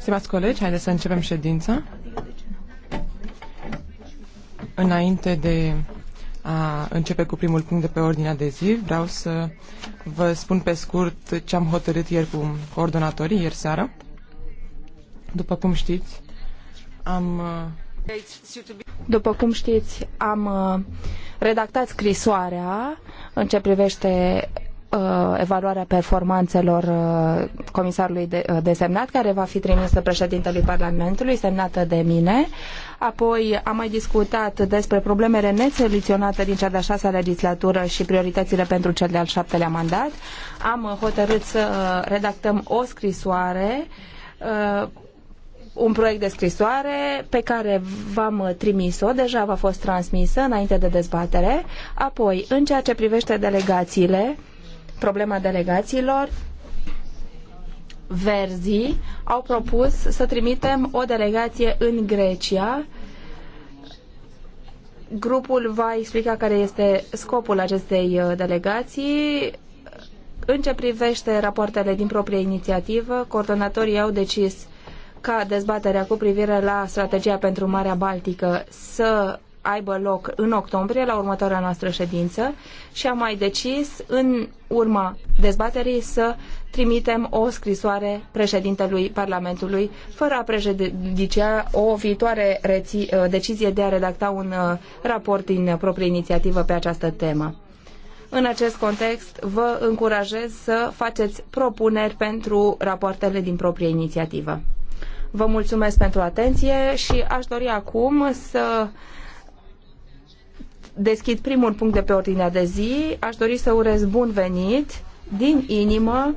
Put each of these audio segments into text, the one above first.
Stimați colegi, haideți să începem ședința. Înainte de a începe cu primul punct de pe ordinea de zi, vreau să vă spun pe scurt ce am hotărât ieri cu coordonatorii, ieri seară. După cum știți, am... După cum știți, am uh, redactat scrisoarea în ce privește Uh, evaluarea performanțelor uh, comisarului de, uh, desemnat, care va fi trimisă președintelui Parlamentului, semnată de mine. Apoi am mai discutat despre problemele nesoluționate din cea de-a șasea legislatură și prioritățile pentru cel de-al șaptelea mandat. Am hotărât să redactăm o scrisoare un proiect de scrisoare pe care v-am trimis-o, deja v-a fost transmisă înainte de dezbatere. Apoi, în ceea ce privește delegațiile, problema delegațiilor, verzii au propus să trimitem o delegație în Grecia. Grupul va explica care este scopul acestei uh, delegații. În ce privește rapoartele din proprie inițiativă, coordonatorii au decis ca dezbaterea cu privire la strategia pentru Marea Baltică să aibă loc în octombrie, la următoarea noastră ședință, și am mai decis, în urma dezbaterii, să trimitem o scrisoare președintelui Parlamentului, fără a prejudicia o viitoare uh, decizie de a redacta un uh, raport din proprie inițiativă pe această temă. În acest context, vă încurajez să faceți propuneri pentru rapoartele din proprie inițiativă. Vă mulțumesc pentru atenție și aș dori acum să deschid primul punct de pe ordinea de zi. Aș dori să urez bun venit din inimă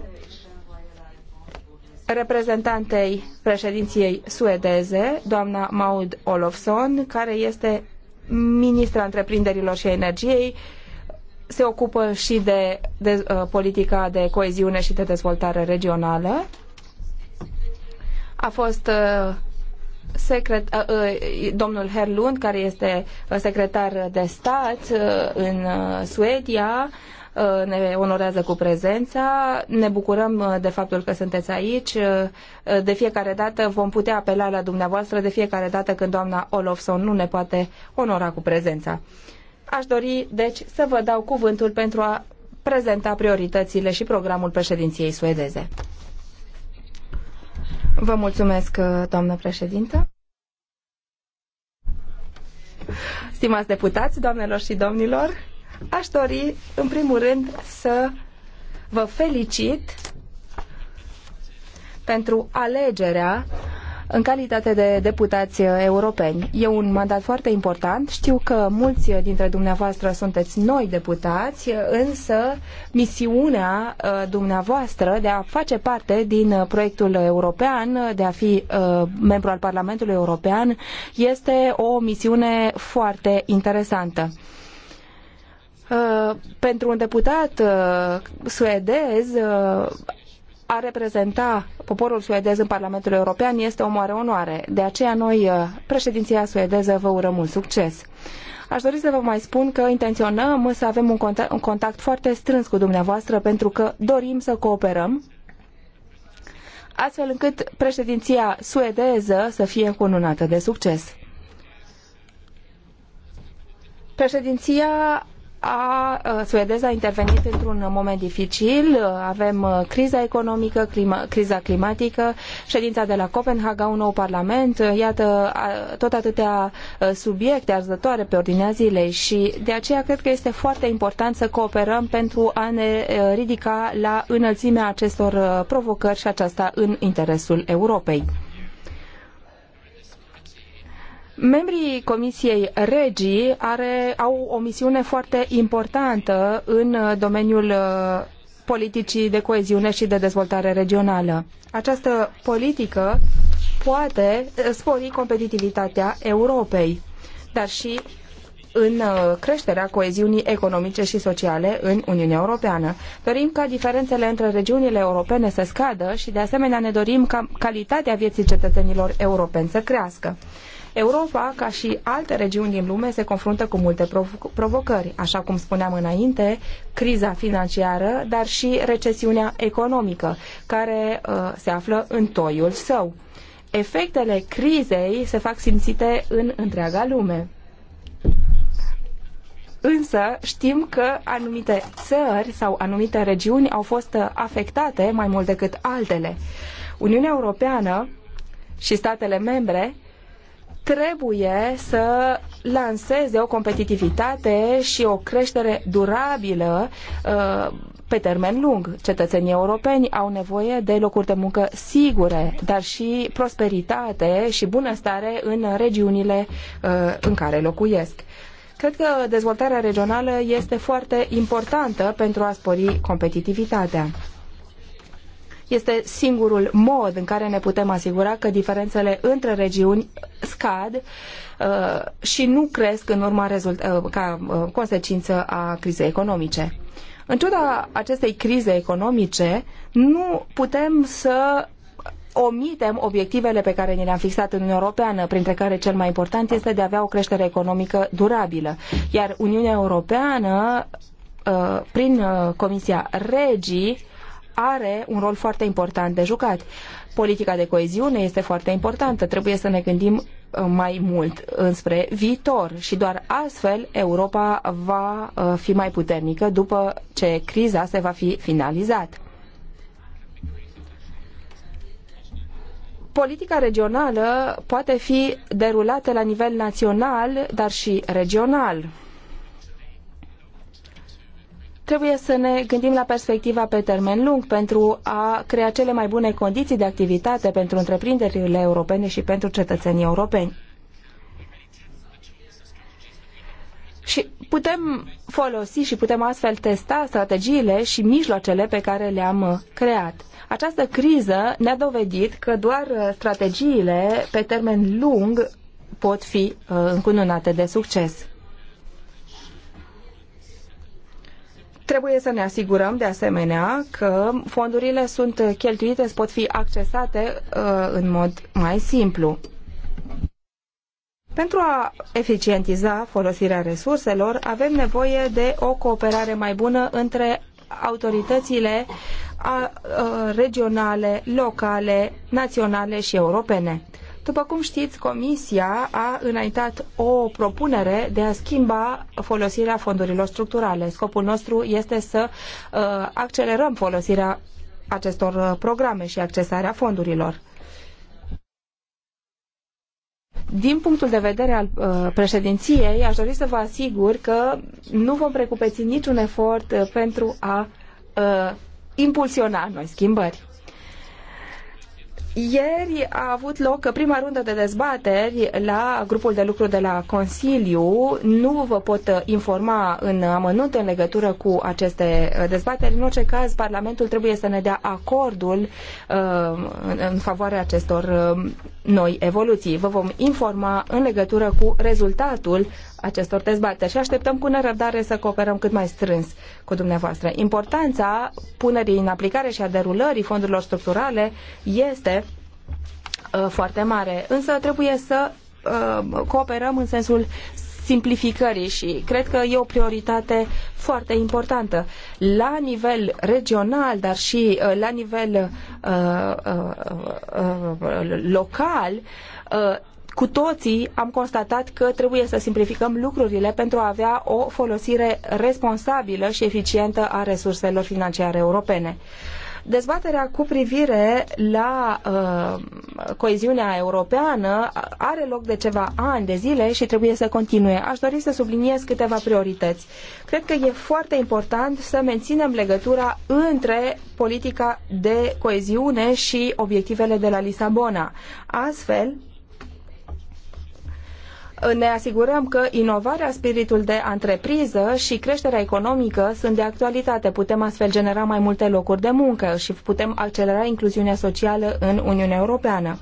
reprezentantei președinției suedeze, doamna Maud Olofsson, care este ministra întreprinderilor și energiei, se ocupă și de, de uh, politica de coeziune și de dezvoltare regională. A fost uh, secret, domnul Herlund, care este secretar de stat în Suedia, ne onorează cu prezența. Ne bucurăm de faptul că sunteți aici. De fiecare dată vom putea apela la dumneavoastră de fiecare dată când doamna Olafsson nu ne poate onora cu prezența. Aș dori, deci, să vă dau cuvântul pentru a prezenta prioritățile și programul președinției suedeze. Vă mulțumesc, uh, doamnă președintă. Stimați deputați, doamnelor și domnilor, aș dori, în primul rând, să vă felicit pentru alegerea în calitate de deputați europeni. E un mandat foarte important. Știu că mulți dintre dumneavoastră sunteți noi deputați, însă misiunea uh, dumneavoastră de a face parte din proiectul european, de a fi uh, membru al Parlamentului European, este o misiune foarte interesantă uh, pentru un deputat suedez, a reprezenta poporul suedez în Parlamentul European este o mare onoare. De aceea noi, uh, președinția suedeză, vă urăm mult succes. Aș dori să vă mai spun că intenționăm să avem un contact, un contact foarte strâns cu dumneavoastră pentru că dorim să cooperăm astfel încât președinția suedeză să fie încununată de succes. Președinția a, uh, suedeză a intervenit într-un moment dificil. Avem uh, criza economică, clima, criza climatică, ședința de la Copenhaga, un nou parlament, iată tot atâtea uh, subiecte arzătoare pe ordinea zilei și de aceea cred că este foarte important să cooperăm pentru a ne ridica la înălțimea acestor provocări și aceasta în interesul Europei. Membrii Comisiei Regii are, au o misiune foarte importantă în uh, domeniul uh, politicii de coeziune și de dezvoltare regională. Această politică poate uh, spori competitivitatea Europei, dar și în creșterea coeziunii economice și sociale în Uniunea Europeană. Dorim ca diferențele între regiunile europene să scadă și de asemenea ne dorim ca calitatea vieții cetățenilor europeni să crească. Europa, ca și alte regiuni din lume, se confruntă cu multe provocări, așa cum spuneam înainte, criza financiară, dar și recesiunea economică, care uh, se află în toiul său. Efectele crizei se fac simțite în întreaga lume. Însă știm că anumite țări sau anumite regiuni au fost uh, afectate mai mult decât altele. Uniunea Europeană și statele membre trebuie să lanseze o competitivitate și o creștere durabilă uh, pe termen lung. Cetățenii europeni au nevoie de locuri de muncă sigure, dar și prosperitate și bunăstare în regiunile uh, în care locuiesc. Cred că dezvoltarea regională este foarte importantă pentru a spori competitivitatea. Este singurul mod în care ne putem asigura că diferențele între regiuni scad uh, și nu cresc în urma rezult- uh, ca uh, consecință a crizei economice. În ciuda acestei crize economice, nu putem să omitem obiectivele pe care ni le-am fixat în Uniunea Europeană, printre care cel mai important este de a avea o creștere economică durabilă. Iar Uniunea Europeană, prin Comisia Regii, are un rol foarte important de jucat. Politica de coeziune este foarte importantă. Trebuie să ne gândim uh, mai mult înspre viitor și doar astfel Europa va uh, fi mai puternică după ce criza se va fi finalizat. Politica regională poate fi derulată la nivel național, dar și regional Trebuie să ne gândim la perspectiva pe termen lung pentru a crea cele mai bune condiții de activitate pentru întreprinderile europene și pentru cetățenii europeni. Și putem folosi și putem astfel testa strategiile și mijloacele pe care le-am creat. Această criză ne-a dovedit că doar strategiile pe termen lung pot fi uh, încununate de succes. Trebuie să ne asigurăm, de asemenea, că fondurile sunt cheltuite, pot fi accesate uh, în mod mai simplu. Pentru a eficientiza folosirea resurselor, avem nevoie de o cooperare mai bună între autoritățile uh, regionale, locale, naționale și europene. După cum știți, Comisia a înaintat o propunere de a schimba folosirea fondurilor structurale. Scopul nostru este să uh, accelerăm folosirea acestor uh, programe și accesarea fondurilor. Din punctul de vedere al uh, președinției, aș dori să vă asigur că nu vom precupeți niciun efort uh, pentru a uh, impulsiona noi schimbări. Ieri a avut loc prima rundă de dezbateri la grupul de lucru de la Consiliu. Nu vă pot informa în amănunt în legătură cu aceste uh, dezbateri. În orice caz, Parlamentul trebuie să ne dea acordul uh, în favoarea acestor uh, noi evoluții. Vă vom informa în legătură cu rezultatul acestor dezbateri și așteptăm cu nerăbdare să cooperăm cât mai strâns cu dumneavoastră. Importanța punerii în aplicare și a derulării fondurilor structurale este Uh, foarte mare, însă trebuie să uh, cooperăm în sensul simplificării și cred că e o prioritate foarte importantă la nivel regional, dar și uh, la nivel uh, uh, uh, local. cu toții am constatat că trebuie să simplificăm lucrurile pentru a avea o folosire responsabilă și eficientă a resurselor financiare europene. Uh, Dezbaterea cu privire la uh, coeziunea europeană are loc de ceva ani de zile și trebuie să continue. Aș dori să subliniez câteva priorități. Cred că e foarte important să menținem legătura între politica de coeziune și obiectivele de la Lisabona. Astfel, ne asigurăm că inovarea, spiritul de antrepriză și creșterea economică sunt de actualitate. Putem astfel genera mai multe locuri de muncă și putem accelera incluziunea socială în Uniunea Europeană.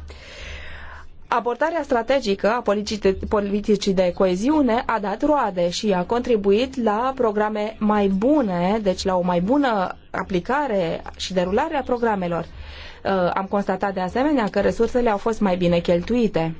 Abordarea strategică a politicii de coeziune a dat roade și a contribuit la programe mai bune, deci la o mai bună aplicare și derulare a programelor. Uh, am constatat de asemenea că resursele au fost mai bine cheltuite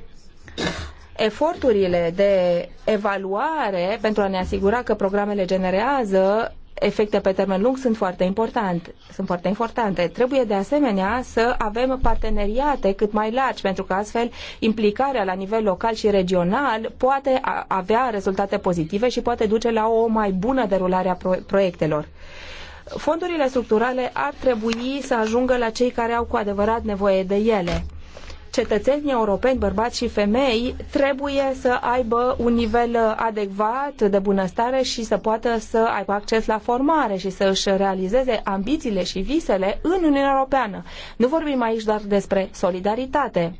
eforturile de evaluare pentru a ne asigura că programele generează efecte pe termen lung sunt foarte importante. Sunt foarte importante. Trebuie de asemenea să avem parteneriate cât mai largi, pentru că astfel implicarea la nivel local și regional poate avea rezultate pozitive și poate duce la o mai bună derulare a proiectelor. Fondurile structurale ar trebui să ajungă la cei care au cu adevărat nevoie de ele cetățenii europeni, bărbați și femei, trebuie să aibă un nivel uh, adecvat de bunăstare și să poată să aibă acces la formare și să își realizeze ambițiile și visele în Uniunea Europeană. Nu vorbim aici doar despre solidaritate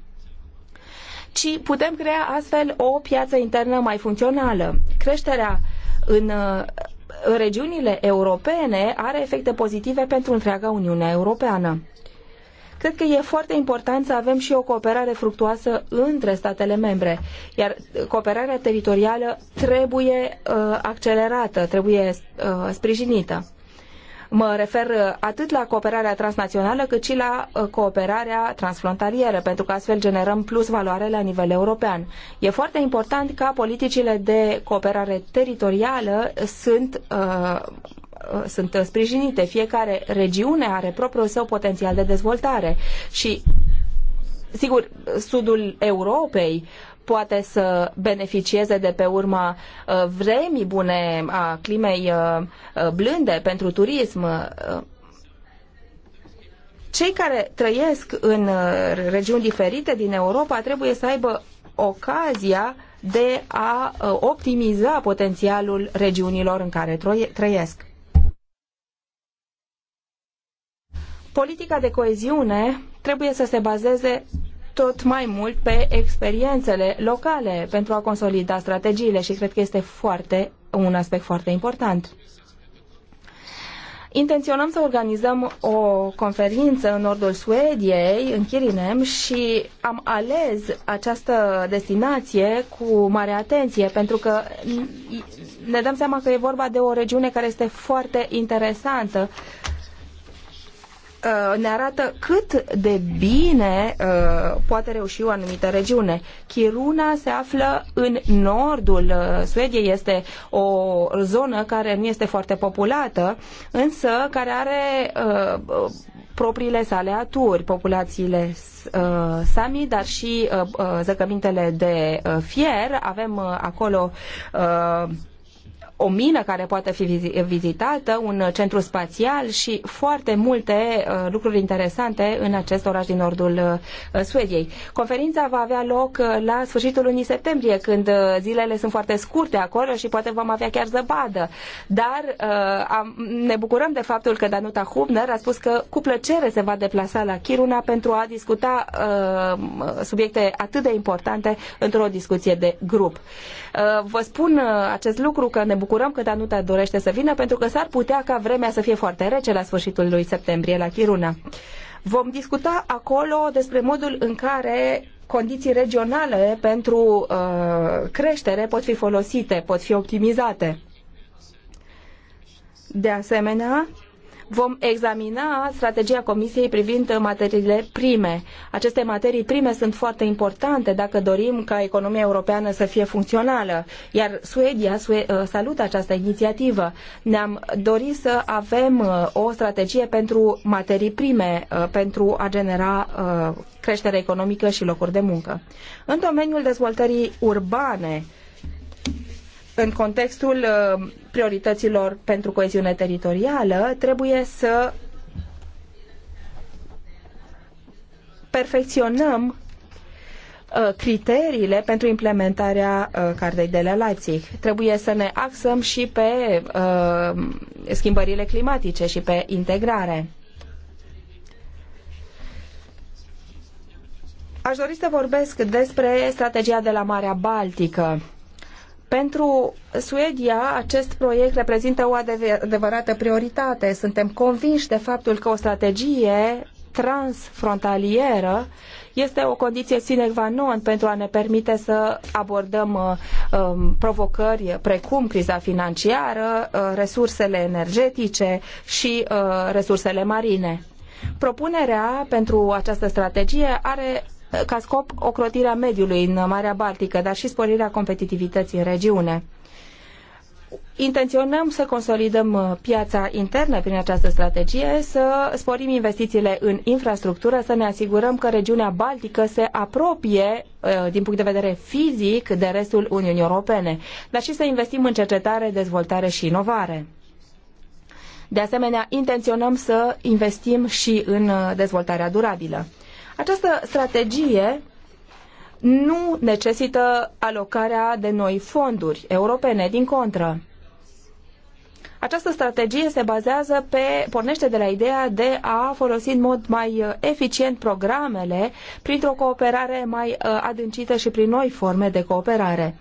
ci putem crea astfel o piață internă mai funcțională. Creșterea în uh, regiunile europene are efecte pozitive pentru întreaga Uniune Europeană. Cred că e foarte important să avem și o cooperare fructuoasă între statele membre, iar uh, cooperarea teritorială trebuie uh, accelerată, trebuie uh, sprijinită. Mă refer atât la cooperarea transnațională, cât și la cooperarea transfrontalieră, pentru că astfel generăm plus valoare la nivel european. E foarte important ca politicile de cooperare teritorială sunt uh, Uh, sunt uh, sprijinite. Fiecare regiune are propriul său potențial de dezvoltare și, sigur, sudul Europei poate să beneficieze de pe urma uh, vremii bune a climei blânde pentru turism. Cei care trăiesc în regiuni diferite din Europa trebuie să aibă ocazia de a optimiza potențialul regiunilor în care trăiesc. Politica de coeziune trebuie să se bazeze tot mai mult pe experiențele locale pentru a consolida strategiile și cred că este foarte, un aspect foarte important. Intenționăm să organizăm o conferință în nordul Suediei, în Chirinem, și am ales această destinație cu mare atenție, pentru că ne dăm seama că e vorba de o regiune care este foarte interesantă Uh, ne arată cât de bine uh, poate reuși o anumită regiune. Kiruna se află în nordul uh, Suediei, este o zonă care nu este foarte populată, însă care are propriile sale aturi, populațiile Sami, dar și zăcămintele de fier. Avem acolo o mină care poate fi vizitată, un centru spațial și foarte multe uh, lucruri interesante în acest oraș din nordul uh, Suediei. Conferința va avea loc uh, la sfârșitul lunii septembrie, când zilele sunt foarte scurte acolo și poate vom avea chiar zăpadă. Dar ne bucurăm de faptul că Danuta Hubner a spus că cu plăcere se va deplasa la Kiruna pentru a discuta subiecte atât de importante într-o discuție de grup. Vă spun acest lucru că ne bucurăm bucurăm că Danuta dorește să vină, pentru că s-ar putea ca vremea să fie foarte rece la sfârșitul lui septembrie la Chiruna. Vom discuta acolo despre modul în care condiții regionale pentru uh, creștere pot fi folosite, pot fi optimizate. De asemenea, vom examina strategia Comisiei privind materiile prime. Aceste materii prime sunt foarte importante dacă dorim ca economia europeană să fie funcțională, iar Suedia ă, salută această inițiativă. Ne-am dorit să avem ă, o strategie pentru materii prime, ă, pentru a genera creștere economică și locuri de muncă. În domeniul dezvoltării urbane, în contextul uh, priorităților pentru coeziune teritorială, trebuie să perfecționăm uh, criteriile pentru implementarea uh, Cartei de la Leipzig. Trebuie să ne axăm și pe schimbările climatice și pe integrare. Aș dori să vorbesc despre strategia de la Marea Baltică. Pentru Suedia, acest proiect reprezintă o adevărată prioritate. Suntem convinși de faptul că o strategie transfrontalieră este o condiție sine qua non pentru a ne permite să abordăm uh, um, provocări precum criza financiară, uh, resursele energetice și uh, resursele marine. Propunerea pentru această strategie are ca scop ocrotirea mediului în Marea Baltică, dar și sporirea competitivității în regiune. Intenționăm să consolidăm uh, piața internă prin această strategie, să sporim investițiile în infrastructură, să ne asigurăm că regiunea Baltică se apropie uh, din punct de vedere fizic de restul Uniunii Europene, dar și să investim în cercetare, dezvoltare și inovare. De asemenea, intenționăm să investim și în uh, dezvoltarea durabilă. Această strategie nu necesită alocarea de noi fonduri europene, din contră. Această strategie se bazează pe, pornește de la ideea de a folosi în mod mai uh, eficient programele printr-o cooperare mai uh, adâncită și prin noi forme de cooperare.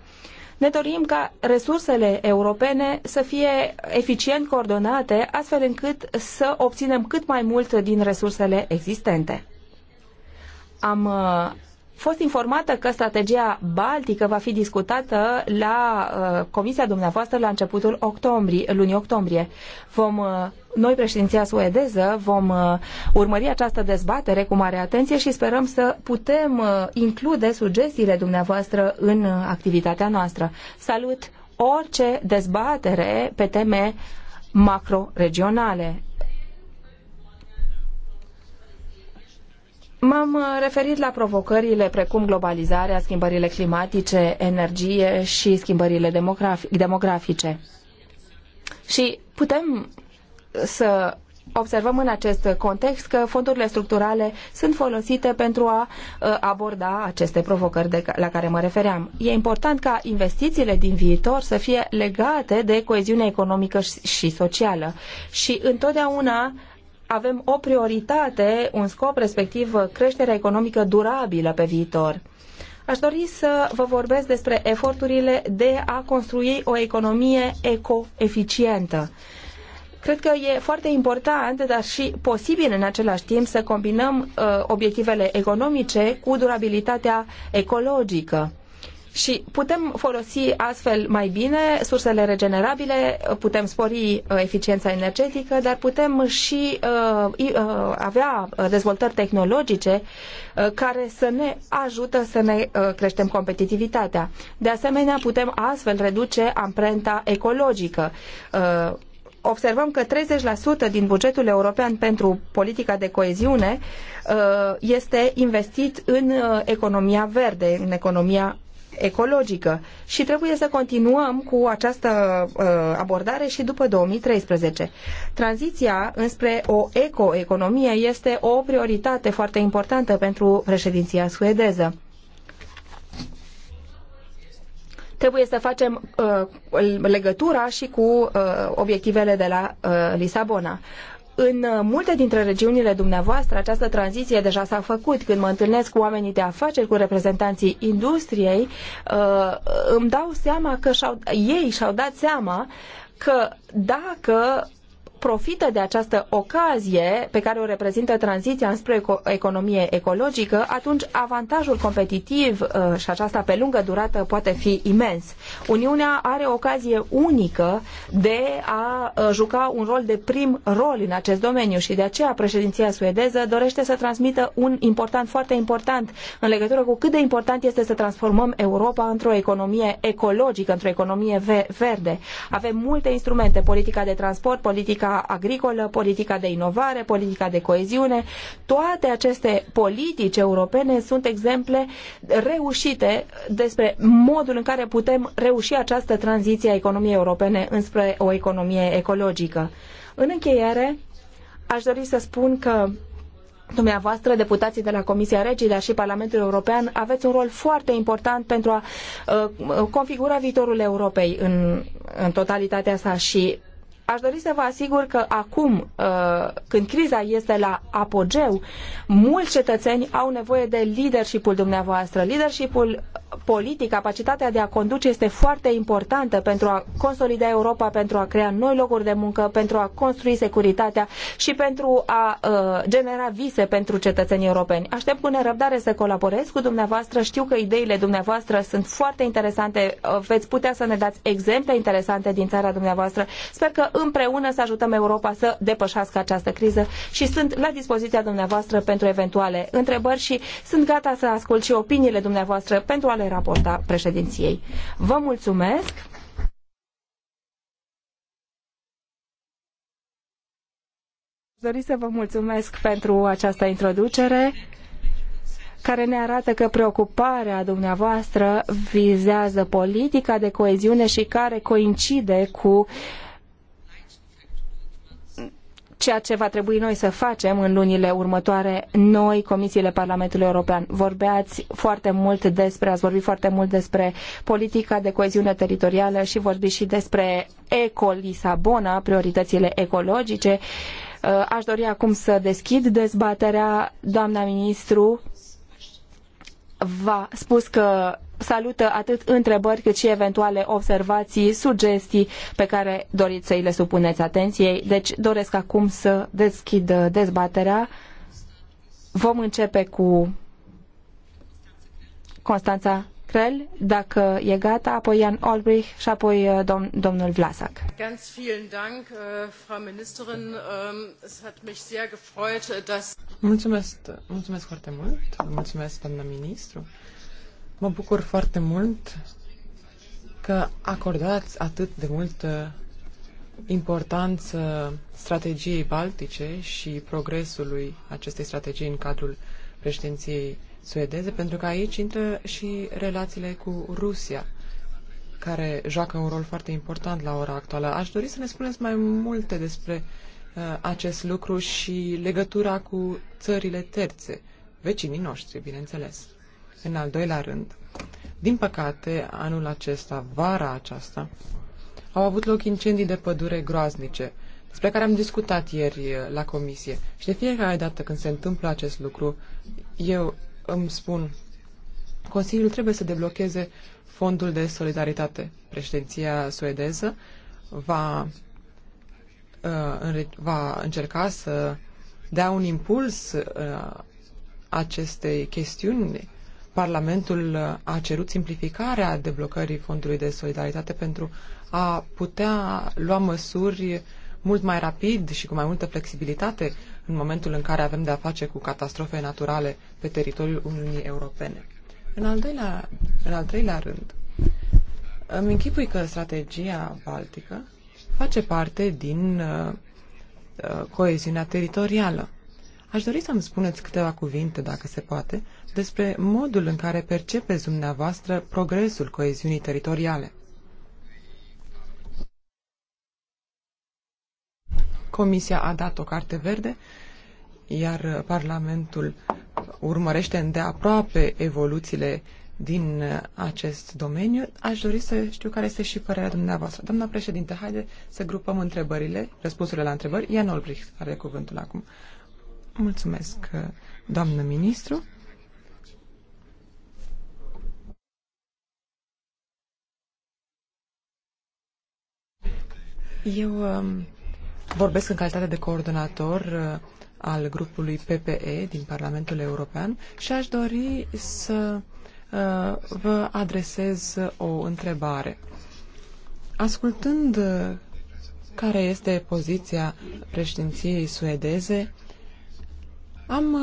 Ne dorim ca resursele europene să fie eficient coordonate, astfel încât să obținem cât mai mult din resursele existente am uh, fost informată că strategia baltică va fi discutată la uh, comisia dumneavoastră la începutul octombrie, lunii octombrie. Vom, uh, noi, președinția suedeză, vom urmări această dezbatere cu mare atenție și sperăm să putem include sugestiile dumneavoastră în activitatea noastră. Salut orice dezbatere pe teme macro-regionale M-am uh, referit la provocările precum globalizarea, schimbările climatice, energie și schimbările demografi demografice. Și putem uh, să observăm în acest context că fondurile structurale sunt folosite pentru a uh, aborda aceste provocări de, la care mă refeream. E important ca investițiile din viitor să fie legate de coeziunea economică și socială și întotdeauna avem o prioritate, un scop respectiv creșterea economică durabilă pe viitor. Aș dori să vă vorbesc despre eforturile de a construi o economie eco-eficientă. Cred că e foarte important, dar și posibil în același timp să combinăm uh, obiectivele economice cu durabilitatea ecologică și putem folosi astfel mai bine sursele regenerabile, putem spori uh, eficiența energetică, dar putem și uh, uh, avea dezvoltări tehnologice care să ne ajută să ne creștem competitivitatea. De asemenea, putem astfel reduce amprenta ecologică observăm că 30% din bugetul european pentru politica de coeziune este investit în economia verde, în economia ecologică și trebuie să continuăm cu această uh, abordare și după 2013. Tranziția înspre o ecoeconomie este o prioritate foarte importantă pentru președinția suedeză. Trebuie să facem uh, legătura și cu uh, obiectivele de la uh, Lisabona în uh, multe dintre regiunile dumneavoastră această tranziție deja s-a făcut. Când mă întâlnesc cu oamenii de afaceri, cu reprezentanții industriei, uh, îmi dau seama că și-au, ei și-au dat seama că dacă profită de această ocazie pe care o reprezintă tranziția spre o economie ecologică, atunci avantajul competitiv uh, și aceasta pe lungă durată poate fi imens. Uniunea are o ocazie unică de a uh, juca un rol de prim rol în acest domeniu și de aceea președinția suedeză dorește să transmită un important, foarte important, în legătură cu cât de important este să transformăm Europa într-o economie ecologică, într-o economie verde. Avem multe instrumente, politica de transport, politica agricolă, politica de inovare, politica de coeziune, toate aceste politici europene sunt exemple reușite despre modul în care putem reuși această tranziție a economiei europene înspre o economie ecologică. În încheiere, aș dori să spun că Dumneavoastră, deputații de la Comisia Regii, dar și Parlamentul European, aveți un rol foarte important pentru a uh, configura viitorul Europei în, în totalitatea sa și aș dori să vă asigur că acum, uh, când criza este la apogeu, mulți cetățeni au nevoie de leadership-ul dumneavoastră, leadership-ul politic, capacitatea de a conduce este foarte importantă pentru a consolida Europa, pentru a crea noi locuri de muncă, pentru a construi securitatea și pentru a uh, genera vise pentru cetățenii europeni. Aștept cu nerăbdare să colaborez cu dumneavoastră. Știu că ideile dumneavoastră sunt foarte interesante. Uh, veți putea să ne dați exemple interesante din țara dumneavoastră. Sper că împreună să ajutăm Europa să depășească această criză și sunt la dispoziția dumneavoastră pentru eventuale întrebări și sunt gata să ascult și opiniile dumneavoastră pentru a principalei raport a președinției. Vă mulțumesc! Dori să vă mulțumesc pentru această introducere care ne arată că preocuparea dumneavoastră vizează politica de coeziune și care coincide cu uh, ceea ce va trebui noi să facem în lunile următoare, noi, Comisiile Parlamentului European. Vorbeați foarte mult despre, ați vorbit foarte mult despre politica de coeziune teritorială și vorbiți și despre Eco-Lisabona, prioritățile ecologice. Uh, aș dori acum să deschid dezbaterea. Doamna ministru v-a spus că salută atât întrebări cât și eventuale observații, sugestii pe care doriți să îi le supuneți atenției. Deci doresc acum să deschid uh, dezbaterea. Vom începe cu Constanța Crel, dacă e gata, apoi Ian Olbrich și apoi uh, dom domnul Vlasac. Ganz vielen Dank, uh, Frau Ministerin. Um, es hat mich sehr gefreut, äh, dass... Mulțumesc, mulțumesc foarte mult. Mulțumesc, doamna ministru Mă bucur foarte mult că acordați atât de multă importanță strategiei baltice și progresului acestei strategii în cadrul președinției suedeze, pentru că aici intră și relațiile cu Rusia, care joacă un rol foarte important la ora actuală. Aș dori să ne spuneți mai multe despre uh, acest lucru și legătura cu țările terțe, vecinii noștri, bineînțeles. În al doilea rând, din păcate, anul acesta, vara aceasta, au avut loc incendii de pădure groaznice, despre care am discutat ieri eh, la comisie. Și de fiecare dată când se întâmplă acest lucru, eu îmi spun, Consiliul trebuie să deblocheze fondul de solidaritate. Președinția suedeză va, eh, va încerca să dea un impuls eh, acestei chestiuni Parlamentul uh, a cerut simplificarea deblocării Fondului de Solidaritate pentru a putea lua măsuri mult mai rapid și cu mai multă flexibilitate în momentul în care avem de-a face cu catastrofe naturale pe teritoriul Uniunii Europene. În al, doilea, în al treilea rând, îmi închipui că strategia baltică face parte din uh, uh, coeziunea teritorială. Aș dori să-mi spuneți câteva cuvinte, dacă se poate, despre modul în care percepeți dumneavoastră progresul coeziunii teritoriale. Comisia a dat o carte verde, iar Parlamentul urmărește îndeaproape evoluțiile din acest domeniu. Aș dori să știu care este și părerea dumneavoastră. Doamna președinte, haide să grupăm întrebările, răspunsurile la întrebări. Ian Olbrich are cuvântul acum. Mulțumesc, doamnă ministru. Eu um, vorbesc în calitate de coordonator uh, al grupului PPE din Parlamentul European și aș dori să uh, vă adresez o întrebare. Ascultând uh, care este poziția președinției suedeze, am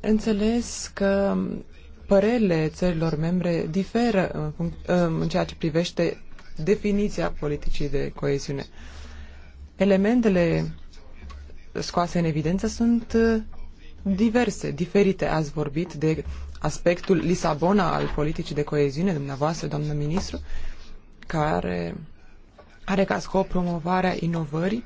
înțeles că părerile țărilor membre diferă în, în ceea ce privește definiția politicii de coeziune. Elementele scoase în evidență sunt uh, diverse, diferite. Ați vorbit de aspectul Lisabona al politicii de coeziune, dumneavoastră, doamnă ministru, care are ca scop promovarea inovării.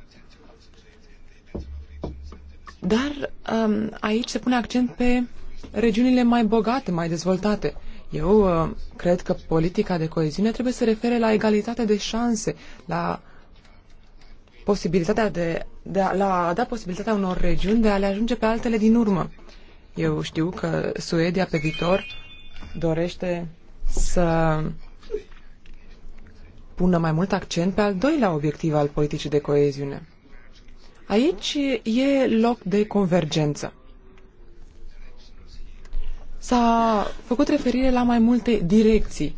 Dar um, aici se pune accent pe regiunile mai bogate, mai dezvoltate. Eu uh, cred că politica de coeziune trebuie să refere la egalitate de șanse, la posibilitatea de, de a, la a da posibilitatea unor regiuni de a le ajunge pe altele din urmă. Eu știu că Suedia pe viitor dorește să pună mai mult accent pe al doilea obiectiv al politicii de coeziune. Aici e loc de convergență. S-a făcut referire la mai multe direcții.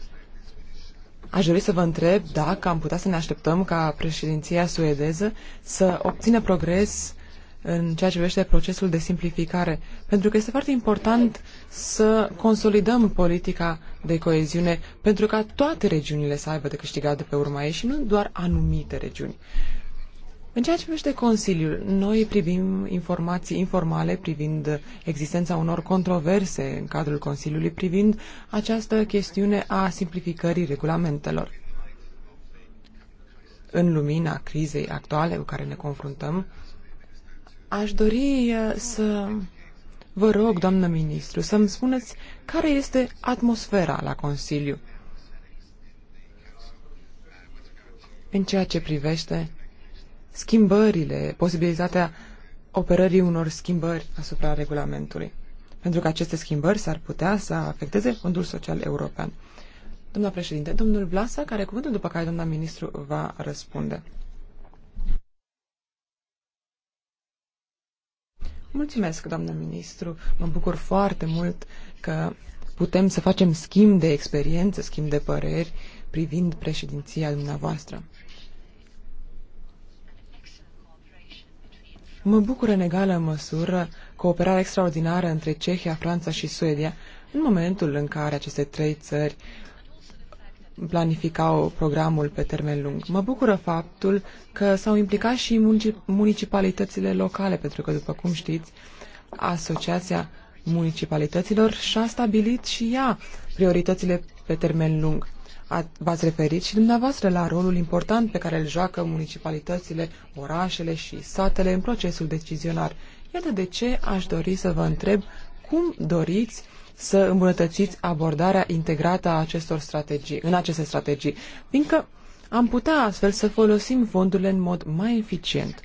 Aș dori să vă întreb dacă am putea să ne așteptăm ca președinția suedeză să obțină progres în ceea ce privește procesul de simplificare, pentru că este foarte important să consolidăm politica de coeziune pentru ca toate regiunile să aibă de câștigat de pe urma ei și nu doar anumite regiuni. În ceea ce privește Consiliul, noi privim informații informale privind existența unor controverse în cadrul Consiliului privind această chestiune a simplificării regulamentelor. În lumina crizei actuale cu care ne confruntăm, aș dori uh, să vă rog, doamnă ministru, să-mi spuneți care este atmosfera la Consiliu în ceea ce privește schimbările, posibilitatea operării unor schimbări asupra regulamentului, pentru că aceste schimbări s-ar putea să afecteze Fondul Social European. Doamna președinte, domnul Blasa, care cuvântul după care doamna ministru va răspunde. Mulțumesc, doamnă ministru. Mă bucur foarte mult că putem să facem schimb de experiență, schimb de păreri privind președinția dumneavoastră. Mă bucură în egală măsură cooperarea extraordinară între Cehia, Franța și Suedia în momentul în care aceste trei țări planificau programul pe termen lung. Mă bucură faptul că s-au implicat și municipalitățile locale, pentru că, după cum știți, Asociația Municipalităților și-a stabilit și ea prioritățile pe termen lung v-ați referit și dumneavoastră la rolul important pe care îl joacă municipalitățile, orașele și satele în procesul decizionar. Iată de ce aș dori să vă întreb cum doriți să îmbunătățiți abordarea integrată a acestor strategii, în aceste strategii, fiindcă am putea astfel să folosim fondurile în mod mai eficient.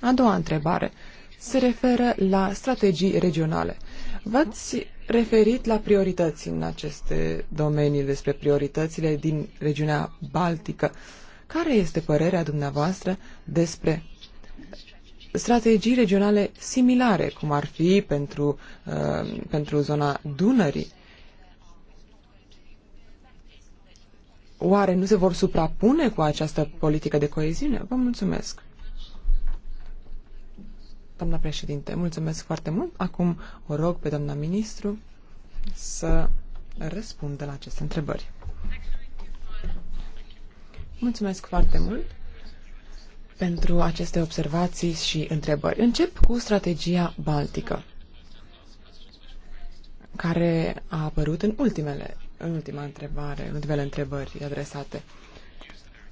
A doua întrebare se referă la strategii regionale. V-ați referit la priorități în aceste domenii, despre prioritățile din regiunea Baltică. Care este părerea dumneavoastră despre strategii regionale similare, cum ar fi pentru, uh, pentru zona Dunării? Oare nu se vor suprapune cu această politică de coeziune? Vă mulțumesc. Doamna președinte, mulțumesc foarte mult. Acum o rog pe doamna ministru să răspundă la aceste întrebări. Mulțumesc foarte mult pentru aceste observații și întrebări. Încep cu strategia baltică, care a apărut în ultimele, în ultima întrebare, în ultimele întrebări adresate.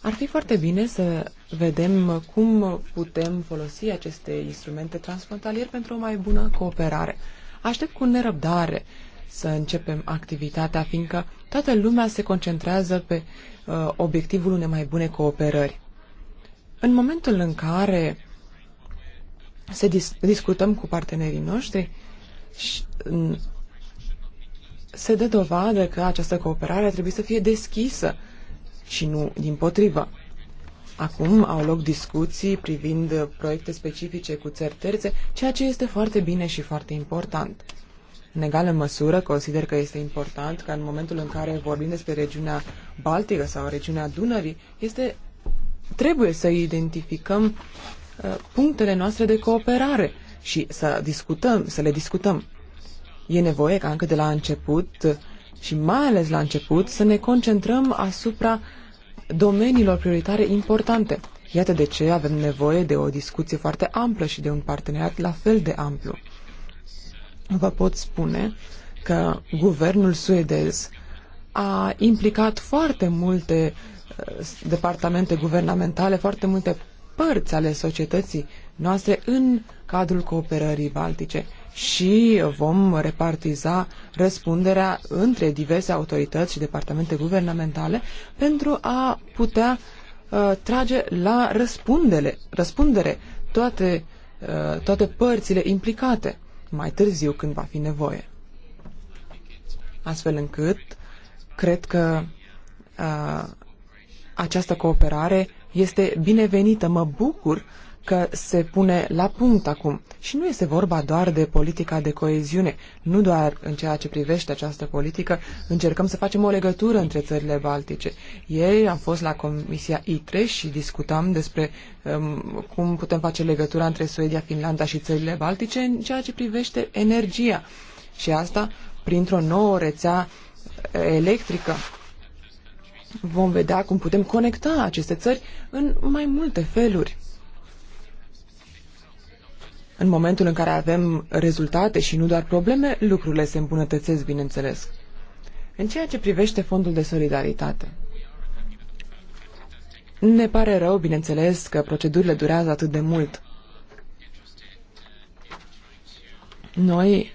Ar fi foarte bine să vedem cum putem folosi aceste instrumente transfrontaliere pentru o mai bună cooperare. Aștept cu nerăbdare să începem activitatea, fiindcă toată lumea se concentrează pe uh, obiectivul unei mai bune cooperări. În momentul în care se dis- discutăm cu partenerii noștri, și, mm, se dă dovadă că această cooperare trebuie să fie deschisă și nu din potrivă. Acum au loc discuții privind proiecte specifice cu țări terțe, ceea ce este foarte bine și foarte important. În egală măsură, consider că este important ca în momentul în care vorbim despre regiunea Baltică sau regiunea Dunării, este, trebuie să identificăm uh, punctele noastre de cooperare și să discutăm, să le discutăm. E nevoie ca încă de la început și mai ales la început să ne concentrăm asupra domeniilor prioritare importante. Iată de ce avem nevoie de o discuție foarte amplă și de un parteneriat la fel de amplu. Vă pot spune că guvernul suedez a implicat foarte multe uh, departamente guvernamentale, foarte multe părți ale societății noastre în cadrul cooperării baltice și vom repartiza răspunderea între diverse autorități și departamente guvernamentale pentru a putea uh, trage la răspundere, răspundere toate, uh, toate părțile implicate mai târziu când va fi nevoie. Astfel încât cred că uh, această cooperare este binevenită. Mă bucur că se pune la punct acum. Și nu este vorba doar de politica de coeziune, nu doar în ceea ce privește această politică, încercăm să facem o legătură între țările baltice. Ei am fost la Comisia ITRE și discutam despre um, cum putem face legătura între Suedia, Finlanda și țările baltice în ceea ce privește energia. Și asta printr-o nouă rețea electrică vom vedea cum putem conecta aceste țări în mai multe feluri. În momentul în care avem rezultate și nu doar probleme, lucrurile se îmbunătățesc, bineînțeles. În ceea ce privește fondul de solidaritate, ne pare rău, bineînțeles, că procedurile durează atât de mult. Noi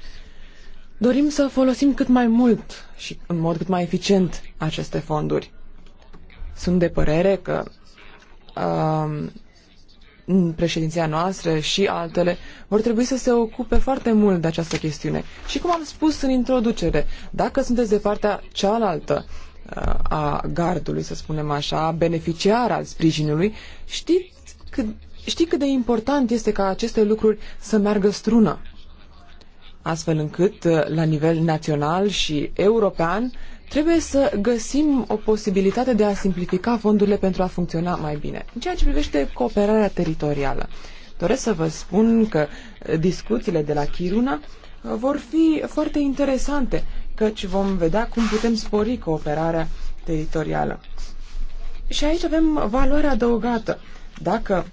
dorim să folosim cât mai mult și în mod cât mai eficient aceste fonduri. Sunt de părere că uh, președinția noastră și altele vor trebui să se ocupe foarte mult de această chestiune. Și cum am spus în introducere, dacă sunteți de partea cealaltă uh, a gardului, să spunem așa, beneficiar al sprijinului, știți cât, știi cât de important este ca aceste lucruri să meargă strună astfel încât, uh, la nivel național și european, trebuie să găsim o posibilitate de a simplifica fondurile pentru a funcționa mai bine. În ceea ce privește cooperarea teritorială, doresc să vă spun că uh, discuțiile de la Chiruna uh, vor fi foarte interesante, căci vom vedea cum putem spori cooperarea teritorială. Și aici avem valoarea adăugată. Dacă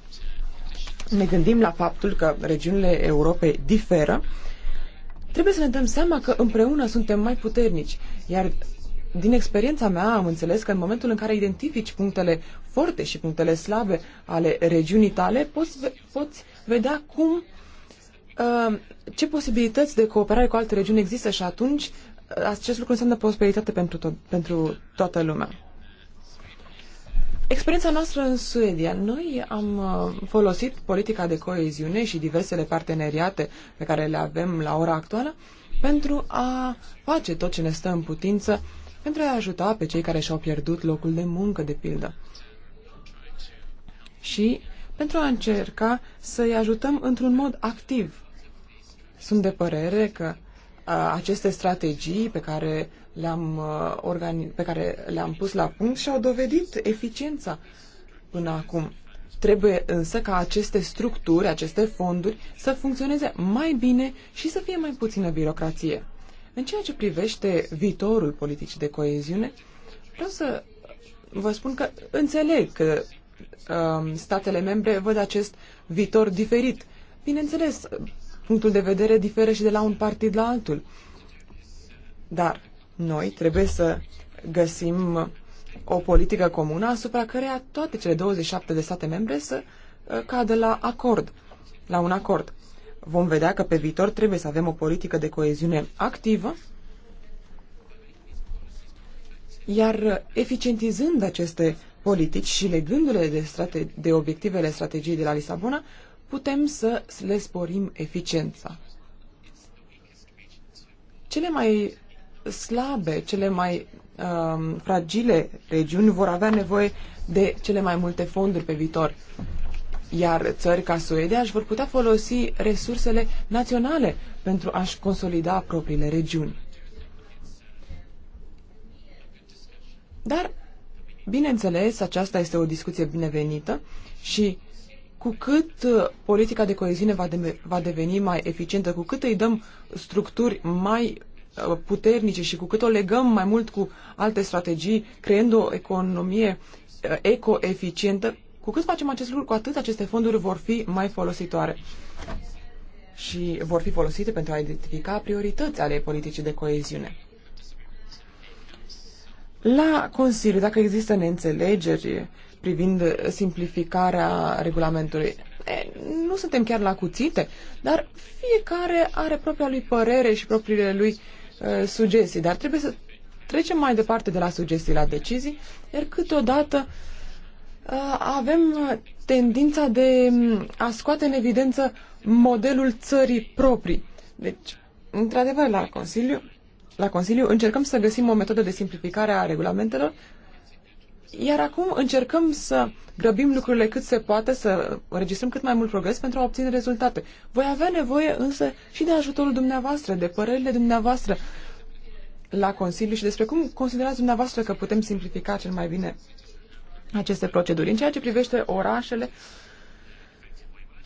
ne gândim la faptul că regiunile Europei diferă, uh, Trebuie să ne dăm seama că împreună suntem mai puternici, iar din experiența mea am înțeles că în momentul în care identifici punctele forte și punctele slabe ale regiunii tale, poți, poți vedea cum, uh, ce posibilități de cooperare cu alte regiuni există și atunci uh, acest lucru înseamnă prosperitate pentru, to- pentru toată lumea. Experiența noastră în Suedia. Noi am uh, folosit politica de coeziune și diversele parteneriate pe care le avem la ora actuală pentru a face tot ce ne stă în putință pentru a ajuta pe cei care și-au pierdut locul de muncă, de pildă. Și pentru a încerca să-i ajutăm într-un mod activ. Sunt de părere că uh, aceste strategii pe care le-am, uh, organi- pe care le-am pus la punct și au dovedit eficiența până acum. Trebuie însă ca aceste structuri, aceste fonduri să funcționeze mai bine și să fie mai puțină birocrație. În ceea ce privește viitorul politicii de coeziune, vreau să vă spun că înțeleg că uh, statele membre văd acest viitor diferit. Bineînțeles, punctul de vedere diferă și de la un partid la altul. Dar noi trebuie să găsim o politică comună asupra căreia toate cele 27 de state membre să uh, cadă la acord, la un acord. Vom vedea că pe viitor trebuie să avem o politică de coeziune activă, iar eficientizând aceste politici și legându-le de, strate- de obiectivele strategiei de la Lisabona, putem să le sporim eficiența. Cele mai slabe, cele mai um, fragile regiuni vor avea nevoie de cele mai multe fonduri pe viitor. Iar țări ca Suedia își vor putea folosi resursele naționale pentru a-și consolida propriile regiuni. Dar, bineînțeles, aceasta este o discuție binevenită și cu cât uh, politica de coeziune va, de, va deveni mai eficientă, cu cât îi dăm structuri mai Uh, puternice și cu cât o legăm mai mult cu alte strategii, creând o economie uh, ecoeficientă, cu cât facem acest lucru, cu atât aceste fonduri vor fi mai folositoare și vor fi folosite pentru a identifica priorități ale politicii de coeziune. La Consiliu, dacă există neînțelegeri privind simplificarea regulamentului, nu suntem chiar la cuțite, dar fiecare are propria lui părere și propriile lui Uh, sugestii, dar trebuie să trecem mai departe de la sugestii la decizii, iar câteodată uh, avem uh, tendința de mm, a scoate în evidență modelul țării proprii. Deci, într-adevăr, la Consiliu, la Consiliu încercăm să găsim o metodă de simplificare a regulamentelor iar acum încercăm să grăbim lucrurile cât se poate, să registrăm cât mai mult progres pentru a obține rezultate. Voi avea nevoie însă și de ajutorul dumneavoastră, de părerile dumneavoastră la Consiliu și despre cum considerați dumneavoastră că putem simplifica cel mai bine aceste proceduri. În ceea ce privește orașele,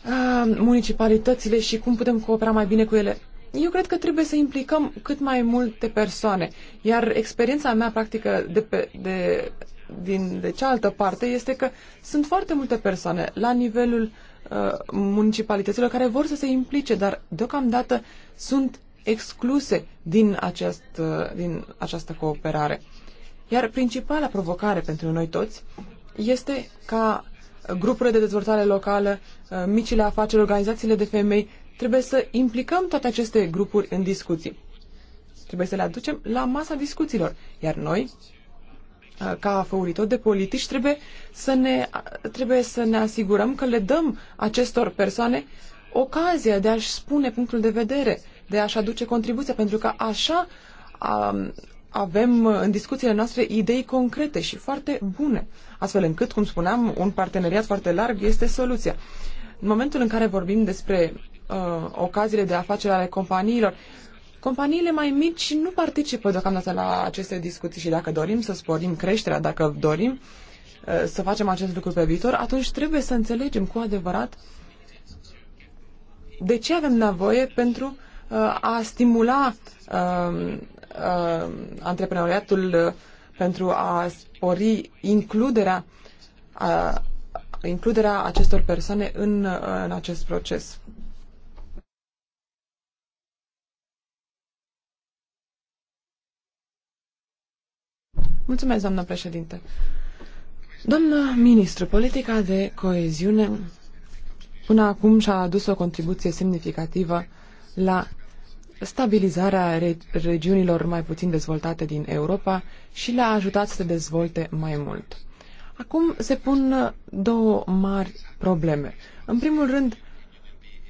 ah, municipalitățile și cum putem coopera mai bine cu ele. Eu cred că trebuie să implicăm cât mai multe persoane, iar experiența mea practică de, pe, de din de cealaltă parte este că sunt foarte multe persoane la nivelul uh, municipalităților care vor să se implice, dar deocamdată sunt excluse din, acest, uh, din această cooperare. Iar principala provocare pentru noi toți este ca grupurile de dezvoltare locală, uh, micile afaceri, organizațiile de femei, trebuie să implicăm toate aceste grupuri în discuții. Trebuie să le aducem la masa discuțiilor. Iar noi, Uh, ca făuritor de politici, trebuie să ne, trebuie să ne asigurăm că le dăm acestor persoane ocazia de a-și spune punctul de vedere, de a-și aduce contribuția, pentru că așa a, um, avem în discuțiile noastre idei concrete și foarte bune, astfel încât, cum spuneam, un parteneriat foarte larg este soluția. În momentul în care vorbim despre uh, ocaziile de afaceri ale companiilor, uh, Companiile mai mici nu participă deocamdată la aceste discuții și dacă dorim să sporim creșterea, dacă dorim uh, să facem acest lucru pe viitor, atunci trebuie să înțelegem cu adevărat de ce avem nevoie pentru uh, a stimula um, uh, antreprenoriatul pentru a spori includerea, includerea acestor persoane în, în acest proces. Mulțumesc, doamnă președinte. Doamnă ministru, politica de coeziune până acum și-a adus o contribuție semnificativă la stabilizarea re regiunilor mai puțin dezvoltate din Europa și le-a ajutat să se dezvolte mai mult. Acum se pun două mari probleme. În primul rând,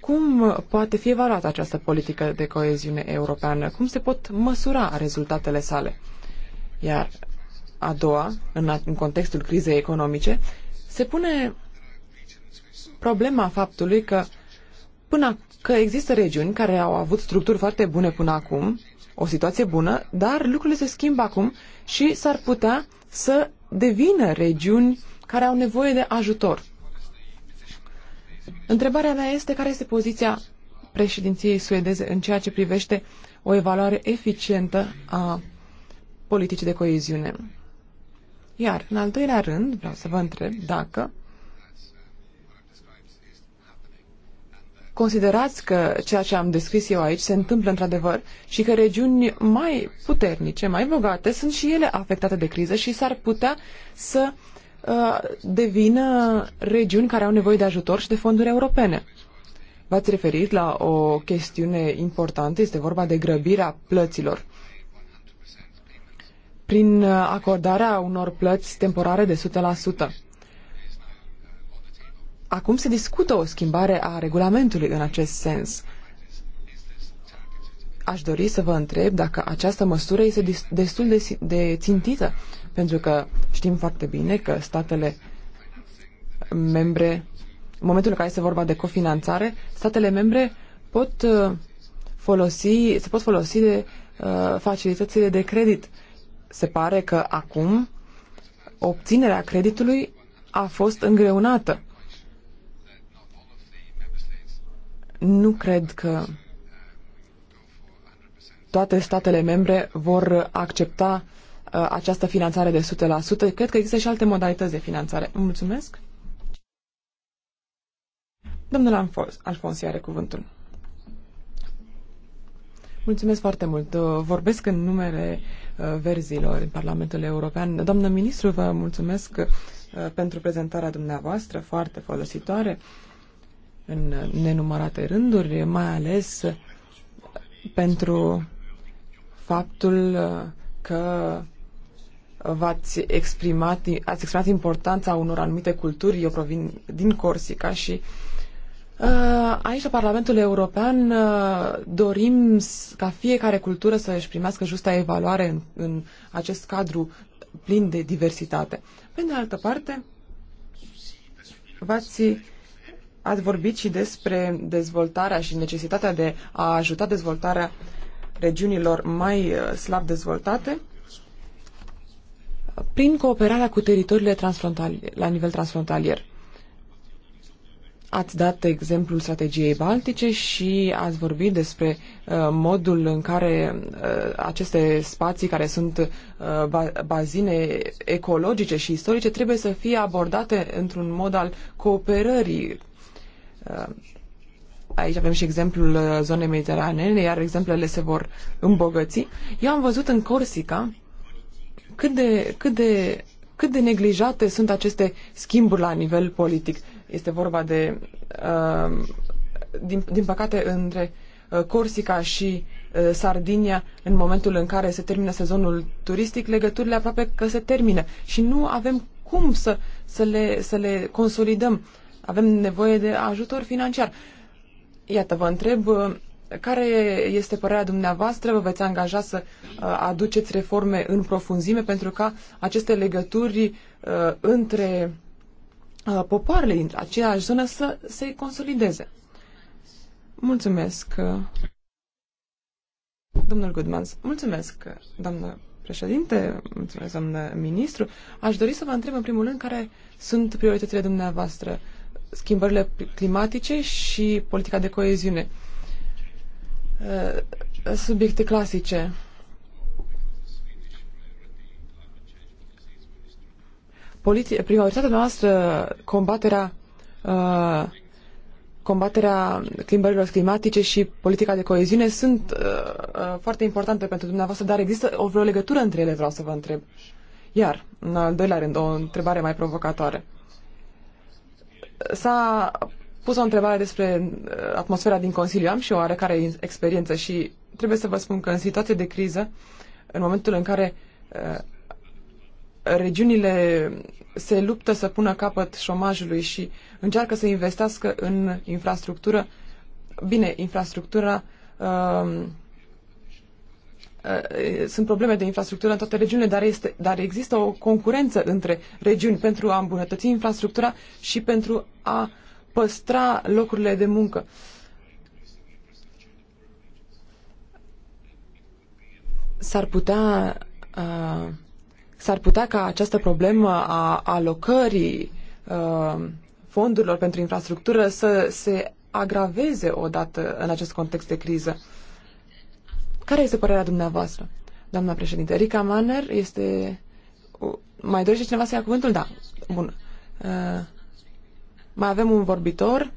cum poate fi evaluată această politică de coeziune europeană? Cum se pot măsura rezultatele sale? Iar a doua, în, în contextul crizei economice, se pune problema faptului că până că există regiuni care au avut structuri foarte bune până acum, o situație bună, dar lucrurile se schimbă acum și s-ar putea să devină regiuni care au nevoie de ajutor. Întrebarea mea este care este poziția președinției suedeze în ceea ce privește o evaluare eficientă a politicii de coeziune. Iar, în al doilea rând, vreau să vă întreb dacă considerați că ceea ce am descris eu aici se întâmplă într-adevăr și că regiuni mai puternice, mai bogate, sunt și ele afectate de criză și s-ar putea să uh, devină regiuni care au nevoie de ajutor și de fonduri europene. V-ați referit la o chestiune importantă, este vorba de grăbirea plăților prin uh, acordarea unor plăți temporare de 100%. Acum se discută o schimbare a regulamentului în acest sens. Aș dori să vă întreb dacă această măsură este destul de, de țintită, pentru că știm foarte bine că statele membre, în momentul în care este vorba de cofinanțare, statele membre pot uh, folosi, se pot folosi de uh, facilitățile de credit uh, se pare că acum obținerea creditului a fost îngreunată. Nu cred că toate statele membre vor accepta uh, această finanțare de 100%. Cred că există și alte modalități de finanțare. Mulțumesc. Domnul Alfonsi are cuvântul. Mulțumesc foarte mult. Uh, vorbesc în numele Uh, verzilor în Parlamentul European. Doamnă ministru, vă mulțumesc uh, pentru prezentarea dumneavoastră foarte folositoare în nenumărate rânduri, mai ales uh, pentru faptul că v-ați exprimat, ați exprimat importanța unor anumite culturi. Eu provin din Corsica și uh, Uh, aici, la Parlamentul European, uh, dorim ca fiecare cultură să își primească justa evaluare în, în acest cadru plin de diversitate. Pe de altă parte, v-ați ați vorbit și despre dezvoltarea și necesitatea de a ajuta dezvoltarea regiunilor mai uh, slab dezvoltate prin cooperarea cu teritoriile la nivel transfrontalier. Ați dat exemplul strategiei baltice și ați vorbit despre uh, modul în care uh, aceste spații care sunt uh, ba bazine ecologice și istorice trebuie să fie abordate într-un mod al cooperării. Uh, aici avem și exemplul uh, zonei mediteranene, iar exemplele se vor îmbogăți. Eu am văzut în Corsica cât de, cât de, cât de neglijate sunt aceste schimburi la nivel politic. Este vorba de, uh, din, din păcate, între uh, Corsica și uh, Sardinia, în momentul în care se termină sezonul turistic, legăturile aproape că se termină și nu avem cum să, să, le, să le consolidăm. Avem nevoie de ajutor financiar. Iată, vă întreb care este părerea dumneavoastră? Vă veți angaja să aduceți reforme în profunzime pentru ca aceste legături între Uh, popoarele dintre aceeași zonă să se consolideze. Mulțumesc, uh, domnul Goodmans. Mulțumesc, uh, doamnă președinte, mulțumesc, doamnă ministru. Aș dori să vă întreb, în primul rând, care sunt prioritățile dumneavoastră, schimbările climatice și politica de coeziune. Subiecte clasice politi- prioritatea noastră combaterea uh, combaterea schimbărilor climatice și politica de coeziune sunt uh, uh, foarte importante pentru dumneavoastră, dar există o vreo legătură între ele, vreau să vă întreb. Iar, în al doilea rând, o întrebare mai provocatoare. S-a pus o întrebare despre uh, atmosfera din Consiliu. Am și o oarecare experiență și trebuie să vă spun că în situație de criză, în momentul în care uh, regiunile se luptă să pună capăt șomajului și încearcă să investească în infrastructură. Bine, infrastructura. Um, uh, sunt probleme de infrastructură în toate regiunile, dar, este, dar există o concurență între regiuni pentru a îmbunătăți infrastructura și pentru a păstra locurile de muncă. S-ar putea uh, s-ar putea ca această problemă a alocării uh, fondurilor pentru infrastructură să se agraveze odată în acest context de criză. Care este părerea dumneavoastră, doamna președinte? Rica Manner este... Mai dorește cineva să ia cuvântul? Da. Bun. Uh, mai avem un vorbitor.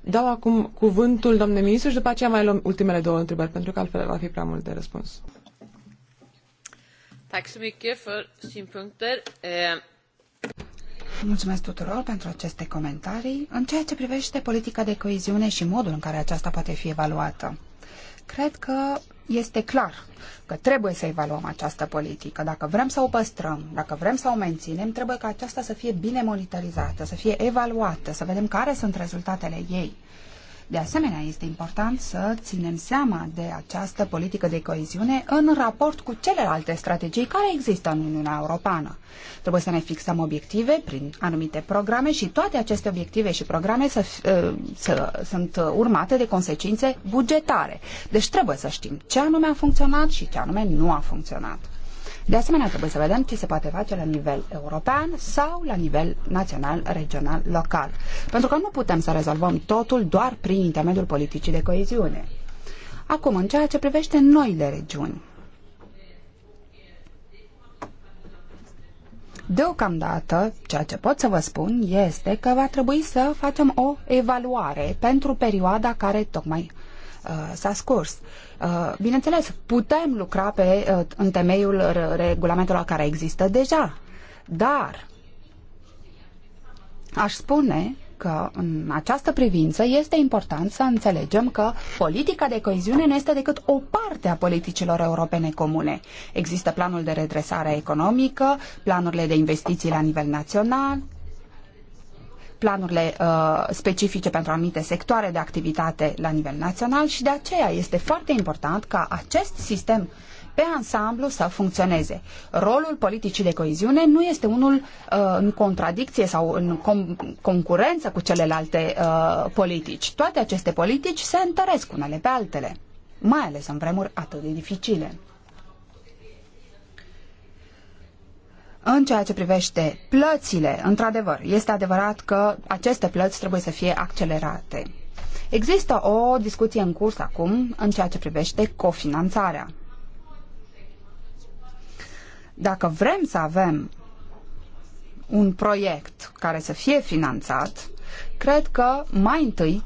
Dau acum cuvântul domnule ministru și după aceea mai luăm ultimele două întrebări, pentru că altfel va fi prea mult de răspuns. Eh, Mulțumesc tuturor pentru aceste comentarii. În ceea ce privește politica de coeziune și modul în care aceasta poate fi evaluată, cred că este clar că trebuie să evaluăm această politică. Dacă vrem să o păstrăm, dacă vrem să o menținem, trebuie ca aceasta să fie bine monitorizată, să fie evaluată, să vedem care sunt rezultatele ei. De asemenea, este important să ținem seama de această politică de coeziune în raport cu celelalte strategii care există în Uniunea Europeană. Trebuie să ne fixăm obiective prin anumite programe și toate aceste obiective și programe să, să, să, sunt urmate de consecințe bugetare. Deci trebuie să știm ce anume a funcționat și ce anume nu a funcționat. De asemenea, trebuie să vedem ce se poate face la nivel european sau la nivel național, regional, local. Pentru că nu putem să rezolvăm totul doar prin intermediul politicii de coeziune. Acum, în ceea ce privește noile regiuni, Deocamdată, ceea ce pot să vă spun este că va trebui să facem o evaluare pentru perioada care tocmai Uh, s-a scurs. Uh, bineînțeles, putem lucra pe, uh, în temeiul regulamentelor care există deja, dar aș spune că în această privință este important să înțelegem că politica de coeziune nu este decât o parte a politicilor europene comune. Există planul de redresare economică, planurile de investiții la nivel național, planurile uh, specifice pentru anumite sectoare de activitate la nivel național și de aceea este foarte important ca acest sistem pe ansamblu să funcționeze. Rolul politicii de coeziune nu este unul uh, în contradicție sau în com- concurență cu celelalte uh, politici. Toate aceste politici se întăresc unele pe altele, mai ales în vremuri atât de dificile. În ceea ce privește plățile, într-adevăr, este adevărat că aceste plăți trebuie să fie accelerate. Există o discuție în curs acum în ceea ce privește cofinanțarea. Dacă vrem să avem un proiect care să fie finanțat, cred că mai întâi,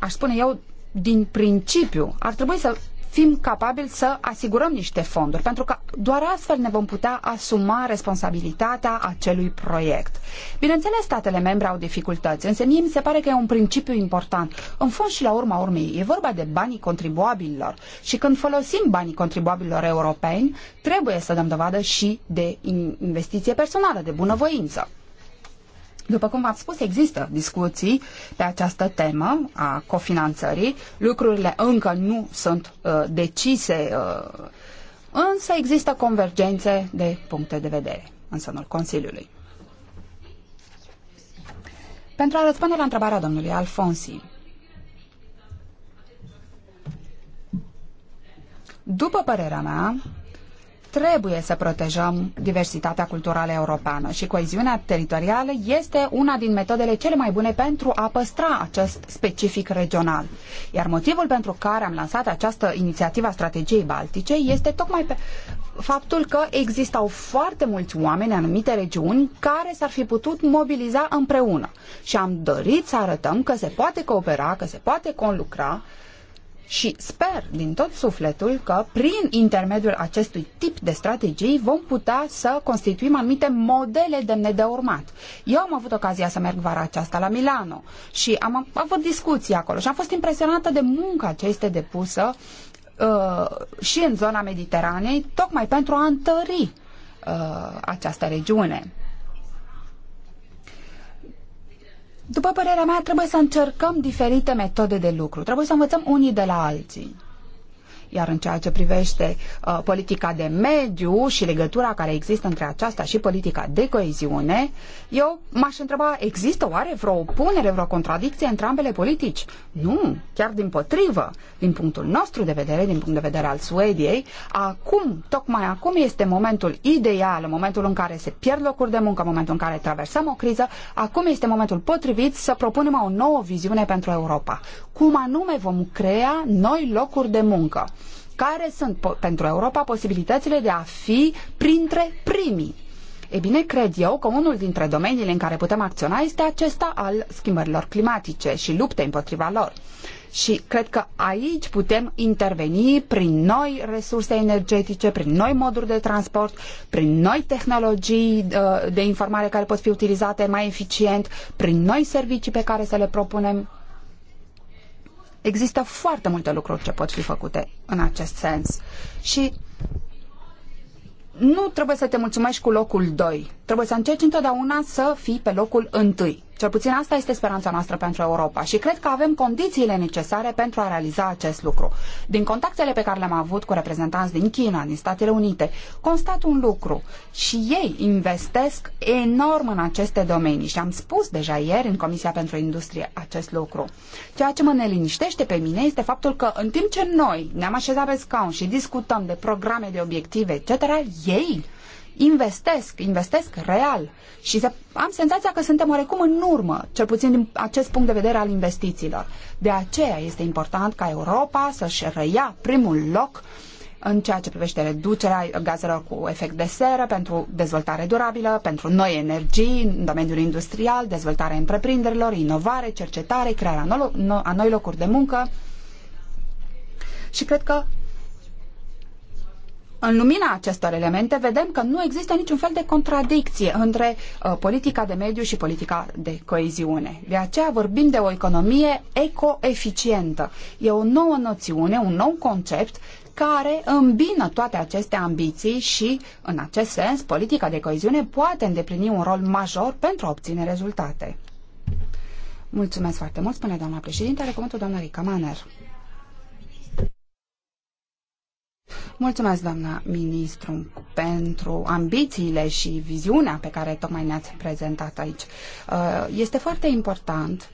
aș spune eu, din principiu, ar trebui să fim capabili să asigurăm niște fonduri, pentru că doar astfel ne vom putea asuma responsabilitatea acelui proiect. Bineînțeles, statele membre au dificultăți, însă mie mi se pare că e un principiu important. În fond și la urma urmei, e vorba de banii contribuabililor și când folosim banii contribuabililor europeni, trebuie să dăm dovadă și de investiție personală, de bunăvoință. După cum v-am spus, există discuții pe această temă a cofinanțării. Lucrurile încă nu sunt uh, decise, uh, însă există convergențe de puncte de vedere în sânul Consiliului. Pentru a răspunde la întrebarea domnului Alfonsi, după părerea mea, trebuie să protejăm diversitatea culturală europeană și coeziunea teritorială este una din metodele cele mai bune pentru a păstra acest specific regional. Iar motivul pentru care am lansat această inițiativă a strategiei baltice este tocmai pe faptul că existau foarte mulți oameni în anumite regiuni care s-ar fi putut mobiliza împreună și am dorit să arătăm că se poate coopera, că se poate conlucra și sper din tot sufletul că prin intermediul acestui tip de strategii vom putea să constituim anumite modele demne de urmat. Eu am avut ocazia să merg vara aceasta la Milano și am avut discuții acolo și am fost impresionată de munca ce este depusă uh, și în zona Mediteranei, tocmai pentru a întări uh, această regiune. După părerea mea, trebuie să încercăm diferite metode de lucru. Trebuie să învățăm unii de la alții. Iar în ceea ce privește uh, politica de mediu și legătura care există între aceasta și politica de coeziune, eu m-aș întreba, există oare vreo opunere, vreo contradicție între ambele politici? Nu, chiar din potrivă. Din punctul nostru de vedere, din punct de vedere al Suediei, acum, tocmai acum este momentul ideal, momentul în care se pierd locuri de muncă, momentul în care traversăm o criză, acum este momentul potrivit să propunem o nouă viziune pentru Europa cum anume vom crea noi locuri de muncă. Care sunt pentru Europa posibilitățile de a fi printre primii? E bine, cred eu că unul dintre domeniile în care putem acționa este acesta al schimbărilor climatice și luptei împotriva lor. Și cred că aici putem interveni prin noi resurse energetice, prin noi moduri de transport, prin noi tehnologii uh, de informare care pot fi utilizate mai eficient, prin noi servicii pe care să le propunem Există foarte multe lucruri ce pot fi făcute în acest sens. Și nu trebuie să te mulțumești cu locul 2. Trebuie să încerci întotdeauna să fii pe locul 1. Cel puțin asta este speranța noastră pentru Europa și cred că avem condițiile necesare pentru a realiza acest lucru. Din contactele pe care le-am avut cu reprezentanți din China, din Statele Unite, constat un lucru și ei investesc enorm în aceste domenii și am spus deja ieri în Comisia pentru Industrie acest lucru. Ceea ce mă neliniștește pe mine este faptul că în timp ce noi ne-am așezat pe scaun și discutăm de programe, de obiective, etc., ei investesc, investesc real și se, am senzația că suntem oarecum în urmă, cel puțin din acest punct de vedere al investițiilor. De aceea este important ca Europa să-și răia primul loc în ceea ce privește reducerea gazelor cu efect de seră pentru dezvoltare durabilă, pentru noi energii în domeniul industrial, dezvoltarea întreprinderilor, inovare, cercetare, crearea a noi locuri de muncă. Și cred că în lumina acestor elemente, vedem că nu există niciun fel de contradicție între uh, politica de mediu și politica de coeziune. De aceea vorbim de o economie ecoeficientă. E o nouă noțiune, un nou concept care îmbină toate aceste ambiții și, în acest sens, politica de coeziune poate îndeplini un rol major pentru a obține rezultate. Mulțumesc foarte mult, spune doamna președinte, recomandă doamna Rica Maner. Mulțumesc, doamna ministru, pentru ambițiile și viziunea pe care tocmai ne-ați prezentat aici. Uh, este foarte important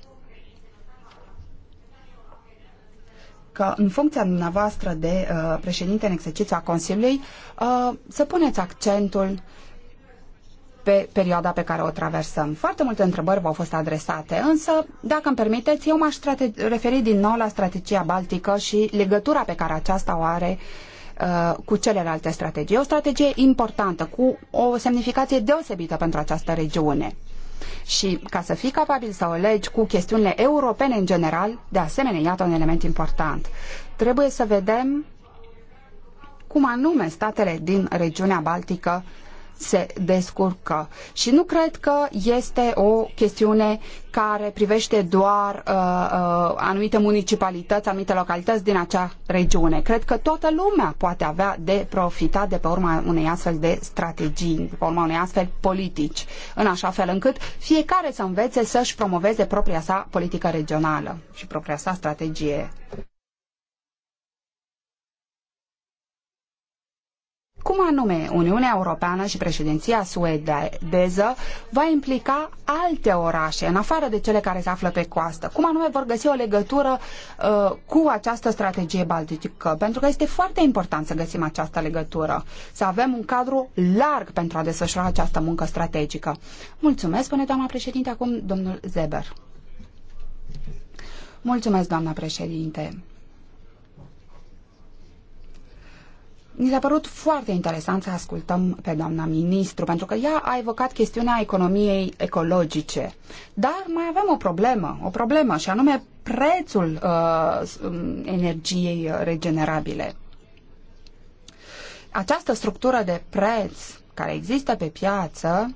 că în funcția dumneavoastră de uh, președinte în exercițiu a Consiliului uh, să puneți accentul pe perioada pe care o traversăm. Foarte multe întrebări v-au fost adresate, însă, dacă îmi permiteți, eu m-aș referi din nou la strategia baltică și legătura pe care aceasta o are uh, Uh, cu celelalte strategii. E o strategie importantă, cu o semnificație deosebită pentru această regiune. Și ca să fii capabil să o legi cu chestiunile europene în general, de asemenea, iată un element important. Trebuie să vedem cum anume statele din regiunea Baltică se descurcă. Și nu cred că este o chestiune care privește doar uh, uh, anumite municipalități, anumite localități din acea regiune. Cred că toată lumea poate avea de profitat de pe urma unei astfel de strategii, de pe urma unei astfel politici, în așa fel încât fiecare să învețe să-și promoveze propria sa politică regională și propria sa strategie Cum anume Uniunea Europeană și președinția suedeză va implica alte orașe, în afară de cele care se află pe coastă? Cum anume vor găsi o legătură uh, cu această strategie baltică? Pentru că este foarte important să găsim această legătură, să avem un cadru larg pentru a desfășura această muncă strategică. Mulțumesc, spune doamna președinte, acum domnul Zeber. Mulțumesc, doamna președinte. ni s-a părut foarte interesant să ascultăm pe doamna ministru, pentru că ea a evocat chestiunea economiei ecologice. Dar mai avem o problemă, o problemă, și anume prețul uh, um, energiei regenerabile. Această structură de preț care există pe piață,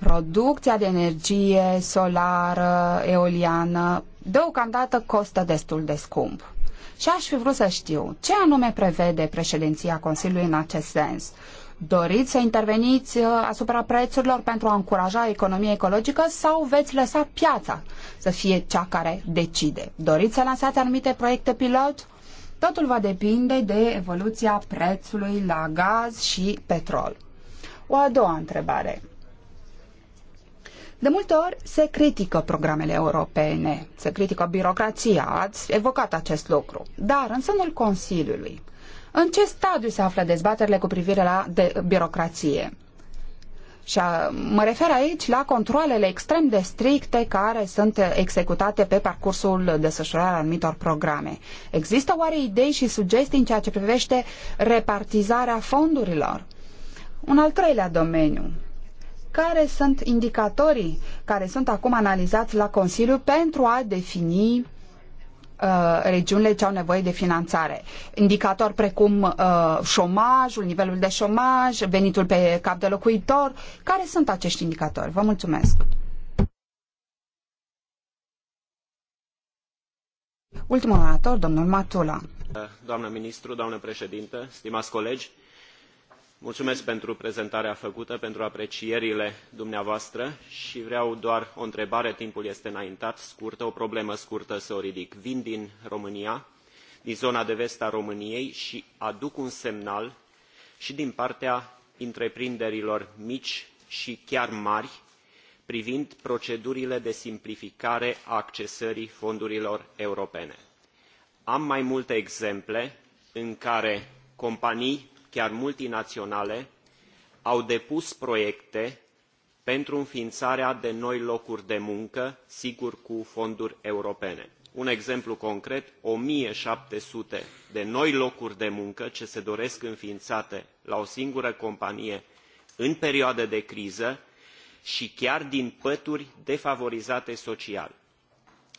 producția de energie solară, eoliană, deocamdată costă destul de scump. Ce aș fi vrut să știu ce anume prevede președinția Consiliului în acest sens. Doriți să interveniți uh, asupra prețurilor pentru a încuraja economia ecologică sau veți lăsa piața să fie cea care decide? Doriți să lansați anumite proiecte pilot? Totul va depinde de evoluția prețului la gaz și petrol. O a doua întrebare. De multe ori se critică programele europene, se critică birocrația, ați evocat acest lucru. Dar în sânul Consiliului, în ce stadiu se află dezbaterile cu privire la de- birocrație? Și a, mă refer aici la controlele extrem de stricte care sunt executate pe parcursul desfășurării anumitor programe. Există oare idei și sugestii în ceea ce privește repartizarea fondurilor? Un al treilea domeniu care sunt indicatorii care sunt acum analizați la Consiliu pentru a defini uh, regiunile ce au nevoie de finanțare. Indicatori precum uh, șomajul, nivelul de șomaj, venitul pe cap de locuitor. Care sunt acești indicatori? Vă mulțumesc! Ultimul orator, domnul Matula. Doamnă ministru, doamnă președinte, stimați colegi, mulțumesc pentru prezentarea făcută pentru aprecierile dumneavoastră și vreau doar o întrebare timpul este înaintat scurtă o problemă scurtă să o ridic vin din românia din zona de vest a româniei și aduc un semnal și din partea întreprinderilor mici și chiar mari privind procedurile de simplificare a accesării fondurilor europene. am mai multe exemple în care companii chiar multinaționale, au depus proiecte pentru înființarea de noi locuri de muncă, sigur cu fonduri europene. Un exemplu concret, 1700 de noi locuri de muncă ce se doresc înființate la o singură companie în perioadă de criză și chiar din pături defavorizate social.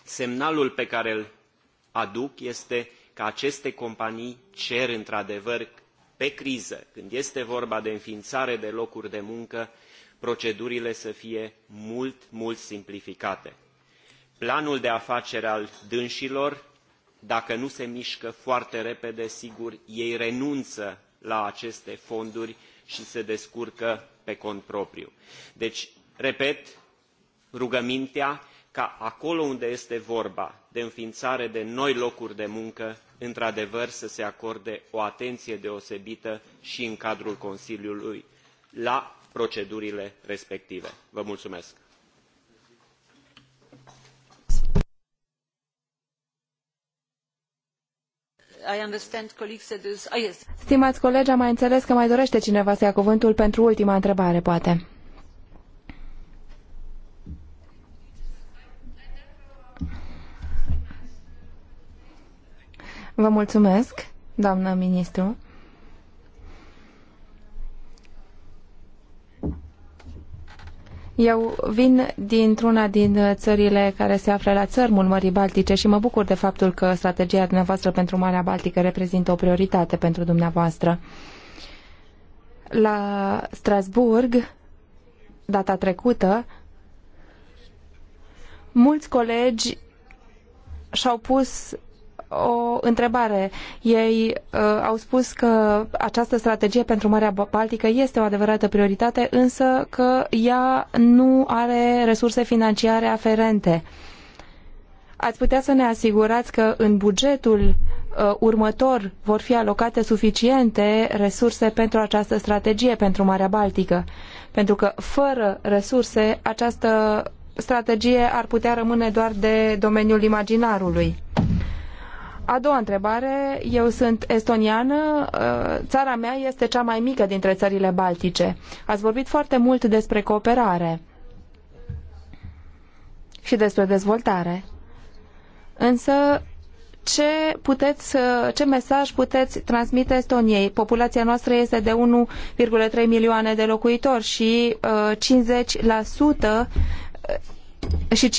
Semnalul pe care îl aduc este că aceste companii cer într-adevăr pe criză, când este vorba de înființare de locuri de muncă, procedurile să fie mult, mult simplificate. Planul de afaceri al dânșilor, dacă nu se mișcă foarte repede, sigur, ei renunță la aceste fonduri și se descurcă pe cont propriu. Deci, repet, rugămintea ca acolo unde este vorba de înființare de noi locuri de muncă într adevăr să se acorde o atenție deosebită și în cadrul consiliului la procedurile respective. Vă mulțumesc. Oh, Stimați colegi, am mai înțeles că mai dorește cineva să ia cuvântul pentru ultima întrebare, poate. Vă mulțumesc, doamnă ministru. Eu vin dintr-una din țările care se află la țărmul Mării Baltice și mă bucur de faptul că strategia dumneavoastră pentru Marea Baltică reprezintă o prioritate pentru dumneavoastră. La Strasburg, data trecută, mulți colegi și-au pus o întrebare. Ei uh, au spus că această strategie pentru Marea Baltică este o adevărată prioritate, însă că ea nu are resurse financiare aferente. Ați putea să ne asigurați că în bugetul uh, următor vor fi alocate suficiente resurse pentru această strategie pentru Marea Baltică, pentru că fără resurse această strategie ar putea rămâne doar de domeniul imaginarului a doua întrebare. Eu sunt estoniană. Uh, țara mea este cea mai mică dintre țările baltice. Ați vorbit foarte mult despre cooperare și despre dezvoltare. Însă, ce, puteți, uh, ce mesaj puteți transmite Estoniei? Populația noastră este de 1,3 milioane de locuitori și 50% uh, și 15%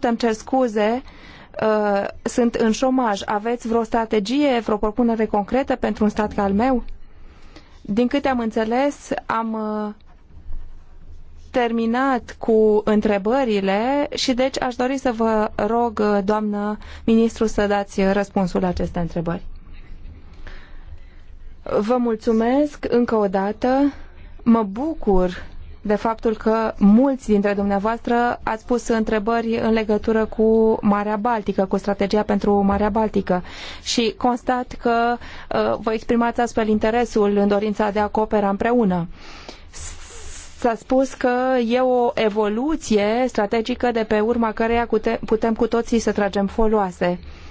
îmi cer scuze uh, Uh, sunt în șomaj. Aveți vreo strategie, vreo propunere concretă pentru un stat ca al meu? Din câte am înțeles, am uh, terminat cu întrebările și deci aș dori să vă rog, uh, doamnă ministru, să dați răspunsul la aceste întrebări. Vă mulțumesc încă o dată. Mă bucur de faptul că mulți dintre dumneavoastră ați pus întrebări în legătură cu Marea Baltică, cu strategia pentru Marea Baltică și constat că uh, vă exprimați astfel interesul în dorința de a coopera împreună. S-a spus că e o evoluție strategică de pe urma căreia putem cu toții să tragem foloase. Uh,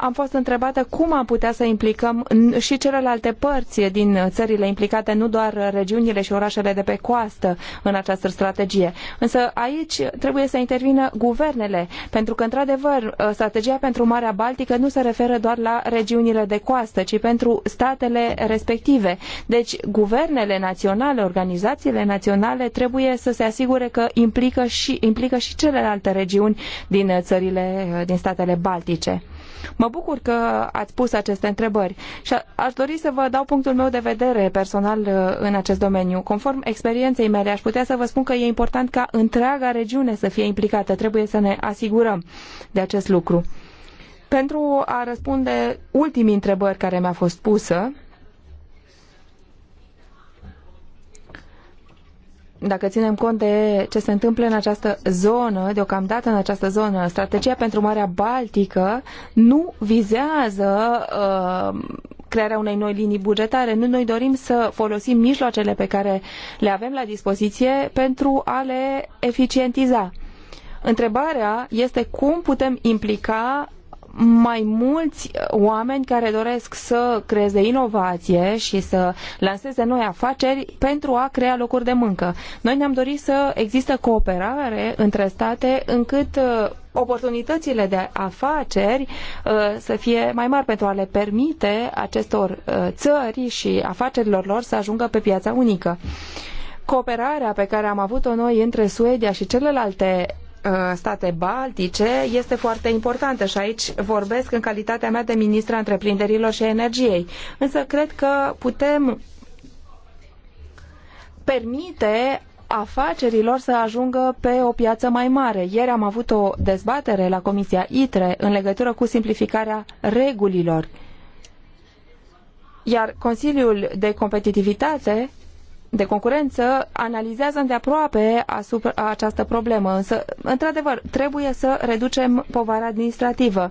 am fost întrebată cum am putea să implicăm și celelalte părți din țările implicate, nu doar regiunile și orașele de pe coastă în această strategie. Însă aici trebuie să intervină guvernele, pentru că, într-adevăr, strategia pentru Marea Baltică nu se referă doar la regiunile de coastă, ci pentru statele respective. Deci, guvernele naționale, organizațiile naționale trebuie să se asigure că implică și, implică și celelalte regiuni din țările, din statele baltice. Mă bucur că ați pus aceste întrebări și aș dori să vă dau punctul meu de vedere personal uh, în acest domeniu. Conform experienței mele, aș putea să vă spun că e important ca întreaga regiune să fie implicată. Trebuie să ne asigurăm de acest lucru. Pentru a răspunde ultimii întrebări care mi-a fost pusă, dacă ținem cont de ce se întâmplă în această zonă, deocamdată în această zonă, strategia pentru Marea Baltică nu vizează uh, crearea unei noi linii bugetare. Nu noi dorim să folosim mijloacele pe care le avem la dispoziție pentru a le eficientiza. Întrebarea este cum putem implica mai mulți oameni care doresc să creeze inovație și să lanseze noi afaceri pentru a crea locuri de muncă. Noi ne-am dorit să există cooperare între state încât uh, oportunitățile de afaceri uh, să fie mai mari pentru a le permite acestor uh, țări și afacerilor lor să ajungă pe piața unică cooperarea pe care am avut-o noi între Suedia și celelalte Uh, state baltice este foarte importantă și aici vorbesc în calitatea mea de ministra întreprinderilor și energiei. Însă cred că putem permite afacerilor să ajungă pe o piață mai mare. Ieri am avut o dezbatere la Comisia ITRE în legătură cu simplificarea regulilor. Iar Consiliul de Competitivitate de concurență analizează îndeaproape asupra această problemă, însă, într-adevăr, trebuie să reducem povara administrativă.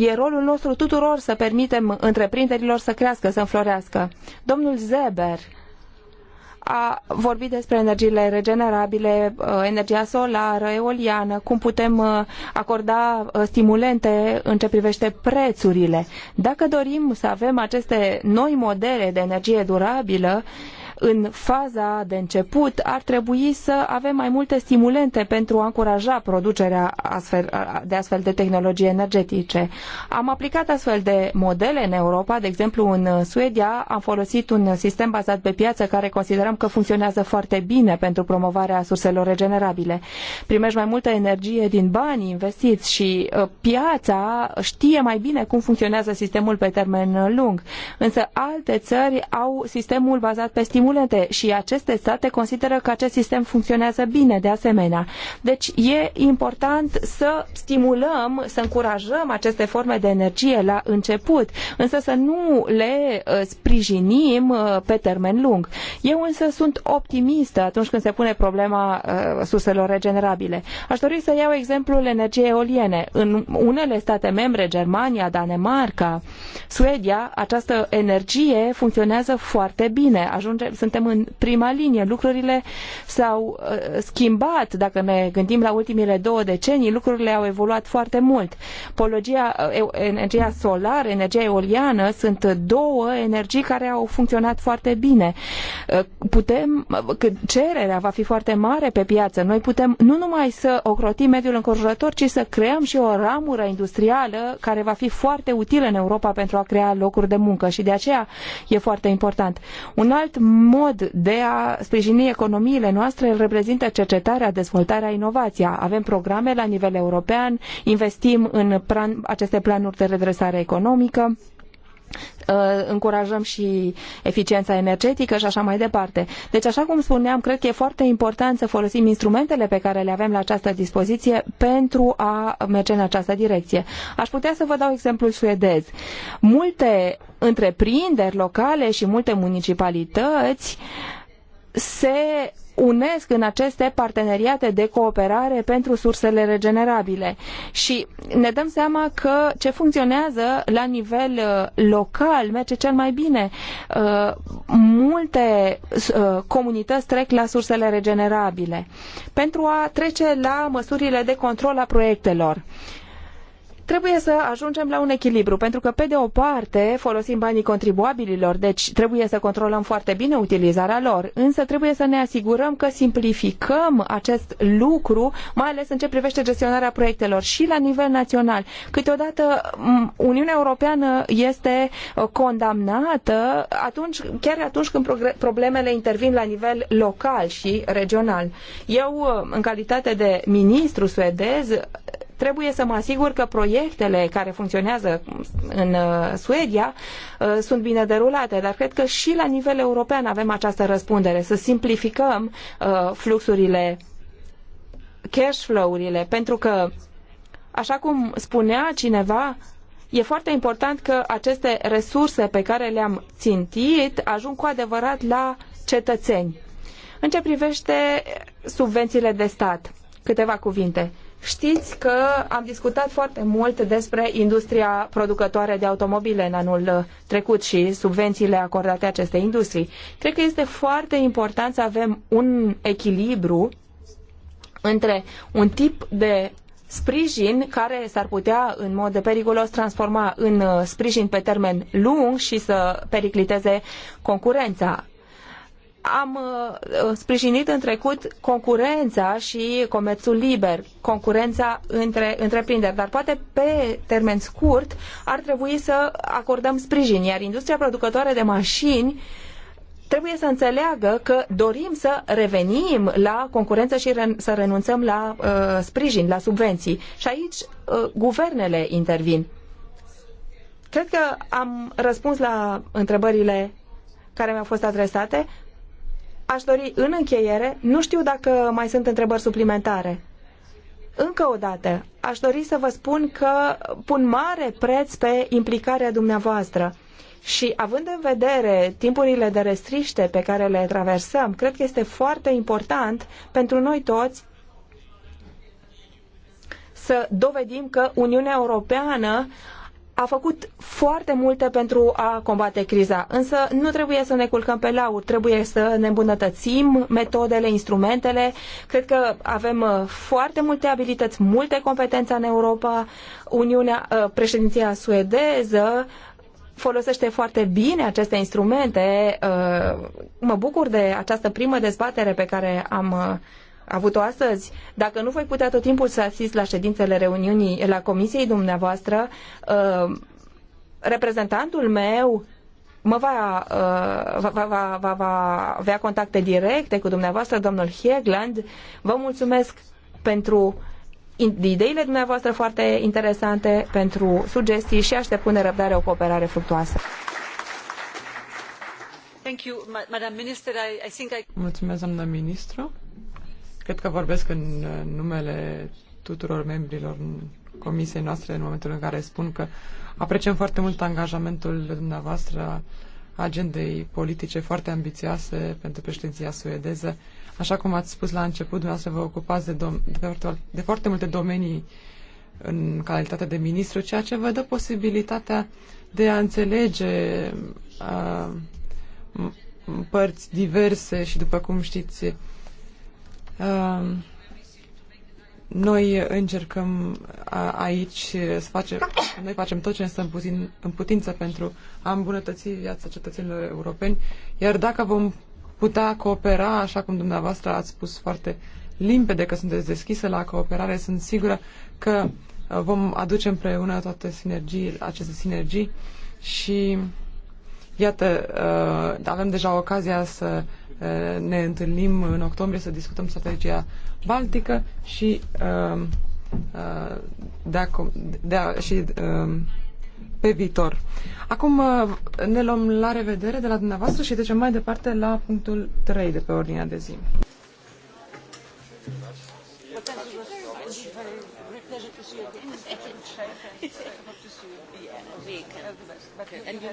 E rolul nostru tuturor să permitem întreprinderilor să crească, să înflorească. Domnul Zeber a vorbit despre energiile regenerabile, uh, energia solară, eoliană, cum putem uh, acorda uh, stimulente în ce privește prețurile. Dacă dorim să avem aceste noi modele de energie durabilă, în faza de început ar trebui să avem mai multe stimulente pentru a încuraja producerea astfel, de astfel de tehnologii energetice. Am aplicat astfel de modele în Europa, de exemplu în Suedia am folosit un sistem bazat pe piață care considerăm că funcționează foarte bine pentru promovarea surselor regenerabile. Primești mai multă energie din banii investiți și uh, piața știe mai bine cum funcționează sistemul pe termen lung. Însă alte țări au sistemul bazat pe stimulente stimulente și aceste state consideră că acest sistem funcționează bine de asemenea. Deci e important să stimulăm, să încurajăm aceste forme de energie la început, însă să nu le uh, sprijinim uh, pe termen lung. Eu însă sunt optimistă atunci când se pune problema uh, surselor regenerabile. Aș dori să iau exemplul energiei eoliene. În unele state membre, Germania, Danemarca, Suedia, această energie funcționează foarte bine. Ajunge, suntem în prima linie. Lucrurile s-au uh, schimbat. Dacă ne gândim la ultimile două decenii, lucrurile au evoluat foarte mult. Pologia, uh, energia solară, energia eoliană sunt două energii care au funcționat foarte bine. Uh, putem, cererea va fi foarte mare pe piață. Noi putem nu numai să ocrotim mediul înconjurător, ci să creăm și o ramură industrială care va fi foarte utilă în Europa pentru a crea locuri de muncă și de aceea e foarte important. Un alt mod de a sprijini economiile noastre îl reprezintă cercetarea, dezvoltarea, inovația. Avem programe la nivel european, investim în plan, aceste planuri de redresare economică, Uh, încurajăm și eficiența energetică și așa mai departe. Deci, așa cum spuneam, cred că e foarte important să folosim instrumentele pe care le avem la această dispoziție pentru a merge în această direcție. Aș putea să vă dau exemplul suedez. Multe întreprinderi locale și multe municipalități se unesc în aceste parteneriate de cooperare pentru sursele regenerabile. Și ne dăm seama că ce funcționează la nivel uh, local merge cel mai bine. Uh, multe uh, comunități trec la sursele regenerabile pentru a trece la măsurile de control a proiectelor. Trebuie să ajungem la un echilibru, pentru că, pe de o parte, folosim banii contribuabililor, deci trebuie să controlăm foarte bine utilizarea lor, însă trebuie să ne asigurăm că simplificăm acest lucru, mai ales în ce privește gestionarea proiectelor și la nivel național. Câteodată Uniunea Europeană este uh, condamnată atunci, chiar atunci când problemele intervin la nivel local și regional. Eu, uh, în calitate de ministru suedez, trebuie să mă asigur că proiectele care funcționează în uh, Suedia uh, sunt bine derulate, dar cred că și la nivel european avem această răspundere, să simplificăm uh, fluxurile, cash flow-urile, pentru că, așa cum spunea cineva, E foarte important că aceste resurse pe care le-am țintit ajung cu adevărat la cetățeni. În ce privește subvențiile de stat, câteva cuvinte. Știți că am discutat foarte mult despre industria producătoare de automobile în anul uh, trecut și subvențiile acordate acestei industrii. Cred că este foarte important să avem un echilibru între un tip de sprijin care s-ar putea în mod periculos transforma în uh, sprijin pe termen lung și să pericliteze concurența am uh, uh, sprijinit în trecut concurența și comerțul liber, concurența între întreprinderi, dar poate pe termen scurt ar trebui să acordăm sprijin, iar industria producătoare de mașini trebuie să înțeleagă că dorim să revenim la concurență și să renunțăm la uh, sprijin, la subvenții. Și aici uh, guvernele intervin. Cred că am răspuns la întrebările care mi-au fost adresate aș dori în încheiere, nu știu dacă mai sunt întrebări suplimentare. Încă o dată, aș dori să vă spun că pun mare preț pe implicarea dumneavoastră. Și având în vedere timpurile de restriște pe care le traversăm, cred că este foarte important pentru noi toți să dovedim că Uniunea Europeană a făcut foarte multe pentru a combate criza, însă nu trebuie să ne culcăm pe lauri, trebuie să ne îmbunătățim metodele, instrumentele. Cred că avem uh, foarte multe abilități, multe competențe în Europa. Uniunea, uh, președinția suedeză folosește foarte bine aceste instrumente. Uh, mă bucur de această primă dezbatere pe care am avut-o astăzi. Dacă nu voi putea tot timpul să asist la ședințele reuniunii la comisiei dumneavoastră, uh, reprezentantul meu mă va, uh, va, va, va, va avea contacte directe cu dumneavoastră, domnul Hegland. Vă mulțumesc pentru ideile dumneavoastră foarte interesante, pentru sugestii și aștept cu nerăbdare o cooperare fructuoasă. Mulțumesc, doamnă ministru. Cred că vorbesc în numele tuturor membrilor comisiei noastre în momentul în care spun că apreciem foarte mult angajamentul dumneavoastră agendei politice foarte ambițioase pentru președinția suedeză. Așa cum ați spus la început, dumneavoastră vă ocupați de, de, de foarte multe domenii în calitate de ministru, ceea ce vă dă posibilitatea de a înțelege a, părți diverse și, după cum știți, noi încercăm aici să facem, noi facem tot ce ne stă în, putință pentru a îmbunătăți viața cetățenilor europeni, iar dacă vom putea coopera, așa cum dumneavoastră ați spus foarte limpede că sunteți deschise la cooperare, sunt sigură că uh, vom aduce împreună toate sinergii, aceste sinergii și Iată, uh, avem deja ocazia să uh, ne întâlnim în octombrie să discutăm strategia baltică și um, uh, de a, de a, și um, pe viitor. Acum ne luăm la revedere de la dumneavoastră și trecem mai departe la punctul 3 de pe ordinea de zi. And you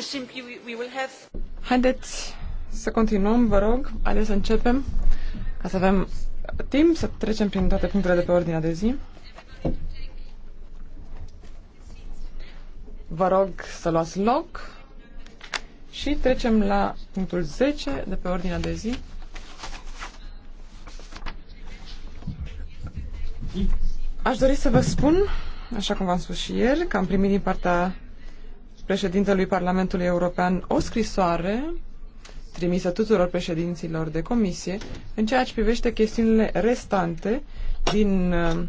simply Haideți să continuăm, vă rog. Haideți să începem, ca să avem timp să trecem prin toate punctele de pe ordinea de zi. Vă rog să luați loc și trecem la punctul 10 de pe ordinea de zi. Aș dori să vă spun așa cum v-am spus și ieri, că am primit din partea președintelui Parlamentului European o scrisoare trimisă tuturor președinților de comisie în ceea ce privește chestiunile restante din uh,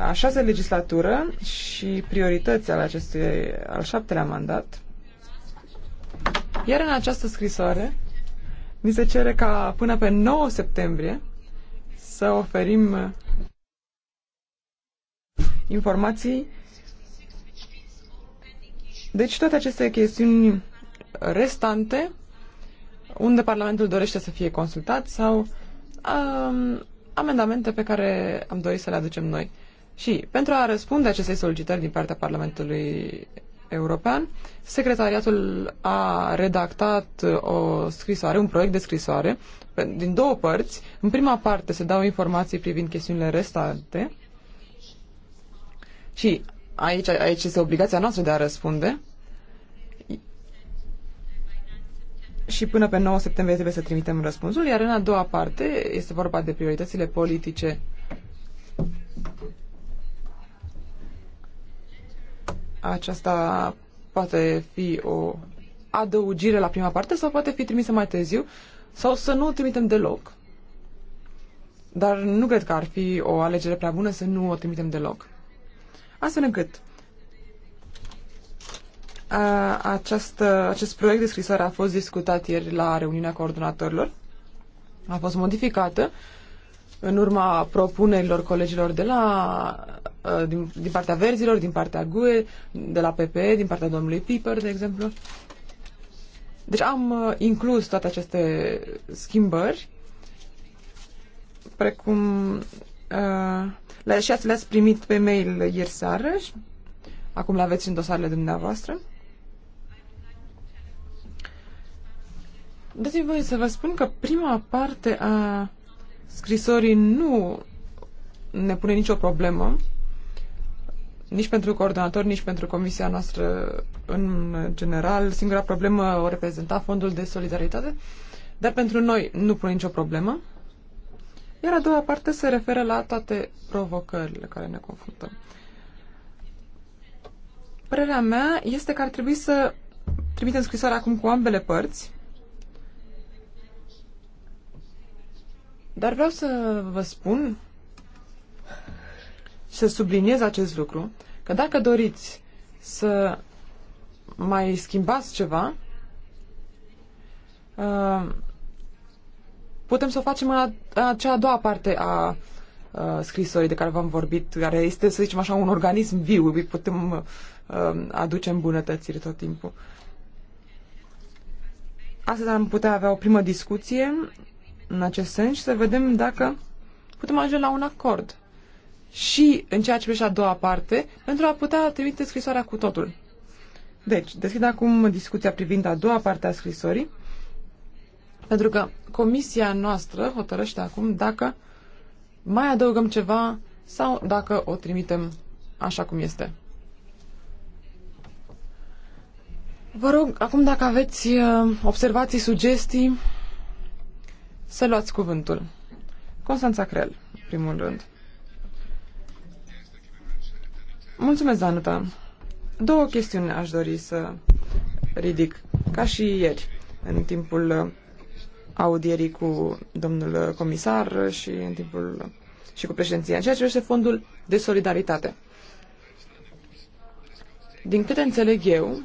a șasea legislatură și priorități ale acestui al șaptelea mandat. Iar în această scrisoare ni se cere ca până pe 9 septembrie să oferim informații. Deci toate aceste chestiuni restante, unde Parlamentul dorește să fie consultat sau um, amendamente pe care am dorit să le aducem noi. Și pentru a răspunde acestei solicitări din partea Parlamentului European, secretariatul a redactat o scrisoare, un proiect de scrisoare, din două părți. În prima parte se dau informații privind chestiunile restante și aici, aici este obligația noastră de a răspunde. Și până pe 9 septembrie trebuie să trimitem răspunsul, iar în a doua parte este vorba de prioritățile politice. Aceasta poate fi o adăugire la prima parte sau poate fi trimisă mai târziu sau să nu o trimitem deloc. Dar nu cred că ar fi o alegere prea bună să nu o trimitem deloc astfel încât a, această, acest proiect de scrisoare a fost discutat ieri la reuniunea coordonatorilor, a fost modificată în urma propunerilor colegilor de la, din, din partea verzilor, din partea GUE, de la PPE, din partea domnului Piper, de exemplu. Deci am inclus toate aceste schimbări, precum uh, le, și ați le-ați primit pe mail ieri seară. Și acum le aveți în dosarele dumneavoastră. Dați-mi voie să vă spun că prima parte a scrisorii nu ne pune nicio problemă, nici pentru coordonator, nici pentru comisia noastră în general. Singura problemă o reprezenta fondul de solidaritate, dar pentru noi nu pune nicio problemă. Iar a doua parte se referă la toate provocările care ne confruntăm. Părerea mea este că ar trebui să trimitem scrisoarea acum cu ambele părți, dar vreau să vă spun și să subliniez acest lucru, că dacă doriți să mai schimbați ceva, uh, putem să o facem în a, cea a doua parte a scrisorii de care v-am vorbit, care este, să zicem așa, un organism viu, îi putem um, aduce îmbunătățiri tot timpul. Astăzi am putea avea o primă discuție în acest sens și să vedem dacă putem ajunge la un acord. Și în ceea ce privește a doua parte, pentru a putea trimite scrisoarea cu totul. Deci, deschid acum discuția privind a doua parte a scrisorii pentru că comisia noastră hotărăște acum dacă mai adăugăm ceva sau dacă o trimitem așa cum este. Vă rog, acum dacă aveți uh, observații, sugestii, să luați cuvântul. Constanța Crel, primul rând. Mulțumesc, Danuta. Două chestiuni aș dori să ridic, ca și ieri, în timpul uh, audierii cu domnul comisar și în timpul și cu președinția, ceea ce este fondul de solidaritate. Din câte înțeleg eu,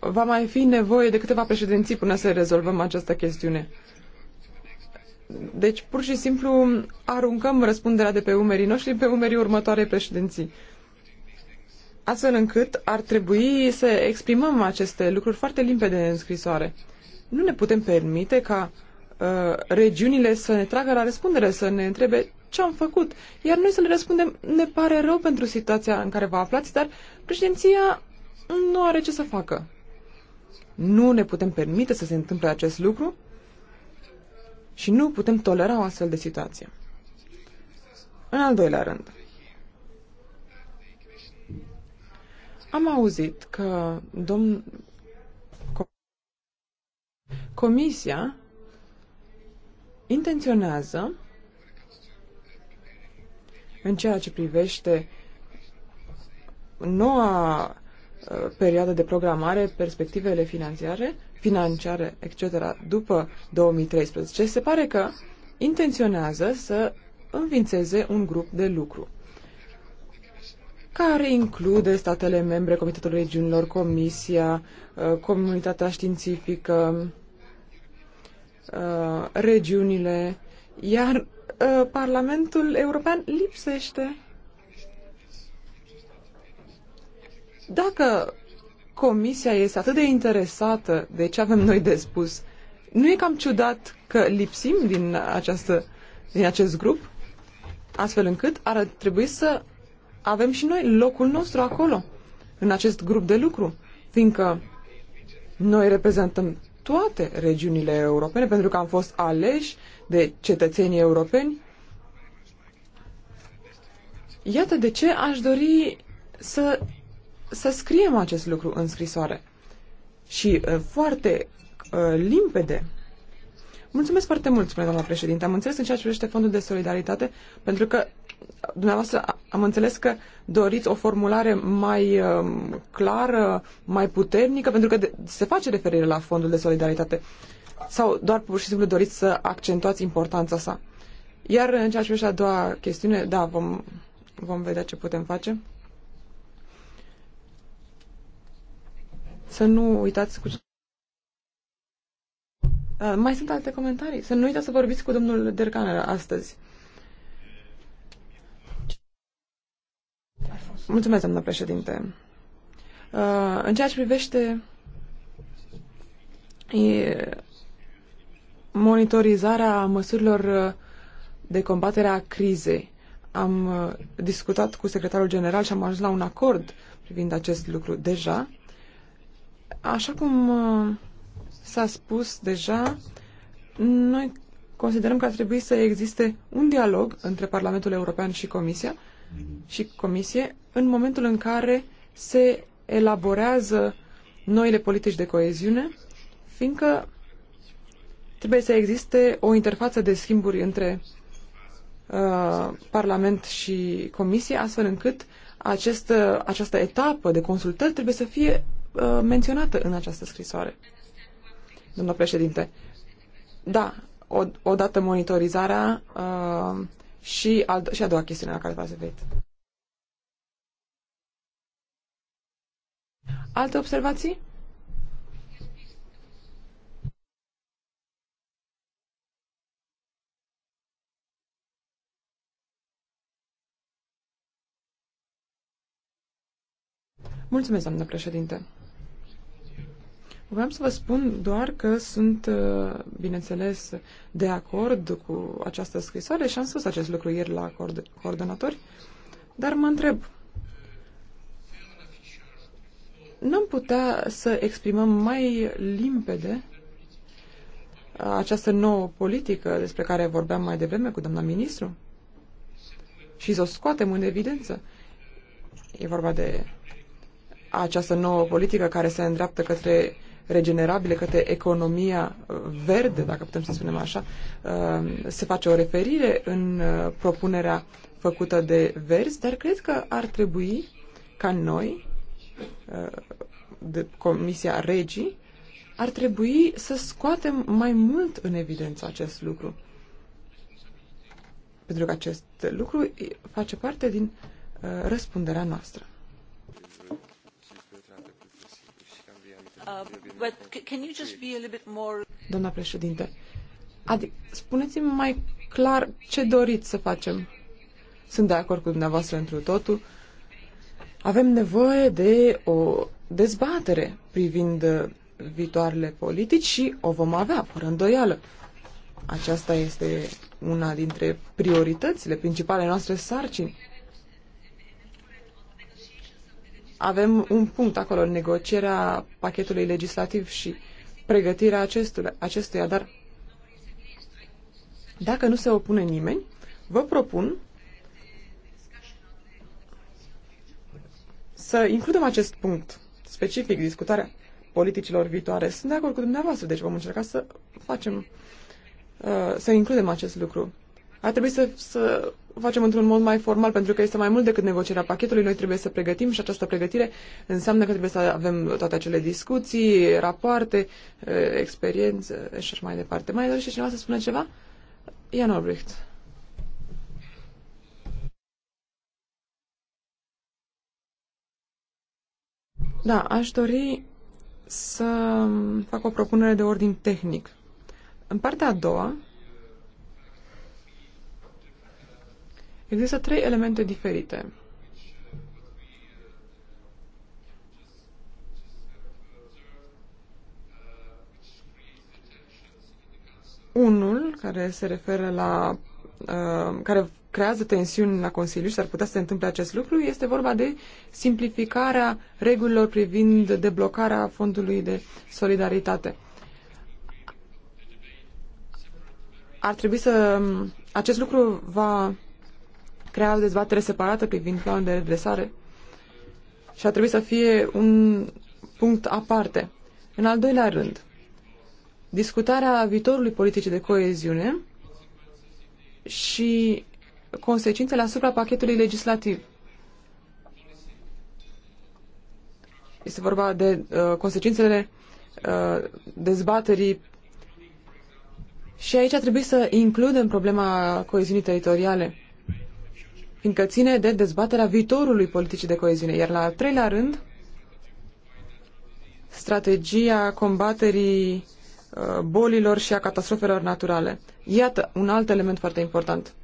va mai fi nevoie de câteva președinții până să rezolvăm această chestiune. Deci, pur și simplu, aruncăm răspunderea de pe umerii noștri pe umerii următoarei președinții. Astfel încât ar trebui să exprimăm aceste lucruri foarte limpede în scrisoare. Nu ne putem permite ca uh, regiunile să ne tragă la răspundere, să ne întrebe ce am făcut. Iar noi să ne răspundem, ne pare rău pentru situația în care vă aflați, dar președinția nu are ce să facă. Nu ne putem permite să se întâmple acest lucru și nu putem tolera o astfel de situație. În al doilea rând, am auzit că domn, Comisia intenționează, în ceea ce privește noua uh, perioadă de programare, perspectivele financiare, financiare, etc., după 2013, se pare că intenționează să înființeze un grup de lucru care include statele membre, Comitetul Regiunilor, Comisia, uh, comunitatea științifică, uh, regiunile, iar uh, Parlamentul European lipsește. Dacă Comisia este atât de interesată de ce avem noi de spus, nu e cam ciudat că lipsim din, această, din acest grup? Astfel încât ar trebui să avem și noi locul nostru acolo, în acest grup de lucru, fiindcă noi reprezentăm toate regiunile europene, pentru că am fost aleși de cetățenii europeni. Iată de ce aș dori să, să scriem acest lucru în scrisoare. Și uh, foarte uh, limpede. Mulțumesc foarte mult, spune doamna președinte. Am înțeles în ceea ce privește fondul de solidaritate, pentru că Dumneavoastră, am înțeles că doriți o formulare mai um, clară, mai puternică, pentru că se face referire la fondul de solidaritate. Sau doar pur și simplu doriți să accentuați importanța sa. Iar în ceea ce privește a doua chestiune, da, vom, vom vedea ce putem face. Să nu uitați cu uh, mai sunt alte comentarii. Să nu uitați să vorbiți cu domnul Dercaner astăzi. Mulțumesc, doamnă președinte. Uh, în ceea ce privește monitorizarea măsurilor uh, de combatere a crizei, am uh, discutat cu secretarul general și am ajuns la un acord privind acest lucru deja. Așa cum s-a spus deja, noi considerăm că ar trebui să existe un dialog între Parlamentul European și Comisia și Comisie în momentul în care se elaborează noile politici de coeziune, fiindcă trebuie să existe o interfață de schimburi între uh, Parlament și Comisie, astfel încât această, uh, această etapă de consultări trebuie să fie uh, menționată în această scrisoare. Domnul președinte, da, od odată monitorizarea uh, și, al, și a doua chestiune la care v-ați referit. Alte observații? Mulțumesc, doamnă președinte. Vreau să vă spun doar că sunt, uh, bineînțeles, de acord cu această scrisoare și am spus acest lucru ieri la coordonatori, dar mă întreb, n-am putea să exprimăm mai limpede această nouă politică despre care vorbeam mai devreme cu doamna ministru și să o scoatem în evidență. E vorba de această nouă politică care se îndreaptă către regenerabile, către economia uh, verde, dacă putem să spunem așa, uh, se face o referire în uh, propunerea făcută de Verzi, dar cred că ar trebui ca noi, de Comisia Regii, ar trebui să scoatem mai mult în evidență acest lucru. Pentru că acest lucru face parte din răspunderea noastră. Doamna președinte, adic, spuneți-mi mai clar ce doriți să facem. Sunt de acord cu dumneavoastră întru totul. Avem nevoie de o dezbatere privind uh, viitoarele politici și o vom avea, fără îndoială. Aceasta este una dintre prioritățile principale noastre sarcini. avem un punct acolo, negocierea pachetului legislativ și pregătirea acestuia, acestuia, dar dacă nu se opune nimeni, vă propun să includem acest punct specific, discutarea politicilor viitoare. Sunt de acord cu dumneavoastră, deci vom încerca să facem, uh, să includem acest lucru. Ar trebui să, să facem într-un mod mai formal, pentru că este mai mult decât negocierea pachetului. Noi trebuie să pregătim și această pregătire înseamnă că trebuie să avem toate acele discuții, rapoarte, eh, experiențe și așa mai departe. Mai dorește cineva să spună ceva? Ian Albrecht. Da, aș dori să fac o propunere de ordin tehnic. În partea a doua, Există trei elemente diferite. Unul care se referă la uh, care creează tensiuni la Consiliu și s-ar putea să se întâmple acest lucru, este vorba de simplificarea regulilor privind deblocarea fondului de solidaritate. Ar trebui să... Um, acest lucru va crea o dezbatere separată privind planul de redresare și a trebuit să fie un punct aparte. În al doilea rând, discutarea viitorului politicii de coeziune și consecințele asupra pachetului legislativ. Este vorba de uh, consecințele uh, dezbaterii și aici a trebuit să includem problema coeziunii teritoriale fiindcă ține de dezbaterea viitorului politicii de coeziune. Iar la al treilea rând, strategia combaterii uh, bolilor și a catastrofelor naturale. Iată un alt element foarte important.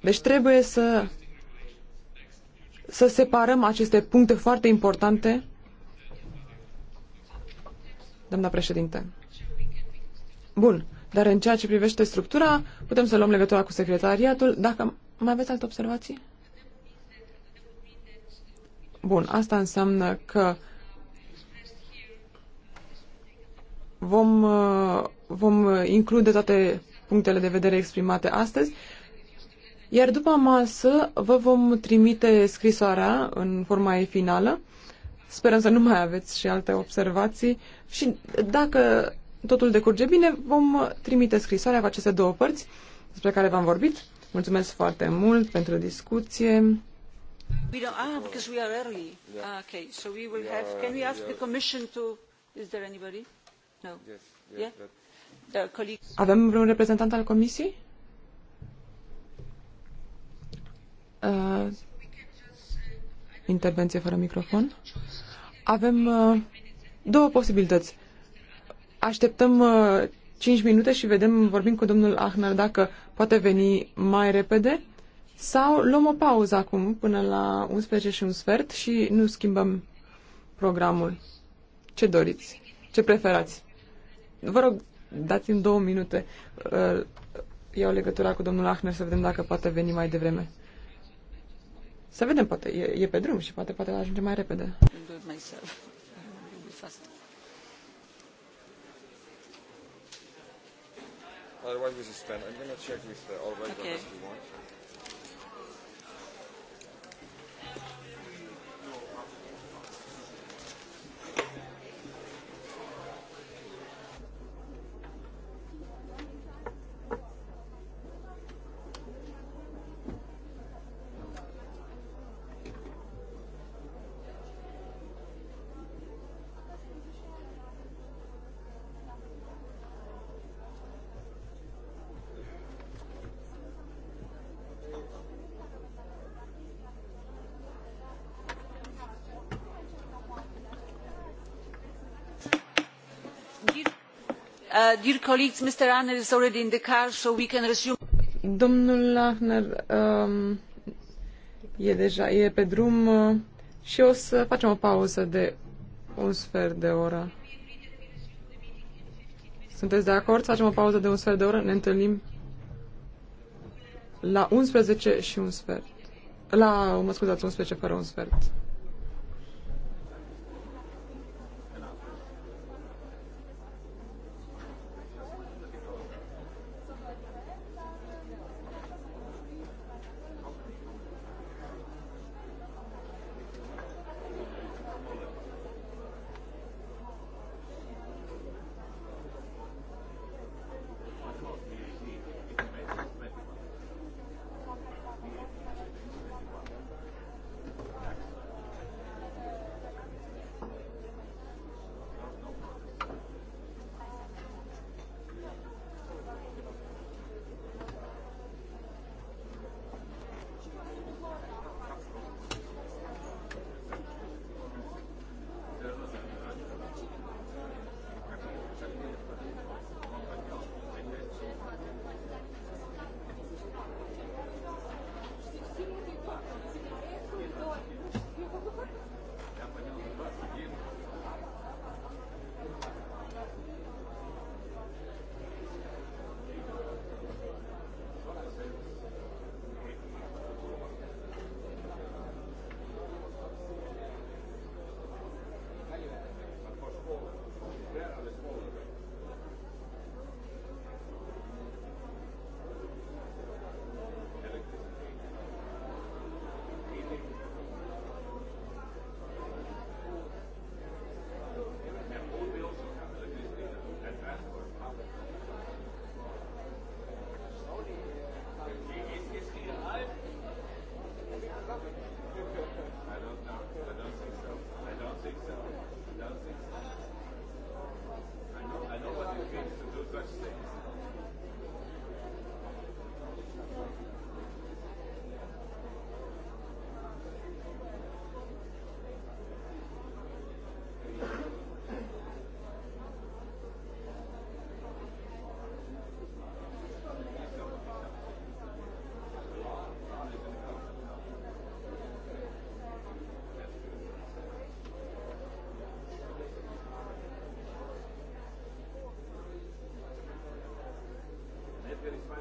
Deci trebuie să, să separăm aceste puncte foarte importante. Doamna președinte. Bun. Dar în ceea ce privește structura, putem să luăm legătura cu secretariatul. Dacă mai aveți alte observații? Bun, asta înseamnă că vom, vom include toate punctele de vedere exprimate astăzi, iar după masă vă vom trimite scrisoarea în forma ei finală. Sperăm să nu mai aveți și alte observații și dacă totul decurge bine, vom trimite scrisoarea cu aceste două părți despre care v-am vorbit. Mulțumesc foarte mult pentru discuție. We don't, ah, because we are early. Yeah. Ah, okay, so we will have, can we ask the commission to, is there anybody? No. Yes, yes, yeah? The Avem vreun reprezentant al comisiei? Uh, intervenție fără microfon. Avem uh, două posibilități. Așteptăm 5 uh, minute și vedem, vorbim cu domnul Ahner dacă poate veni mai repede sau luăm o pauză acum până la 11 și un sfert și nu schimbăm programul. Ce doriți? Ce preferați? Vă rog, dați-mi două minute. Uh, iau legătura cu domnul Ahner să vedem dacă poate veni mai devreme. Să vedem, poate e, e pe drum și poate poate ajunge mai repede. Otherwise, we suspend. I'm going to check with the all okay. if you want. Uh, dear colleagues, Mr. Domnul Lahner um, deja e pe drum uh, și o să facem o pauză de un sfert de oră. Sunteți de acord să facem o pauză de un sfert de oră? Ne întâlnim la 11 și un sfert. La, mă scuzați, 11 fără un sfert.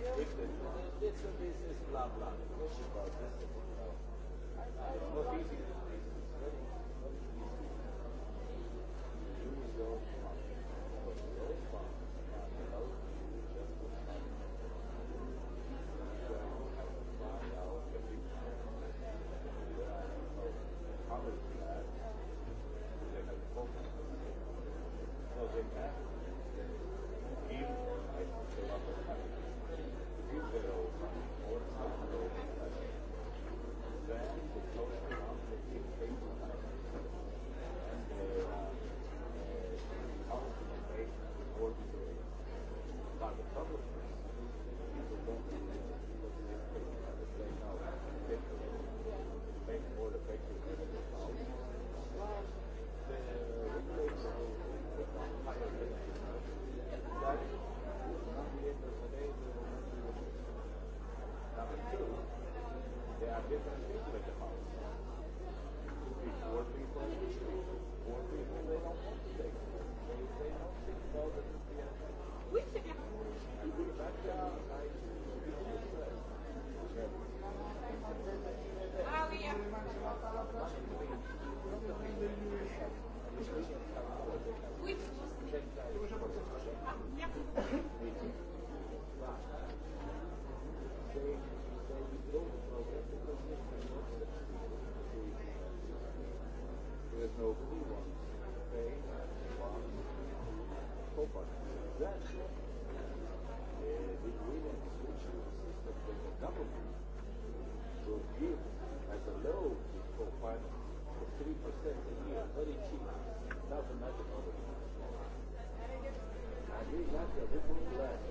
This and this bla blah blah. There's no as a loan for 3% a year, very cheap. legislație, de funcționare.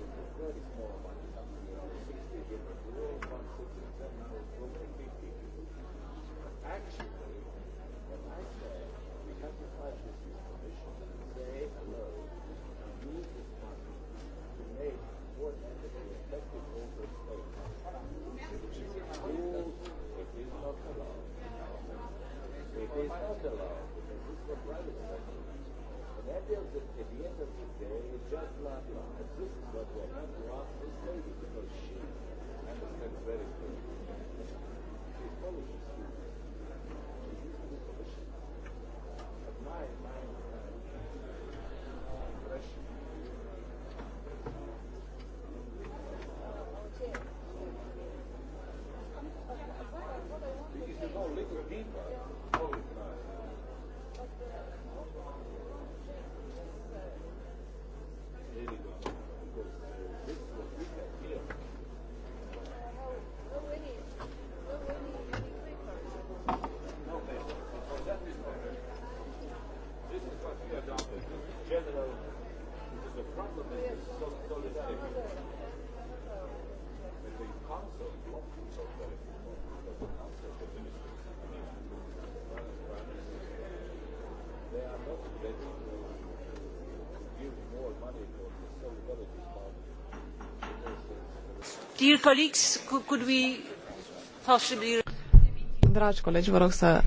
Dragi colegi, vă rog să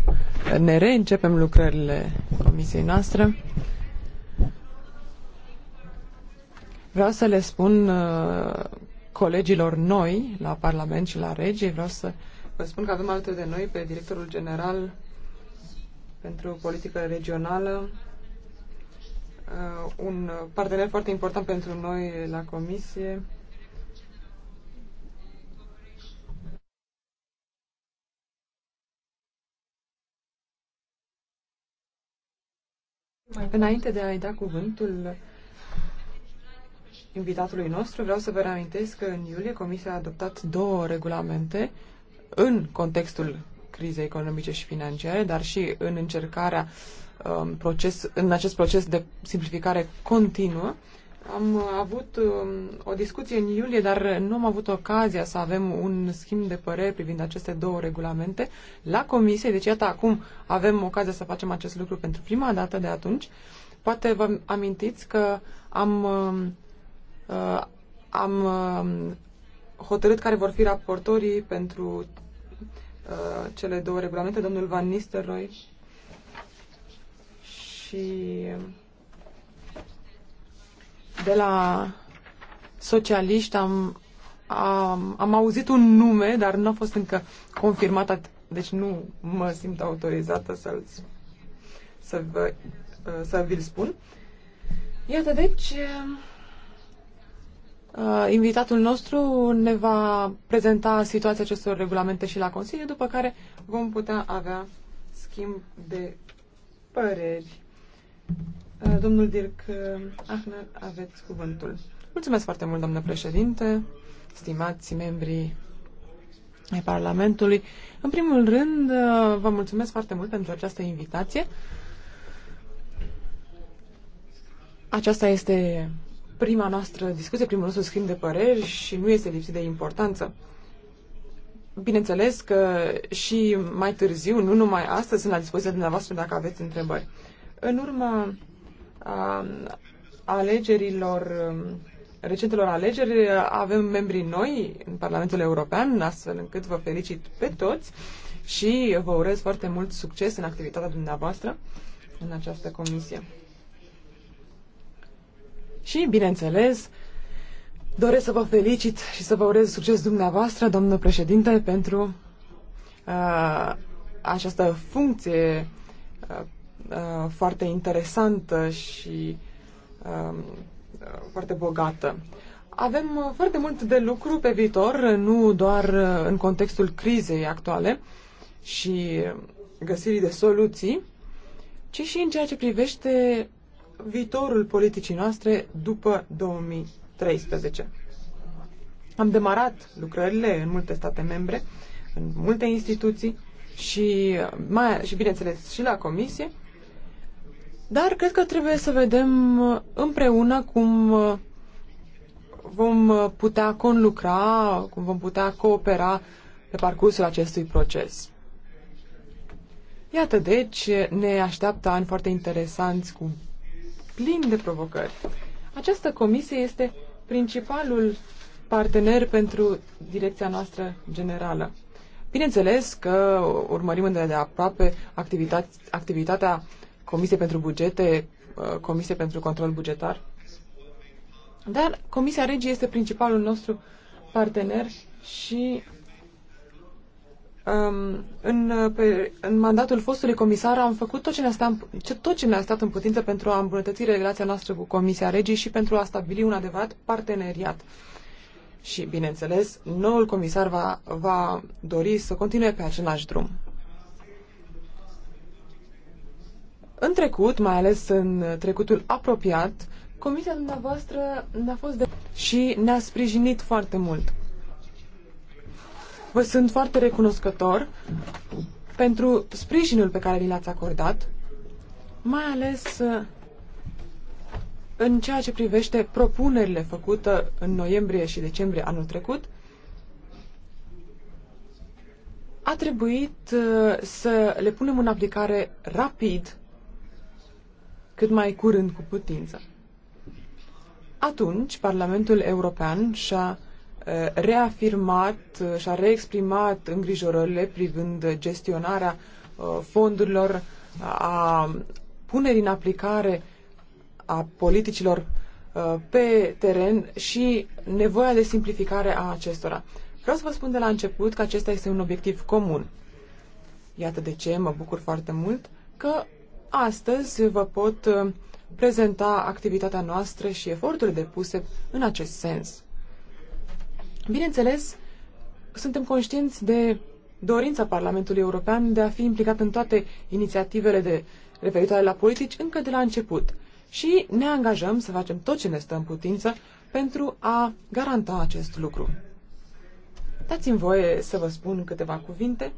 ne reîncepem lucrările comisiei noastre. Vreau să le spun uh, colegilor noi la Parlament și la Regie, vreau să vă spun că avem alături de noi pe directorul general pentru politică regională, uh, un partener foarte important pentru noi la comisie, Înainte de a-i da cuvântul invitatului nostru, vreau să vă reamintesc că în iulie Comisia a adoptat două regulamente în contextul crizei economice și financiare, dar și în încercarea um, proces, în acest proces de simplificare continuă am avut um, o discuție în iulie, dar nu am avut ocazia să avem un schimb de păreri privind aceste două regulamente la comisie. Deci, iată, acum avem ocazia să facem acest lucru pentru prima dată de atunci. Poate vă amintiți că am, um, uh, am um, hotărât care vor fi raportorii pentru uh, cele două regulamente, domnul Van Nistelrooy și de la socialiști am, am, am auzit un nume, dar nu a fost încă confirmat, deci nu mă simt autorizată să-l, să, vă, uh, să vi-l spun. Iată, deci, uh, uh, invitatul nostru ne va prezenta situația acestor regulamente și la Consiliu, după care vom putea avea schimb de păreri. Uh, domnul Dirk uh, Ahner, aveți cuvântul. Mulțumesc foarte mult, doamnă președinte, stimați membrii ai Parlamentului. În primul rând, uh, vă mulțumesc foarte mult pentru această invitație. Aceasta este prima noastră discuție, primul nostru schimb de păreri și nu este lipsit de importanță. Bineînțeles că și mai târziu, nu numai astăzi, sunt la dispoziția dumneavoastră dacă aveți întrebări. În urma alegerilor, recentelor alegeri, avem membrii noi în Parlamentul European, astfel încât vă felicit pe toți și vă urez foarte mult succes în activitatea dumneavoastră în această comisie. Și, bineînțeles, doresc să vă felicit și să vă urez succes dumneavoastră, domnul președinte, pentru uh, această funcție uh, Uh, foarte interesantă și um, uh, foarte bogată. Avem uh, foarte mult de lucru pe viitor, nu doar în contextul crizei actuale și găsirii de soluții, ci și în ceea ce privește viitorul politicii noastre după 2013. Am demarat lucrările în multe state membre, în multe instituții și, mai, și bineînțeles, și la Comisie dar cred că trebuie să vedem uh, împreună cum uh, vom uh, putea conlucra, cum vom putea coopera pe parcursul acestui proces. Iată, deci, ne așteaptă ani foarte interesanți cu plin de provocări. Această comisie este principalul partener pentru direcția noastră generală. Bineînțeles că urmărim de aproape activitatea Comisie pentru Bugete, uh, Comisie pentru Control Bugetar. Dar Comisia Regii este principalul nostru partener și um, în, pe, în mandatul fostului comisar am făcut tot ce, ne-a stat, tot ce ne-a stat în putință pentru a îmbunătăți relația noastră cu Comisia Regii și pentru a stabili un adevărat parteneriat. Și, bineînțeles, noul comisar va, va dori să continue pe același drum. În trecut, mai ales în trecutul apropiat, comisia dumneavoastră ne-a fost de... și ne-a sprijinit foarte mult. Vă sunt foarte recunoscător pentru sprijinul pe care vi l-ați acordat, mai ales uh, în ceea ce privește propunerile făcute în noiembrie și decembrie anul trecut, a trebuit uh, să le punem în aplicare rapid cât mai curând cu putință. Atunci, Parlamentul European și-a uh, reafirmat uh, și-a reexprimat îngrijorările privind gestionarea uh, fondurilor, a punerii în aplicare a politicilor pe teren și nevoia de simplificare a acestora. Vreau să vă spun de la început că acesta este un obiectiv comun. Iată de ce mă bucur foarte mult că Astăzi vă pot uh, prezenta activitatea noastră și eforturile depuse în acest sens. Bineînțeles, suntem conștienți de dorința Parlamentului European de a fi implicat în toate inițiativele de referitoare la politici încă de la început și ne angajăm să facem tot ce ne stă în putință pentru a garanta acest lucru. Dați-mi voie să vă spun câteva cuvinte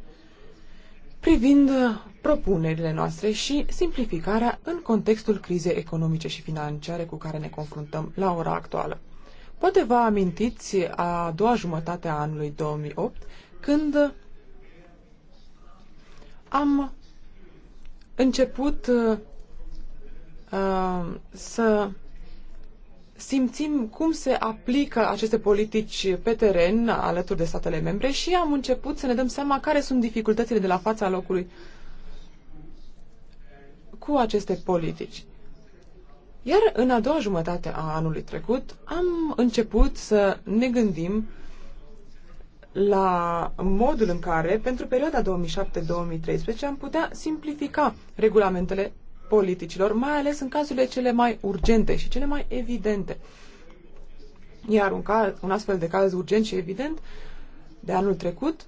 privind uh, propunerile noastre și simplificarea în contextul crizei economice și financiare cu care ne confruntăm la ora actuală. Poate vă amintiți a doua jumătate a anului 2008, când uh, am început uh, uh să simțim cum se aplică aceste politici pe teren alături de statele membre și am început să ne dăm seama care sunt dificultățile de la fața locului cu aceste politici. Iar în a doua jumătate a anului trecut am început să ne gândim la modul în care, pentru perioada 2007-2013, am putea simplifica regulamentele politicilor, mai ales în cazurile cele mai urgente și cele mai evidente. Iar un, caz, un astfel de caz urgent și evident de anul trecut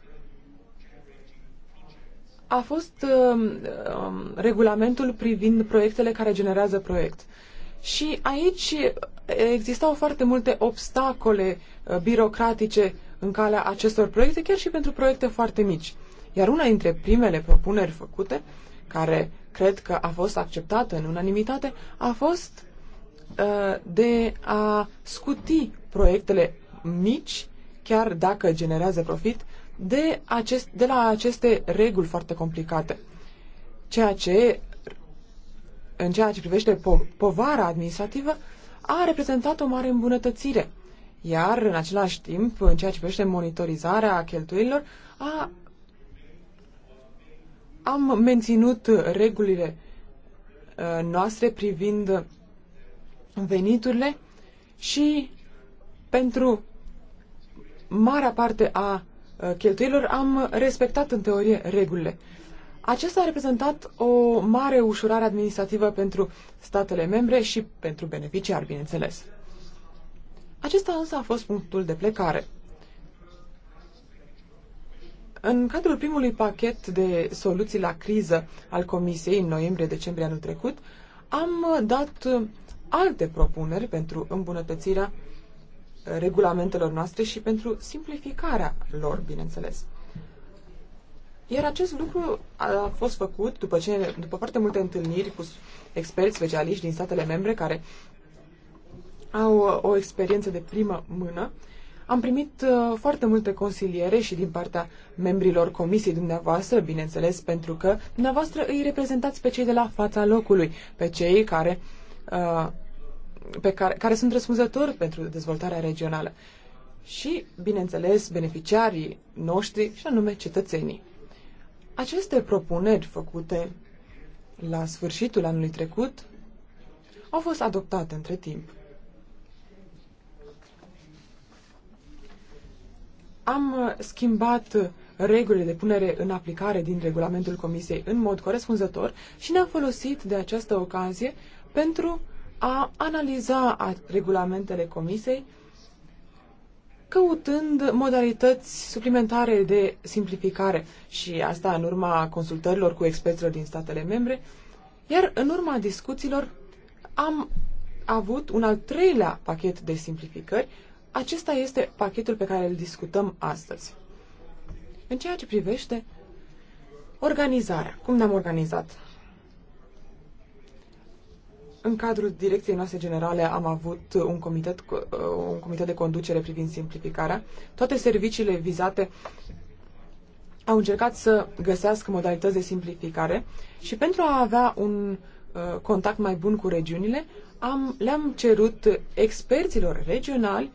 a fost uh, uh, regulamentul privind proiectele care generează proiect. Și aici existau foarte multe obstacole uh, birocratice în calea acestor proiecte, chiar și pentru proiecte foarte mici. Iar una dintre primele propuneri făcute, care cred că a fost acceptată în unanimitate, a fost uh, de a scuti proiectele mici, chiar dacă generează profit, de, acest, de la aceste reguli foarte complicate. Ceea ce, în ceea ce privește po- povara administrativă, a reprezentat o mare îmbunătățire. Iar, în același timp, în ceea ce privește monitorizarea cheltuielilor, a am menținut regulile uh, noastre privind veniturile și pentru marea parte a uh, cheltuielor am respectat în teorie regulile. Acesta a reprezentat o mare ușurare administrativă pentru statele membre și pentru beneficiari, bineînțeles. Acesta însă a fost punctul de plecare. În cadrul primului pachet de soluții la criză al Comisiei în noiembrie-decembrie anul trecut, am dat alte propuneri pentru îmbunătățirea regulamentelor noastre și pentru simplificarea lor, bineînțeles. Iar acest lucru a fost făcut după, ce, după foarte multe întâlniri cu experți specialiști din statele membre care au o experiență de primă mână am primit uh, foarte multe consiliere și din partea membrilor comisiei dumneavoastră, bineînțeles, pentru că dumneavoastră îi reprezentați pe cei de la fața locului, pe cei care, uh, pe care, care sunt răspunzători pentru dezvoltarea regională și, bineînțeles, beneficiarii noștri și anume cetățenii. Aceste propuneri făcute la sfârșitul anului trecut au fost adoptate între timp. Am uh, schimbat uh, regulile de punere în aplicare din regulamentul Comisiei în mod corespunzător și ne-am folosit de această ocazie pentru a analiza regulamentele Comisiei căutând modalități suplimentare de simplificare și asta în urma consultărilor cu experților din statele membre, iar în urma discuțiilor am avut un al treilea pachet de simplificări acesta este pachetul pe care îl discutăm astăzi. În ceea ce privește organizarea, cum ne-am organizat? În cadrul direcției noastre generale am avut un comitet, uh, un comitet de conducere privind simplificarea. Toate serviciile vizate au încercat să găsească modalități de simplificare și pentru a avea un uh, contact mai bun cu regiunile, am, le-am cerut experților regionali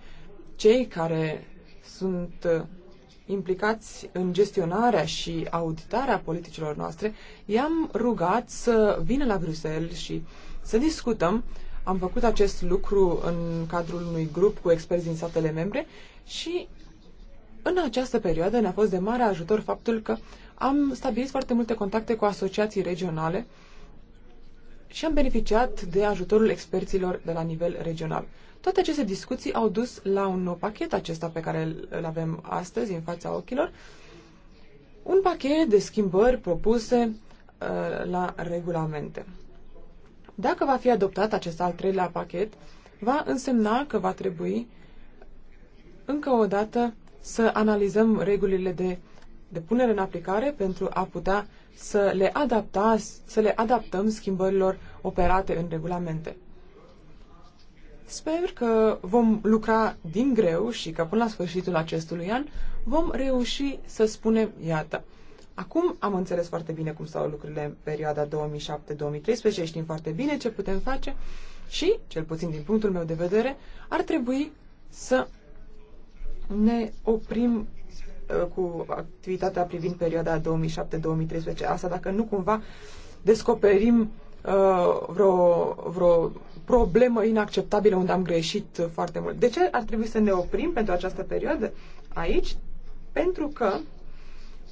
cei care sunt uh, implicați în gestionarea și auditarea politicilor noastre, i-am rugat să vină la Bruxelles și să discutăm. Am făcut acest lucru în cadrul unui grup cu experți din statele membre și în această perioadă ne-a fost de mare ajutor faptul că am stabilit foarte multe contacte cu asociații regionale și am beneficiat de ajutorul experților de la nivel regional. Toate aceste discuții au dus la un nou pachet, acesta pe care îl avem astăzi în fața ochilor, un pachet de schimbări propuse uh, la regulamente. Dacă va fi adoptat acest al treilea pachet, va însemna că va trebui încă o dată să analizăm regulile de, de punere în aplicare pentru a putea să le, adapta, să le adaptăm schimbărilor operate în regulamente. Sper că vom lucra din greu și că până la sfârșitul acestui an vom reuși să spunem, iată, acum am înțeles foarte bine cum stau lucrurile în perioada 2007-2013, știm foarte bine ce putem face și, cel puțin din punctul meu de vedere, ar trebui să ne oprim uh, cu activitatea privind perioada 2007-2013. Asta dacă nu cumva descoperim uh, vreo, vreo problemă inacceptabilă unde am greșit uh, foarte mult. De ce ar trebui să ne oprim pentru această perioadă aici? Pentru că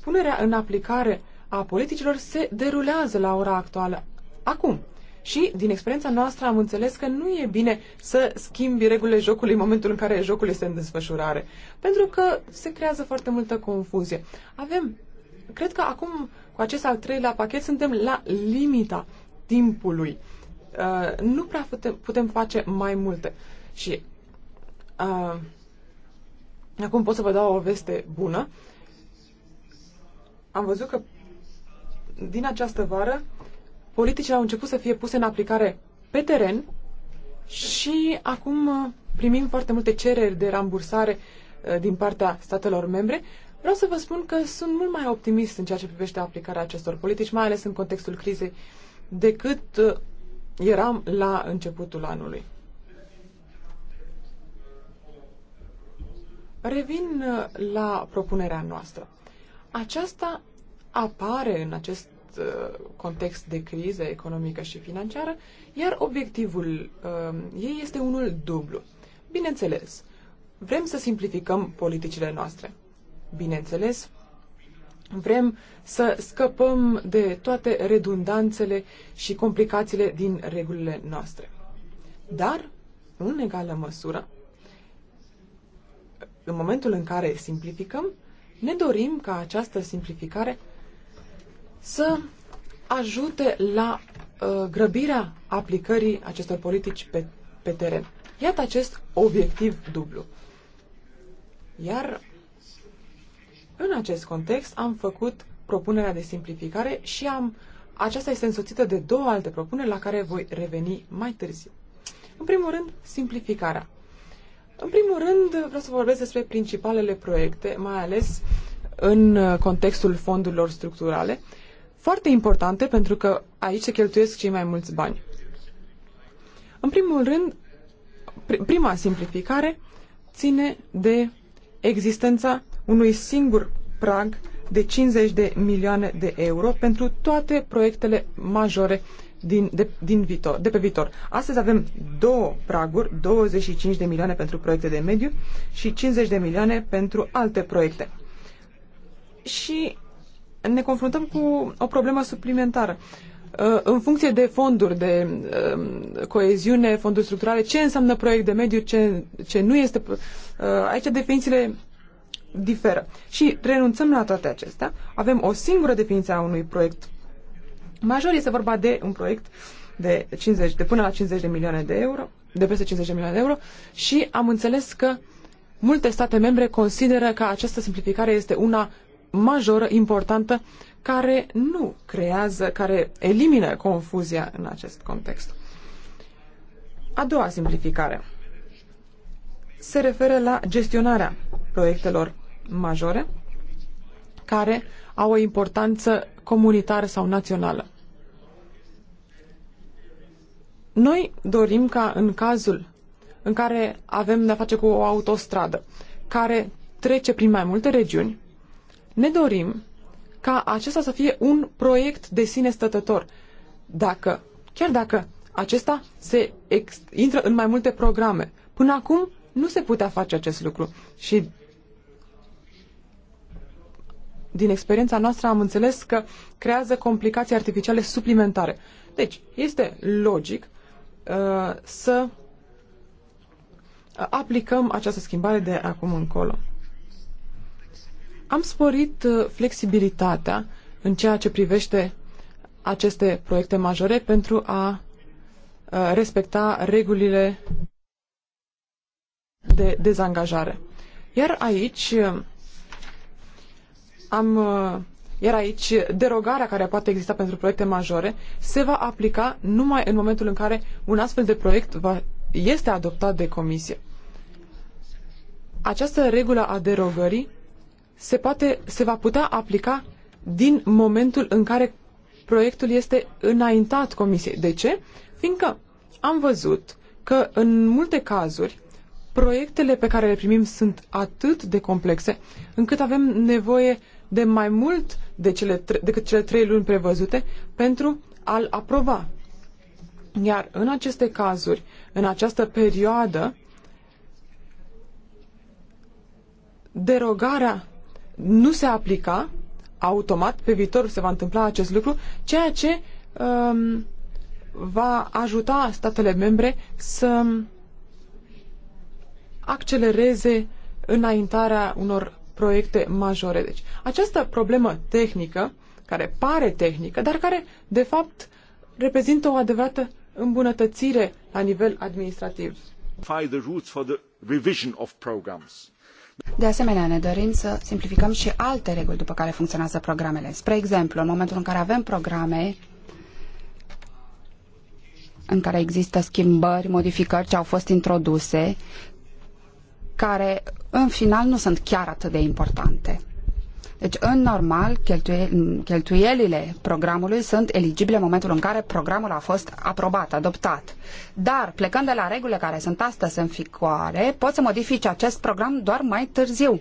punerea în aplicare a politicilor se derulează la ora actuală. Acum. Și din experiența noastră am înțeles că nu e bine să schimbi regulile jocului în momentul în care jocul este în desfășurare, pentru că se creează foarte multă confuzie. Avem, cred că acum, cu acest al treilea pachet, suntem la limita timpului uh, nu prea putem, putem face mai multe. Și uh, acum pot să vă dau o veste bună. Am văzut că din această vară politicile au început să fie puse în aplicare pe teren și acum uh, primim foarte multe cereri de rambursare uh, din partea statelor membre. Vreau să vă spun că sunt mult mai optimist în ceea ce privește aplicarea acestor politici, mai ales în contextul crizei, decât uh, eram la începutul anului. Revin uh, la propunerea noastră. Aceasta apare în acest uh, context de criză economică și financiară, iar obiectivul uh, ei este unul dublu. Bineînțeles, vrem să simplificăm politicile noastre. Bineînțeles, Vrem să scăpăm de toate redundanțele și complicațiile din regulile noastre. Dar, în egală măsură, în momentul în care simplificăm, ne dorim ca această simplificare să ajute la uh, grăbirea aplicării acestor politici pe, pe teren. Iată acest obiectiv dublu. Iar în acest context am făcut propunerea de simplificare și am, aceasta este însoțită de două alte propuneri la care voi reveni mai târziu. În primul rând, simplificarea. În primul rând, vreau să vorbesc despre principalele proiecte, mai ales în contextul fondurilor structurale, foarte importante pentru că aici se cheltuiesc cei mai mulți bani. În primul rând, prima simplificare ține de existența unui singur prag de 50 de milioane de euro pentru toate proiectele majore din, de, din viitor, de pe viitor. Astăzi avem două praguri, 25 de milioane pentru proiecte de mediu și 50 de milioane pentru alte proiecte. Și ne confruntăm cu o problemă suplimentară. Uh, în funcție de fonduri de um, coeziune, fonduri structurale, ce înseamnă proiect de mediu, ce, ce nu este. Uh, aici definițiile diferă. Și renunțăm la toate acestea, avem o singură definiție a unui proiect major, este vorba de un proiect de, 50, de până la 50 de milioane de euro, de peste 50 de milioane de euro și am înțeles că multe state membre consideră că această simplificare este una majoră, importantă, care nu creează, care elimină confuzia în acest context. A doua simplificare se referă la gestionarea proiectelor majore care au o importanță comunitară sau națională. Noi dorim ca în cazul în care avem de-a face cu o autostradă care trece prin mai multe regiuni, ne dorim ca acesta să fie un proiect de sine stătător. Dacă, chiar dacă acesta se ex- intră în mai multe programe, până acum nu se putea face acest lucru și din experiența noastră am înțeles că creează complicații artificiale suplimentare. Deci, este logic uh, să uh, aplicăm această schimbare de acum încolo. Am sporit uh, flexibilitatea în ceea ce privește aceste proiecte majore pentru a uh, respecta regulile de dezangajare. Iar aici am, iar uh, aici derogarea care poate exista pentru proiecte majore se va aplica numai în momentul în care un astfel de proiect va, este adoptat de comisie. Această regulă a derogării se, poate, se va putea aplica din momentul în care proiectul este înaintat comisiei. De ce? Fiindcă am văzut că în multe cazuri proiectele pe care le primim sunt atât de complexe încât avem nevoie de mai mult de cele decât cele trei luni prevăzute pentru a-l aprova. Iar în aceste cazuri, în această perioadă, derogarea nu se aplica automat, pe viitor se va întâmpla acest lucru, ceea ce um, va ajuta statele membre să accelereze înaintarea unor proiecte majore. Deci, această problemă tehnică, care pare tehnică, dar care, de fapt, reprezintă o adevărată îmbunătățire la nivel administrativ. De asemenea, ne dorim să simplificăm și alte reguli după care funcționează programele. Spre exemplu, în momentul în care avem programe în care există schimbări, modificări ce au fost introduse, care în final nu sunt chiar atât de importante. Deci, în normal, cheltuielile programului sunt eligibile în momentul în care programul a fost aprobat, adoptat. Dar, plecând de la regulile care sunt astăzi în ficoare, poți să modifici acest program doar mai târziu.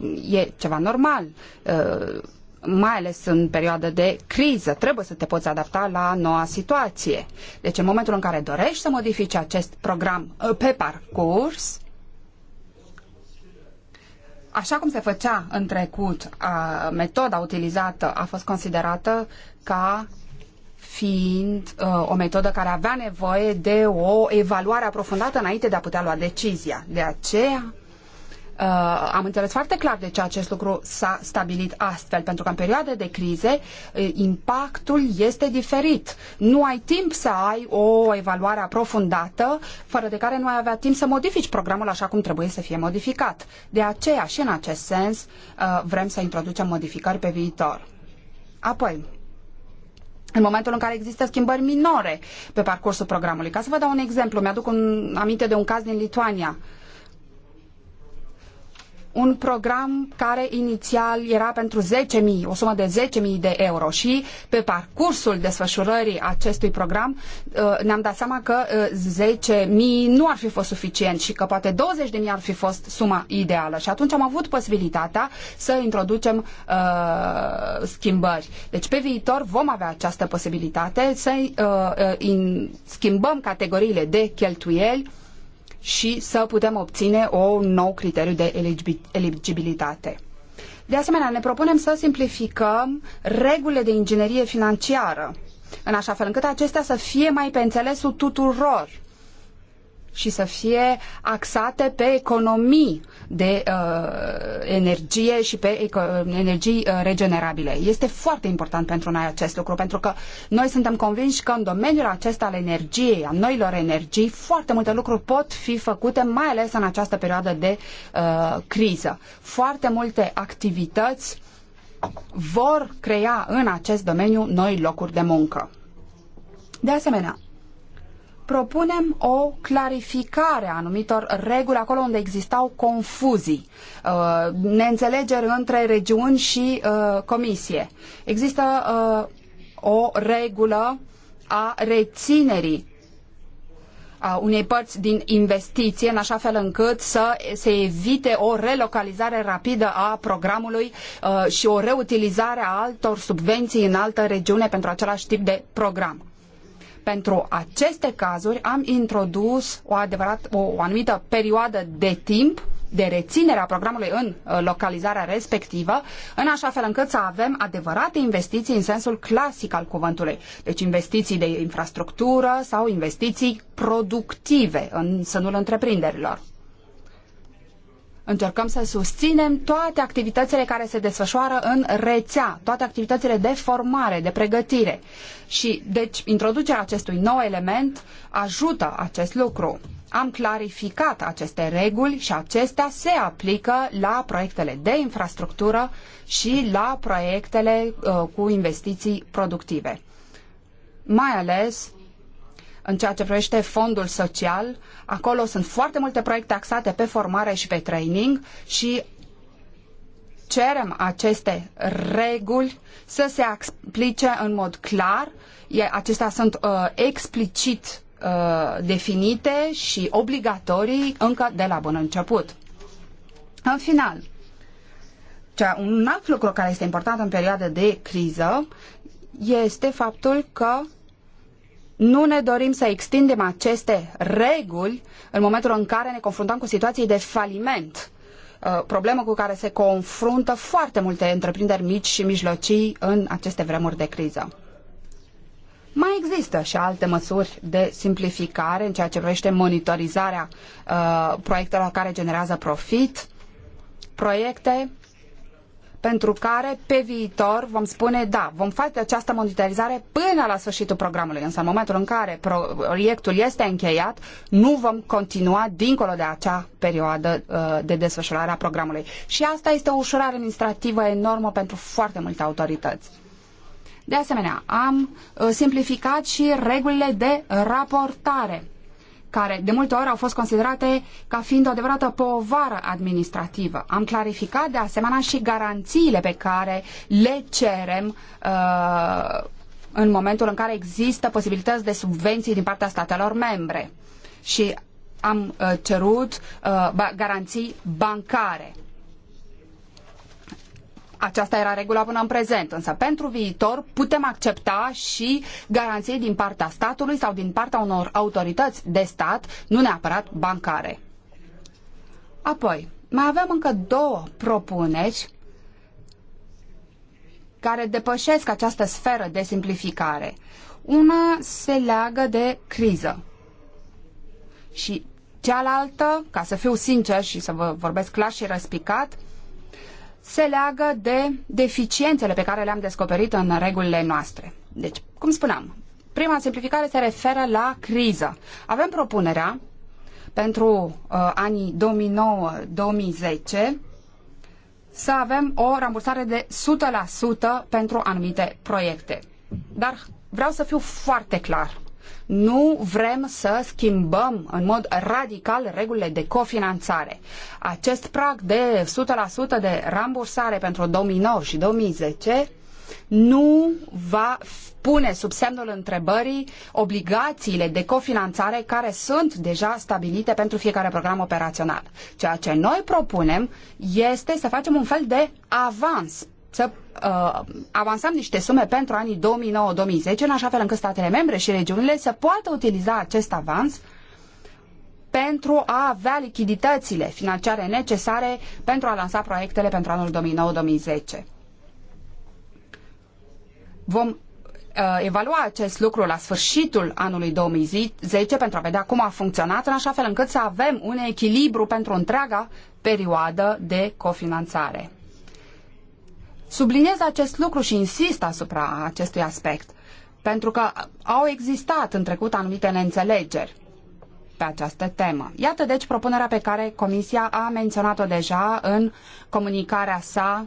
Uh, e ceva normal uh, mai ales în perioada de criză, trebuie să te poți adapta la noua situație. Deci în momentul în care dorești să modifici acest program uh, pe parcurs, Așa cum se făcea în trecut, a, metoda utilizată a fost considerată ca fiind uh, o metodă care avea nevoie de o evaluare aprofundată înainte de a putea lua decizia. De aceea Uh, am înțeles foarte clar de ce acest lucru s-a stabilit astfel, pentru că în perioade de crize uh, impactul este diferit. Nu ai timp să ai o evaluare aprofundată, fără de care nu ai avea timp să modifici programul așa cum trebuie să fie modificat. De aceea și în acest sens uh, vrem să introducem modificări pe viitor. Apoi, în momentul în care există schimbări minore pe parcursul programului. Ca să vă dau un exemplu, mi-aduc un aminte de un caz din Lituania. Uh, un program care inițial era pentru 10.000, o sumă de 10.000 de euro și pe parcursul desfășurării acestui program uh, ne-am dat seama că 10.000 uh, nu ar fi fost suficient și că poate 20.000 ar fi fost suma ideală și atunci am avut posibilitatea să introducem uh, schimbări. Deci pe viitor vom avea această posibilitate să uh, uh in, schimbăm categoriile de cheltuieli uh, și să putem obține un nou criteriu de eligibilitate. De asemenea, ne propunem să simplificăm regulile de inginerie financiară, în așa fel încât acestea să fie mai pe înțelesul tuturor și să fie axate pe economii de uh, energie și pe energii uh, regenerabile. Este foarte important pentru noi acest lucru, pentru că noi suntem convinși că în domeniul acesta al energiei, a noilor energii, foarte multe lucruri pot fi făcute, mai ales în această perioadă de uh, criză. Foarte multe activități vor crea în acest domeniu noi locuri de muncă. De asemenea, propunem o clarificare a anumitor reguli acolo unde existau confuzii, uh, neînțelegeri între regiuni și uh, comisie. Există uh, o regulă a reținerii a unei părți din investiție, în așa fel încât să se evite o relocalizare rapidă a programului și o reutilizare a altor subvenții în altă regiune pentru același tip de program. Pentru aceste cazuri am introdus o, adevărat, o, o anumită perioadă de timp de reținere a programului în uh, localizarea respectivă, în așa fel încât să avem adevărate investiții în sensul clasic al cuvântului. Deci investiții de infrastructură sau investiții productive în sânul întreprinderilor. Încercăm să susținem toate activitățile care se desfășoară în rețea, toate activitățile de formare, de pregătire. Și, deci, introducerea acestui nou element ajută acest lucru. Am clarificat aceste reguli și acestea se aplică la proiectele de infrastructură și la proiectele uh, cu investiții productive. Mai ales în ceea ce privește fondul social. Acolo sunt foarte multe proiecte axate pe formare și pe training și cerem aceste reguli să se explice în mod clar. Acestea sunt uh, explicit uh, definite și obligatorii încă de la bun început. În final, un alt lucru care este important în perioada de criză este faptul că nu ne dorim să extindem aceste reguli în momentul în care ne confruntăm cu situații de faliment, uh, problemă cu care se confruntă foarte multe întreprinderi mici și mijlocii în aceste vremuri de criză. Mai există și alte măsuri de simplificare în ceea ce privește monitorizarea uh, proiectelor care generează profit, proiecte pentru care pe viitor vom spune da, vom face această monitorizare până la sfârșitul programului, însă în momentul în care proiectul este încheiat, nu vom continua dincolo de acea perioadă uh, de desfășurare a programului. Și asta este o ușurare administrativă enormă pentru foarte multe autorități. De asemenea, am uh, simplificat și regulile de raportare care de multe ori au fost considerate ca fiind o adevărată povară administrativă. Am clarificat de asemenea și garanțiile pe care le cerem uh, în momentul în care există posibilități de subvenții din partea statelor membre. Și am uh, cerut uh, garanții bancare. Aceasta era regula până în prezent, însă pentru viitor putem accepta și garanții din partea statului sau din partea unor autorități de stat, nu neapărat bancare. Apoi, mai avem încă două propuneri care depășesc această sferă de simplificare. Una se leagă de criză și cealaltă, ca să fiu sincer și să vă vorbesc clar și răspicat, se leagă de deficiențele pe care le-am descoperit în regulile noastre. Deci, cum spuneam, prima simplificare se referă la criză. Avem propunerea pentru uh, anii 2009-2010 să avem o rambursare de 100% pentru anumite proiecte. Dar vreau să fiu foarte clar. Nu vrem să schimbăm în mod radical regulile de cofinanțare. Acest prag de 100% de rambursare pentru 2009 și 2010 nu va pune sub semnul întrebării obligațiile de cofinanțare care sunt deja stabilite pentru fiecare program operațional. Ceea ce noi propunem este să facem un fel de avans să uh, avansăm niște sume pentru anii 2009-2010, în așa fel încât statele membre și regiunile să poată utiliza acest avans pentru a avea lichiditățile financiare necesare pentru a lansa proiectele pentru anul 2009-2010. Vom uh, evalua acest lucru la sfârșitul anului 2010 pentru a vedea cum a funcționat, în așa fel încât să avem un echilibru pentru întreaga perioadă de cofinanțare. Subliniez acest lucru și insist asupra acestui aspect, pentru că au existat în trecut anumite neînțelegeri pe această temă. Iată deci propunerea pe care Comisia a menționat-o deja în comunicarea sa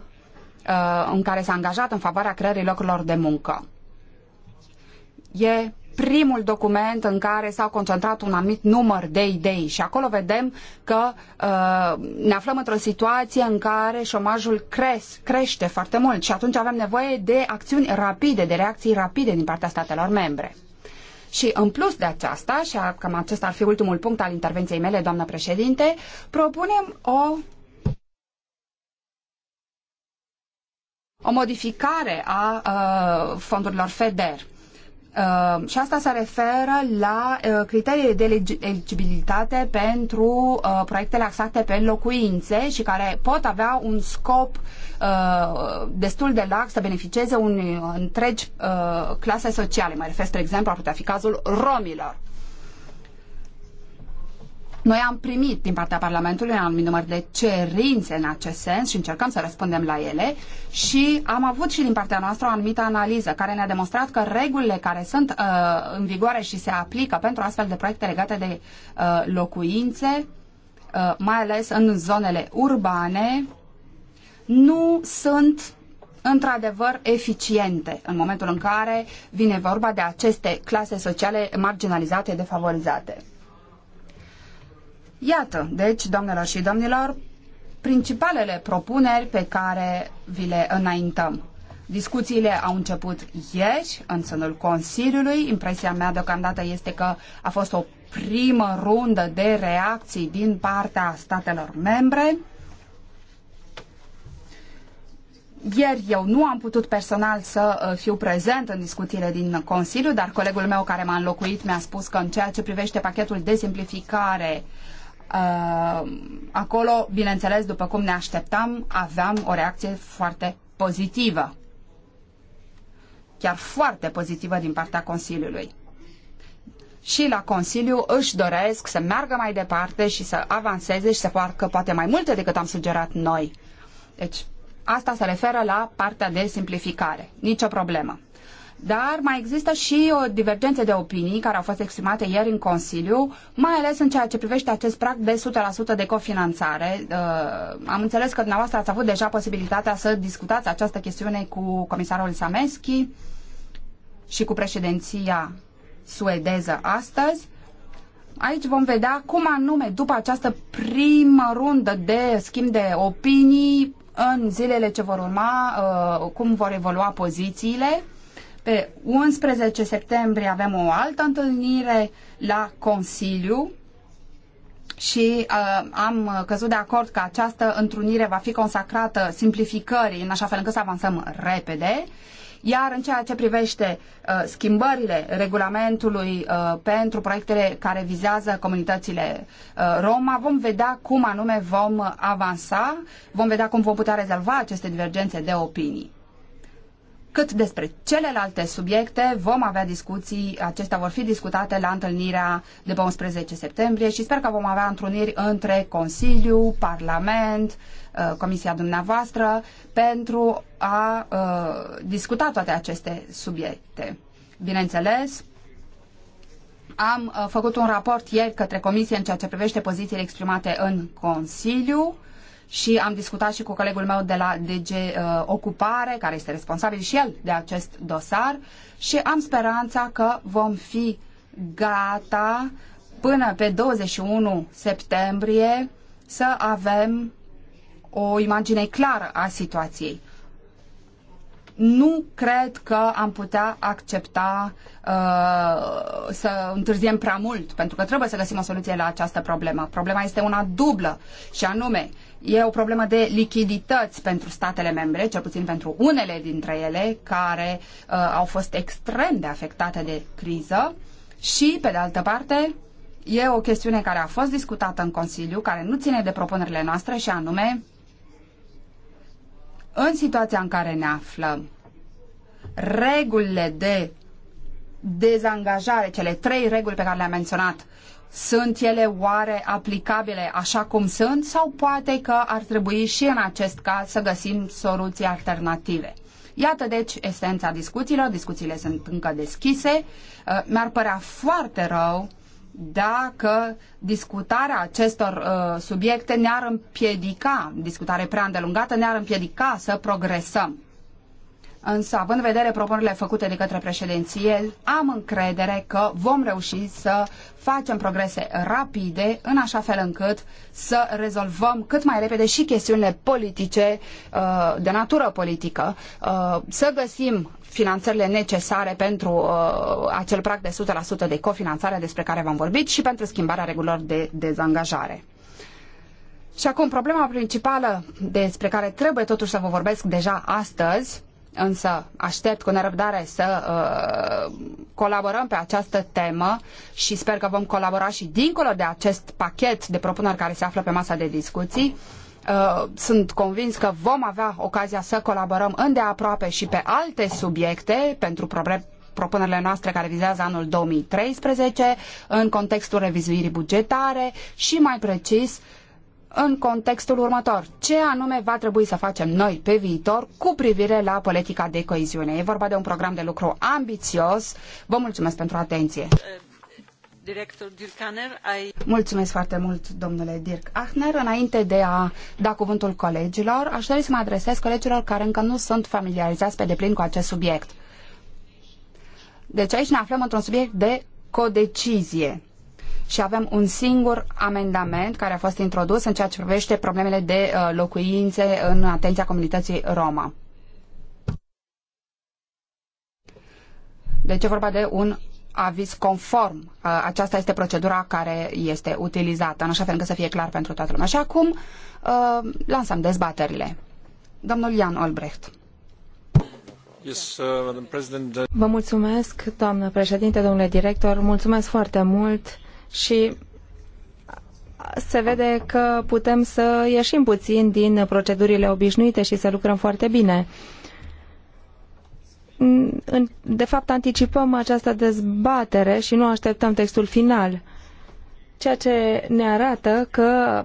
uh, în care s-a angajat în favoarea creării locurilor de muncă. E primul document în care s-au concentrat un anumit număr de idei și acolo vedem că uh, ne aflăm într-o situație în care șomajul cres, crește foarte mult și atunci avem nevoie de acțiuni rapide, de reacții rapide din partea statelor membre. Și în plus de aceasta, și cam acesta ar fi ultimul punct al intervenției mele, doamnă președinte, propunem o o modificare a, a uh, fondurilor FEDER. Uh, și asta se referă la uh, de eligibilitate pentru uh, proiectele axate pe locuințe și care pot avea un scop eh, destul de larg să beneficieze unei întregi clase sociale. Mai refer, spre exemplu, ar putea fi cazul romilor. Noi am primit din partea Parlamentului un anumit număr de cerințe în acest sens și încercăm să răspundem la ele și am avut și din partea noastră o anumită analiză care ne-a demonstrat că regulile care sunt uh, în vigoare și se aplică pentru astfel de proiecte legate de uh, locuințe, uh, mai ales în zonele urbane, nu sunt într-adevăr eficiente în momentul în care vine vorba de aceste clase sociale marginalizate, defavorizate. Iată, deci, doamnelor și domnilor, principalele propuneri pe care vi le înaintăm. Discuțiile au început ieri în sânul Consiliului. Impresia mea deocamdată este că a fost o primă rundă de reacții din partea statelor membre. Ieri eu nu am putut personal să uh, fiu prezent în discuțiile din Consiliu, dar colegul meu care m-a înlocuit mi-a spus că în ceea ce privește pachetul de simplificare uh, Uh, acolo, bineînțeles, după cum ne așteptam, aveam o reacție foarte pozitivă. Chiar foarte pozitivă din partea Consiliului. Și la Consiliu își doresc să meargă mai departe și să avanseze și să facă poate mai multe decât am sugerat noi. Deci, asta se referă la partea de simplificare. Nicio problemă. Dar mai există și o divergență de opinii care au fost exprimate ieri în Consiliu, mai ales în ceea ce privește acest prag de 100% de cofinanțare. Uh, am înțeles că dumneavoastră ați avut deja posibilitatea să discutați această chestiune cu comisarul Sameschi și cu președinția suedeză astăzi. Aici vom vedea cum anume, după această primă rundă de schimb de opinii, în zilele ce vor urma, uh, cum vor evolua pozițiile pe 11 septembrie avem o altă întâlnire la Consiliu și uh, am căzut de acord că această întrunire va fi consacrată simplificării în așa fel încât să avansăm repede. Iar în ceea ce privește uh, schimbările regulamentului uh, pentru proiectele care vizează comunitățile uh, Roma, vom vedea cum anume vom avansa, vom vedea cum vom putea rezolva aceste divergențe de opinii. Cât despre celelalte subiecte, vom avea discuții, acestea vor fi discutate la întâlnirea de pe 11 septembrie și sper că vom avea întruniri între Consiliu, Parlament, uh, Comisia dumneavoastră, pentru a uh, discuta toate aceste subiecte. Bineînțeles, am uh, făcut un raport ieri către Comisie în ceea ce privește pozițiile exprimate în Consiliu și am discutat și cu colegul meu de la DG uh, Ocupare, care este responsabil și el de acest dosar și am speranța că vom fi gata până pe 21 septembrie să avem o imagine clară a situației. Nu cred că am putea accepta uh, să întârziem prea mult, pentru că trebuie să găsim o soluție la această problemă. Problema este una dublă și anume E o problemă de lichidități pentru statele membre, cel puțin pentru unele dintre ele care uh, au fost extrem de afectate de criză și, pe de altă parte, e o chestiune care a fost discutată în Consiliu, care nu ține de propunerile noastre și anume, în situația în care ne aflăm, regulile de dezangajare, cele trei reguli pe care le-am menționat, sunt ele oare aplicabile așa cum sunt sau poate că ar trebui și în acest caz să găsim soluții alternative? Iată deci esența discuțiilor, discuțiile sunt încă deschise. Uh, mi-ar părea foarte rău dacă discutarea acestor uh, subiecte ne-ar împiedica, discutare prea îndelungată, ne-ar împiedica să progresăm. Însă, având în vedere propunerile făcute de către președinție, am încredere că vom reuși să facem progrese rapide, în așa fel încât să rezolvăm cât mai repede și chestiunile politice, uh, de natură politică, uh, să găsim finanțările necesare pentru uh, acel prag de 100% de cofinanțare despre care v-am vorbit și pentru schimbarea regulilor de dezangajare. Și acum, problema principală despre care trebuie totuși să vă vorbesc deja astăzi Însă aștept cu nerăbdare să uh, colaborăm pe această temă și sper că vom colabora și dincolo de acest pachet de propuneri care se află pe masa de discuții. Uh, sunt convins că vom avea ocazia să colaborăm îndeaproape și pe alte subiecte pentru propunerile noastre care vizează anul 2013 în contextul revizuirii bugetare și mai precis în contextul următor. Ce anume va trebui să facem noi pe viitor cu privire la politica de coeziune? E vorba de un program de lucru ambițios. Vă mulțumesc pentru atenție. Director Dirkaner, Mulțumesc foarte mult, domnule Dirk Achner. Înainte de a da cuvântul colegilor, aș dori să mă adresez colegilor care încă nu sunt familiarizați pe deplin cu acest subiect. Deci aici ne aflăm într-un subiect de codecizie și avem un singur amendament care a fost introdus în ceea ce privește problemele de uh, locuințe în atenția comunității Roma. Deci e vorba de un aviz conform. Uh, aceasta este procedura care este utilizată, în așa fel încât să fie clar pentru toată lumea. Și acum uh, lansăm dezbaterile. Domnul Ian Olbrecht. Vă mulțumesc, doamnă președinte, domnule director, mulțumesc foarte mult și se vede că putem să ieșim puțin din procedurile obișnuite și să lucrăm foarte bine. De fapt, anticipăm această dezbatere și nu așteptăm textul final ceea ce ne arată că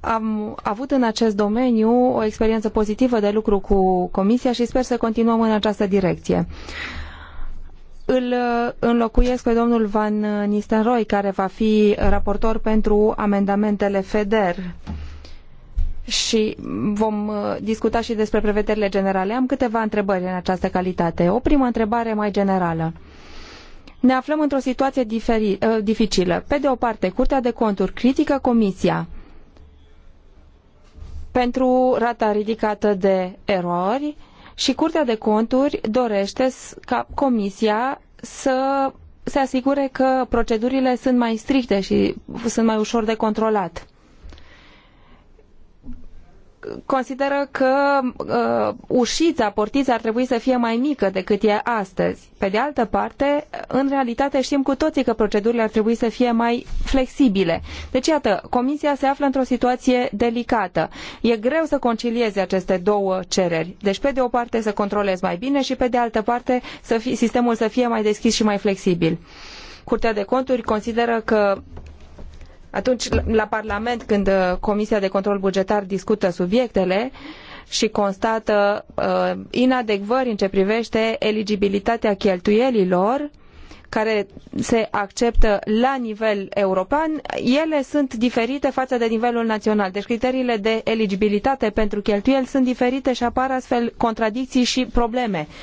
am avut în acest domeniu o experiență pozitivă de lucru cu Comisia și sper să continuăm în această direcție îl uh, înlocuiesc pe domnul Van uh, Nistelrooy, care va fi raportor pentru amendamentele FEDER și vom uh, discuta și despre prevederile generale. Am câteva întrebări în această calitate. O primă întrebare mai generală. Ne aflăm într-o situație diferi, dificilă. Pe de o parte, Curtea de Conturi critică Comisia pentru rata ridicată de erori și Curtea de Conturi dorește ca Comisia să se asigure că procedurile sunt mai stricte și sunt mai ușor de controlat consideră că uh, ușița, portița ar trebui să fie mai mică decât e astăzi. Pe de altă parte, în realitate știm cu toții că procedurile ar trebui să fie mai flexibile. Deci, iată, Comisia se află într-o situație delicată. E greu să concilieze aceste două cereri. Deci, pe de o parte să controlezi mai bine și pe de altă parte să fi, sistemul să fie mai deschis și mai flexibil. Curtea de Conturi consideră că atunci la Parlament când uh, Comisia de Control Bugetar discută subiectele și constată uh, inadecvări în ce privește eligibilitatea cheltuielilor care se acceptă la nivel european, ele sunt diferite față de nivelul național. Deci criteriile de eligibilitate pentru cheltuieli sunt diferite și apar astfel contradicții și probleme. Uh,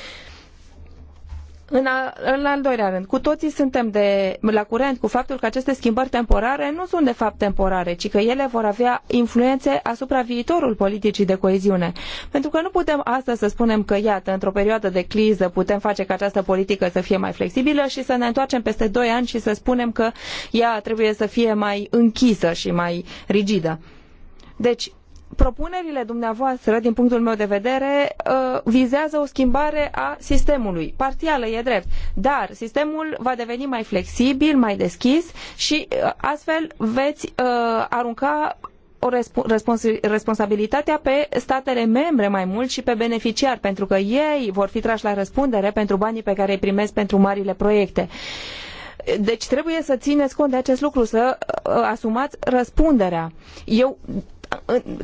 în, a, în al doilea rând, cu toții suntem de, la curent cu faptul că aceste schimbări temporare nu sunt de fapt temporare, ci că ele vor avea influențe asupra viitorul politicii de coeziune. Pentru că nu putem astăzi să spunem că, iată, într-o perioadă de criză putem face ca această politică să fie mai flexibilă și să ne întoarcem peste doi ani și să spunem că ea trebuie să fie mai închisă și mai rigidă. Deci, propunerile dumneavoastră, din punctul meu de vedere, uh, vizează o schimbare a sistemului. Parțială e drept, dar sistemul va deveni mai flexibil, mai deschis și uh, astfel veți uh, arunca o respons responsabilitatea pe statele membre mai mult și pe beneficiari, pentru că ei vor fi trași la răspundere pentru banii pe care îi primesc pentru marile proiecte. Deci trebuie să țineți cont de acest lucru, să asumați răspunderea. Eu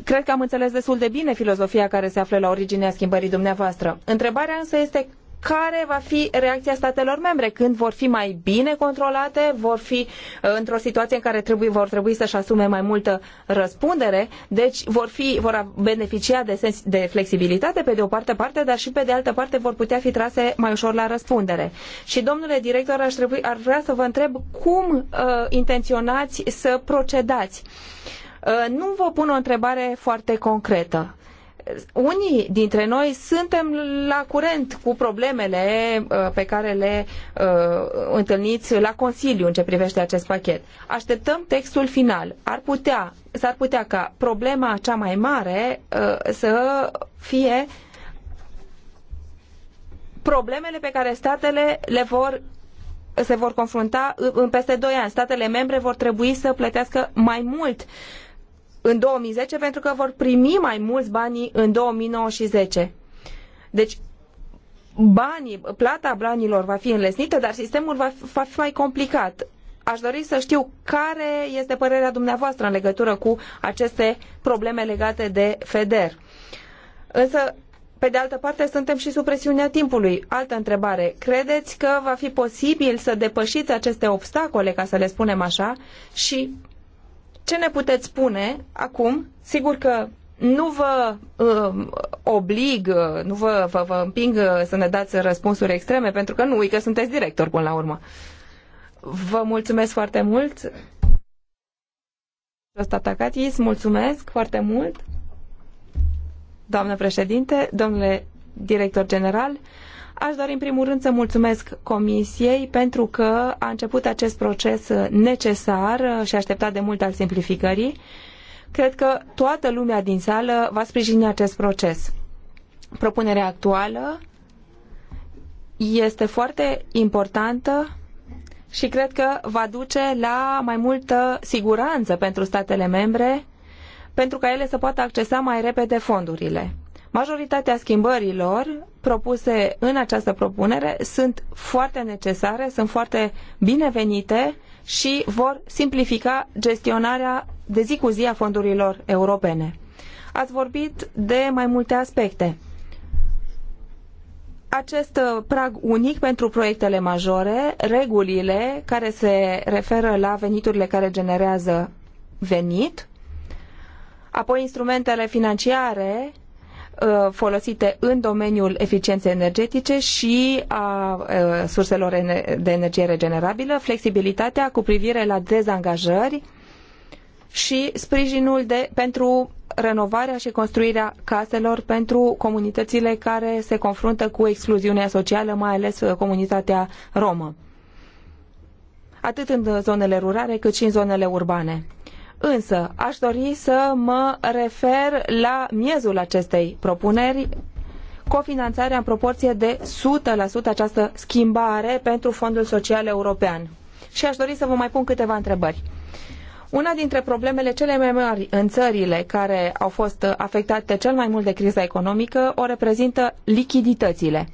Cred că am înțeles destul de bine filozofia care se află la originea schimbării dumneavoastră. Întrebarea însă este care va fi reacția statelor membre când vor fi mai bine controlate, vor fi uh, într-o situație în care trebuie, vor trebui să-și asume mai multă răspundere, deci vor, fi, vor beneficia de, sens, de flexibilitate pe de o parte parte, dar și pe de altă parte vor putea fi trase mai ușor la răspundere. Și domnule director, aș, trebui, ar vrea să vă întreb cum uh, intenționați să procedați. Uh, Uh, nu vă pun o întrebare foarte concretă unii dintre noi suntem la curent cu problemele uh, pe care le uh, întâlniți la Consiliu în ce privește acest pachet. Așteptăm textul final. Ar putea, s-ar putea ca problema cea mai mare să fie problemele pe care statele le vor se vor confrunta în peste doi ani. Statele membre vor trebui să plătească mai mult uh, în 2010 pentru că vor primi mai mulți banii în 2009 și Deci banii, plata banilor va fi înlesnită, dar sistemul va, va fi mai complicat. Aș dori să știu care este părerea dumneavoastră în legătură cu aceste probleme legate de FEDER. Însă, pe de altă parte, suntem și sub presiunea timpului. Altă întrebare. Credeți că va fi posibil să depășiți aceste obstacole, ca să le spunem așa, și ce ne puteți spune acum? Sigur că nu vă uh, oblig, nu vă, vă, vă împing uh, să ne dați răspunsuri extreme, pentru că nu, uite că sunteți director până la urmă. Vă mulțumesc foarte mult. Atacatiis, mulțumesc foarte mult. Doamnă președinte, domnule director general, Aș dori în primul rând să mulțumesc Comisiei pentru că a început acest proces necesar și așteptat de mult al simplificării. Cred că toată lumea din sală va sprijini acest proces. Propunerea actuală este foarte importantă și cred că va duce la mai multă siguranță pentru statele membre pentru ca ele să poată accesa mai repede fondurile. Majoritatea schimbărilor propuse în această propunere sunt foarte necesare, sunt foarte binevenite și vor simplifica gestionarea de zi cu zi a fondurilor europene. Ați vorbit de mai multe aspecte. Acest prag unic pentru proiectele majore, regulile care se referă la veniturile care generează venit, apoi instrumentele financiare Uh, folosite în domeniul eficienței energetice și a uh, surselor de energie regenerabilă, flexibilitatea cu privire la dezangajări și sprijinul de, pentru renovarea și construirea caselor pentru comunitățile care se confruntă cu excluziunea socială, mai ales uh, comunitatea romă atât în zonele rurale cât și în zonele urbane. Însă, aș dori să mă refer la miezul acestei propuneri, cofinanțarea în proporție de 100% această schimbare pentru Fondul Social European. Și aș dori să vă mai pun câteva întrebări. Una dintre problemele cele mai mari în țările care au fost afectate cel mai mult de criza economică o reprezintă lichiditățile.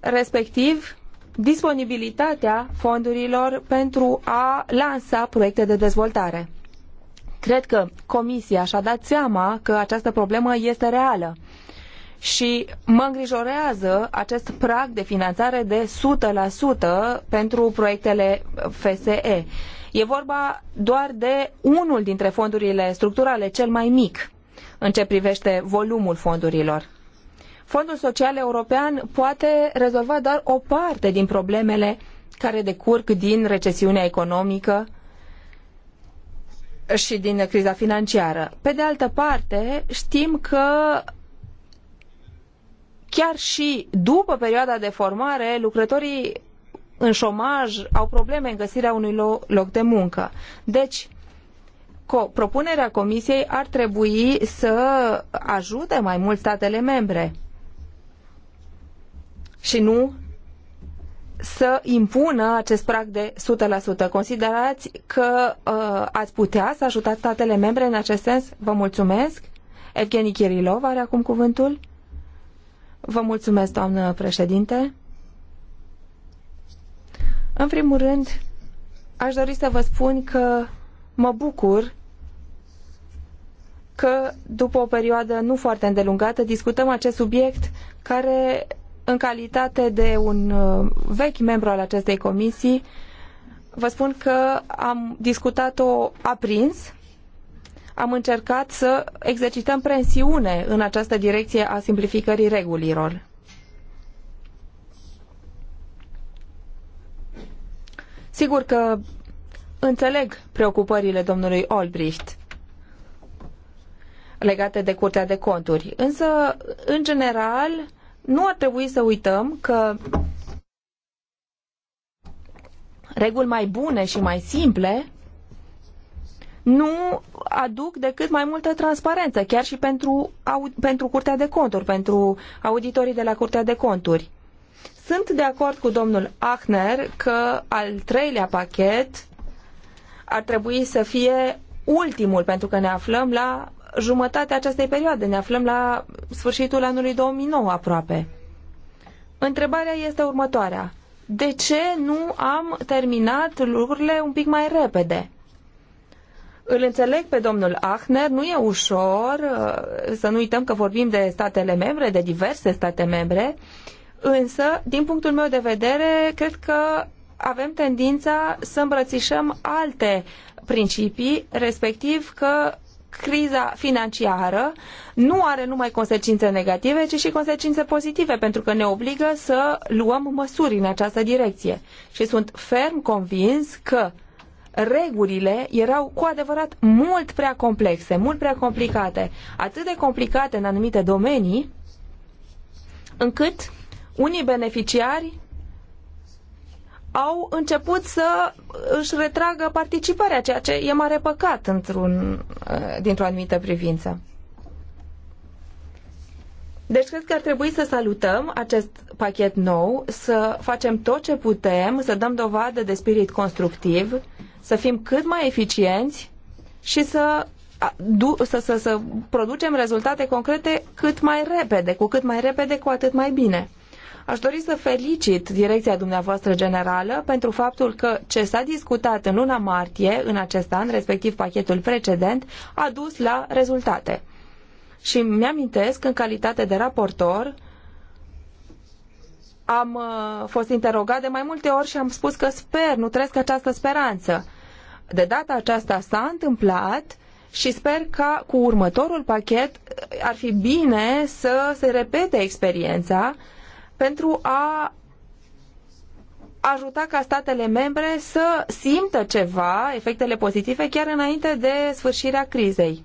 Respectiv, disponibilitatea fondurilor pentru a lansa proiecte de dezvoltare. Cred că Comisia și-a dat seama că această problemă este reală și mă îngrijorează acest prag de finanțare de 100% pentru proiectele FSE. E vorba doar de unul dintre fondurile structurale cel mai mic în ce privește volumul fondurilor. Fondul Social European poate rezolva doar o parte din problemele care decurg din recesiunea economică și din criza financiară. Pe de altă parte, știm că chiar și după perioada de formare, lucrătorii în șomaj au probleme în găsirea unui loc de muncă. Deci, propunerea Comisiei ar trebui să ajute mai mult statele membre și nu să impună acest prag de 100%. Considerați că uh, ați putea să ajutați statele membre în acest sens? Vă mulțumesc. Evgeni Kirilov are acum cuvântul. Vă mulțumesc, doamnă președinte. În primul rând, aș dori să vă spun că mă bucur că după o perioadă nu foarte îndelungată discutăm acest subiect care în calitate de un uh, vechi membru al acestei comisii, vă spun că am discutat-o aprins, am încercat să exercităm presiune în această direcție a simplificării regulilor. Sigur că înțeleg preocupările domnului Olbricht legate de Curtea de Conturi, însă, în general, nu ar trebui să uităm că reguli mai bune și mai simple nu aduc decât mai multă transparență, chiar și pentru, pentru Curtea de Conturi, pentru auditorii de la Curtea de Conturi. Sunt de acord cu domnul Achner că al treilea pachet ar trebui să fie ultimul, pentru că ne aflăm la jumătatea acestei perioade. Ne aflăm la sfârșitul anului 2009 aproape. Întrebarea este următoarea. De ce nu am terminat lucrurile un pic mai repede? Îl înțeleg pe domnul Achner, nu e ușor, uh, să nu uităm că vorbim de statele membre, de diverse state membre, însă, din punctul meu de vedere, cred că avem tendința să îmbrățișăm alte principii, respectiv că criza financiară nu are numai consecințe negative, ci și consecințe pozitive, pentru că ne obligă să luăm măsuri în această direcție. Și sunt ferm convins că regulile erau cu adevărat mult prea complexe, mult prea complicate, atât de complicate în anumite domenii, încât unii beneficiari au început să își retragă participarea, ceea ce e mare păcat într-un, eh, dintr-o anumită privință. Deci cred că ar trebui să salutăm acest pachet nou, să facem tot ce putem, să dăm dovadă de spirit constructiv, să fim cât mai eficienți și să, să, să, să producem rezultate concrete cât mai repede. Cu cât mai repede, cu atât mai bine. Aș dori să felicit direcția dumneavoastră generală pentru faptul că ce s-a discutat în luna martie în acest an, respectiv pachetul precedent, a dus la rezultate. Și mi-amintesc, în calitate de raportor, am uh, fost interogat de mai multe ori și am spus că sper, nu trăiesc această speranță. De data aceasta s-a întâmplat și sper că cu următorul pachet uh, ar fi bine să se repete experiența uh, pentru a ajuta ca statele membre să simtă ceva, efectele pozitive, chiar înainte de sfârșirea crizei.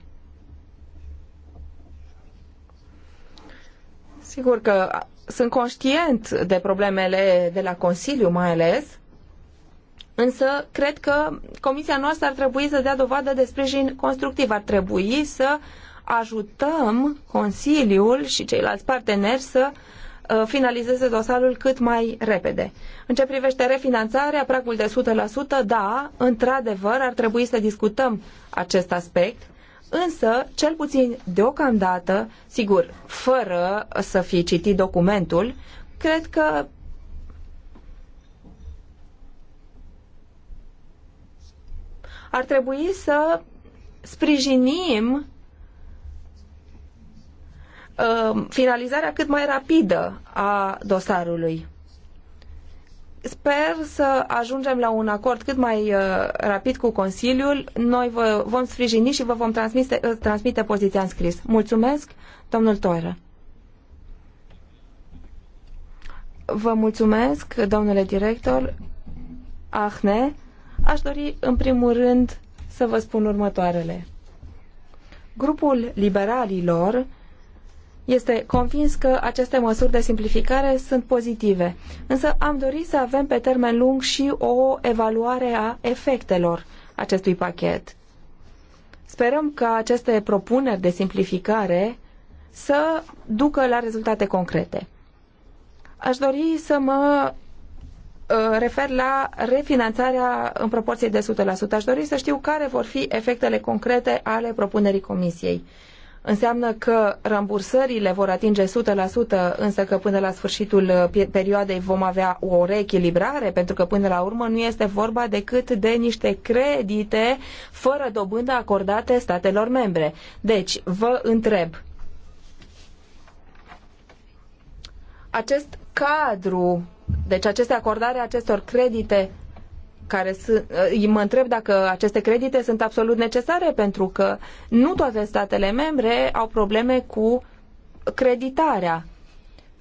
Sigur că sunt conștient de problemele de la Consiliu mai ales, însă cred că comisia noastră ar trebui să dea dovadă de sprijin constructiv. Ar trebui să ajutăm Consiliul și ceilalți parteneri să uh, Uh, finalizeze dosarul cât mai repede. În ce privește refinanțarea, pragul de 100%, da, într-adevăr, ar trebui să discutăm acest aspect, însă, cel puțin deocamdată, sigur, fără să fi citit documentul, cred că ar trebui să sprijinim Um, finalizarea cât mai rapidă a dosarului. Sper să ajungem la un acord cât mai uh, rapid cu Consiliul. Noi vă vom sprijini și vă vom transmite, uh, transmite poziția în scris. Mulțumesc, domnul Toiră. Vă mulțumesc, domnule director Ahne. Aș dori, în primul rând, să vă spun următoarele. Grupul liberalilor este convins că aceste măsuri de simplificare sunt pozitive, însă am dorit să avem pe termen lung și o evaluare a efectelor acestui pachet. Sperăm ca aceste propuneri de simplificare să ducă la rezultate concrete. Aș dori să mă ă, refer la refinanțarea în proporție de 100%. Aș dori să știu care vor fi efectele concrete ale propunerii Comisiei înseamnă că rambursările vor atinge 100%, însă că până la sfârșitul uh, perioadei vom avea o reechilibrare, pentru că până la urmă nu este vorba decât de niște credite fără dobândă acordate statelor membre. Deci, vă întreb, acest cadru, deci aceste acordare acestor credite care sunt, eh, mă întreb dacă aceste credite sunt absolut necesare, pentru că nu toate statele membre au probleme cu creditarea.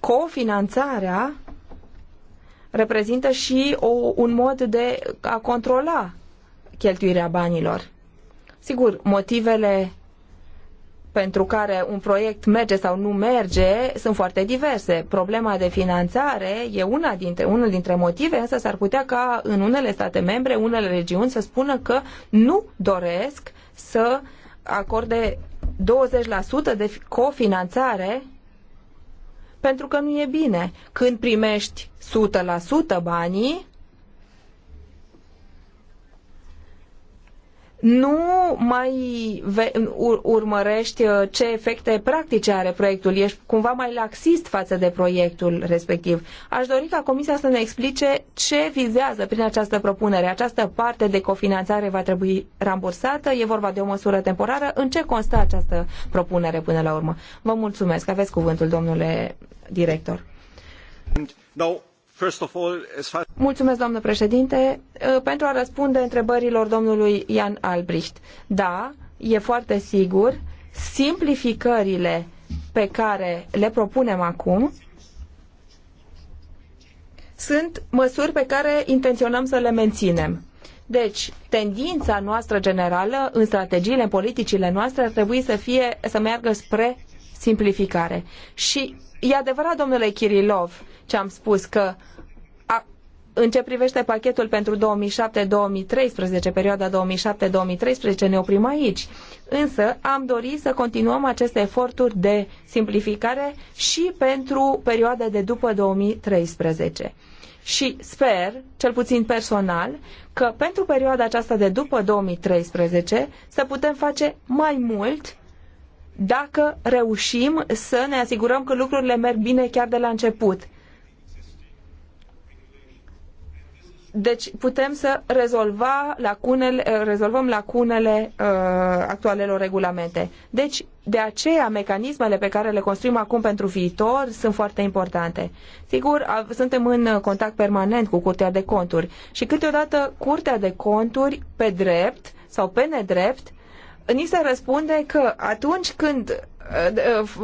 Cofinanțarea reprezintă și o, un mod de a controla cheltuirea banilor. Sigur, motivele pentru care un proiect merge sau nu merge sunt foarte diverse. Problema de finanțare e una dintre, unul dintre motive, însă s-ar putea ca în unele state membre, unele regiuni să spună că nu doresc să acorde 20% de cofinanțare pentru că nu e bine. Când primești 100% banii, nu mai urmărești uh, ce efecte practice are proiectul. Ești cumva mai laxist față de proiectul respectiv. Aș dori ca Comisia să ne explice ce vizează prin această propunere. Această parte de cofinanțare va trebui rambursată, e vorba de o măsură temporară. În ce constă această propunere până la urmă? Vă mulțumesc. Aveți cuvântul, domnule director. Now, Mulțumesc, doamnă președinte. Uh, pentru a răspunde întrebărilor domnului Ian Albrecht, da, e foarte sigur, simplificările pe care le propunem acum sunt măsuri pe care intenționăm să le menținem. Deci, tendința noastră generală în strategiile, în politicile noastre ar trebui să fie să meargă spre simplificare. Și e adevărat, domnule Kirilov, ce am spus că în ce privește pachetul pentru 2007-2013, perioada 2007-2013, ne oprim aici. Însă am dorit să continuăm aceste eforturi de simplificare și pentru perioada de după 2013. Și sper, cel puțin personal, că pentru perioada aceasta de după 2013 să putem face mai mult dacă reușim să ne asigurăm că lucrurile merg bine chiar de la început Deci putem să rezolva lacunele, eh, rezolvăm lacunele uh, actualelor regulamente. Deci, de aceea, mecanismele pe care le construim acum pentru viitor sunt foarte importante. Sigur, suntem în contact permanent cu Curtea de Conturi și câteodată Curtea de Conturi, pe drept sau pe nedrept, ni se răspunde că atunci când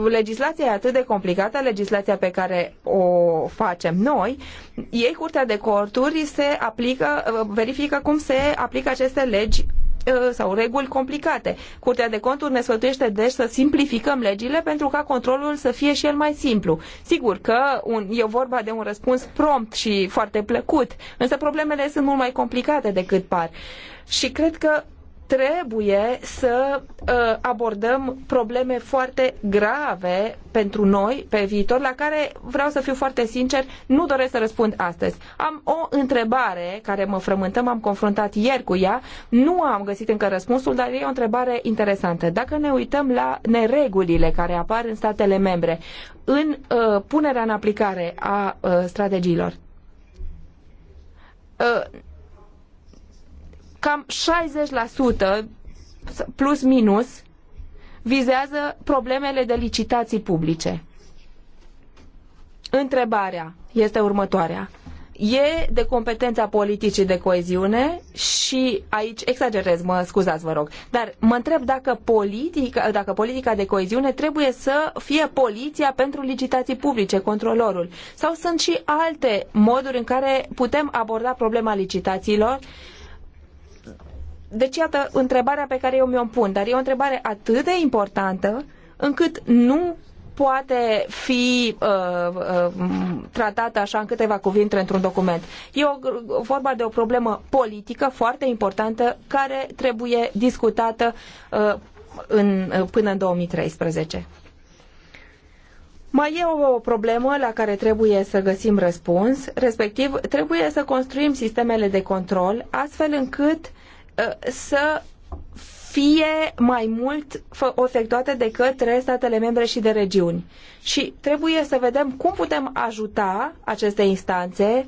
legislația e atât de complicată, legislația pe care o facem noi, ei, Curtea de Corturi, se aplică, verifică cum se aplică aceste legi uh, sau reguli complicate. Curtea de conturi ne sfătuiește deci să simplificăm legile pentru ca controlul să fie și el mai simplu. Sigur că un, e vorba de un răspuns prompt și foarte plăcut, însă problemele sunt mult mai complicate decât par. Și cred că trebuie să uh, abordăm probleme foarte grave pentru noi pe viitor, la care vreau să fiu foarte sincer, nu doresc să răspund astăzi. Am o întrebare care mă frământă, m-am confruntat ieri cu ea, nu am găsit încă răspunsul, dar e o întrebare interesantă. Dacă ne uităm la neregulile care apar în statele membre în uh, punerea în aplicare a uh, strategiilor, uh, cam 60% plus minus vizează problemele de licitații publice. Întrebarea este următoarea. E de competența politicii de coeziune și aici exagerez, mă scuzați, vă rog, dar mă întreb dacă politica, dacă politica de coeziune trebuie să fie poliția pentru licitații publice, controlorul, sau sunt și alte moduri în care putem aborda problema licitațiilor uh, deci, iată întrebarea pe care eu mi-o pun, dar e o întrebare atât de importantă încât nu poate fi uh, uh, tratată așa în câteva cuvinte într-un document. E o, vorba de o problemă politică foarte importantă care trebuie discutată uh, în, uh, până în 2013. Mai e o, o problemă la care trebuie să găsim răspuns, respectiv trebuie să construim sistemele de control astfel încât Uh, să fie mai mult efectuate de către statele membre și de regiuni. Și trebuie să vedem cum putem ajuta aceste instanțe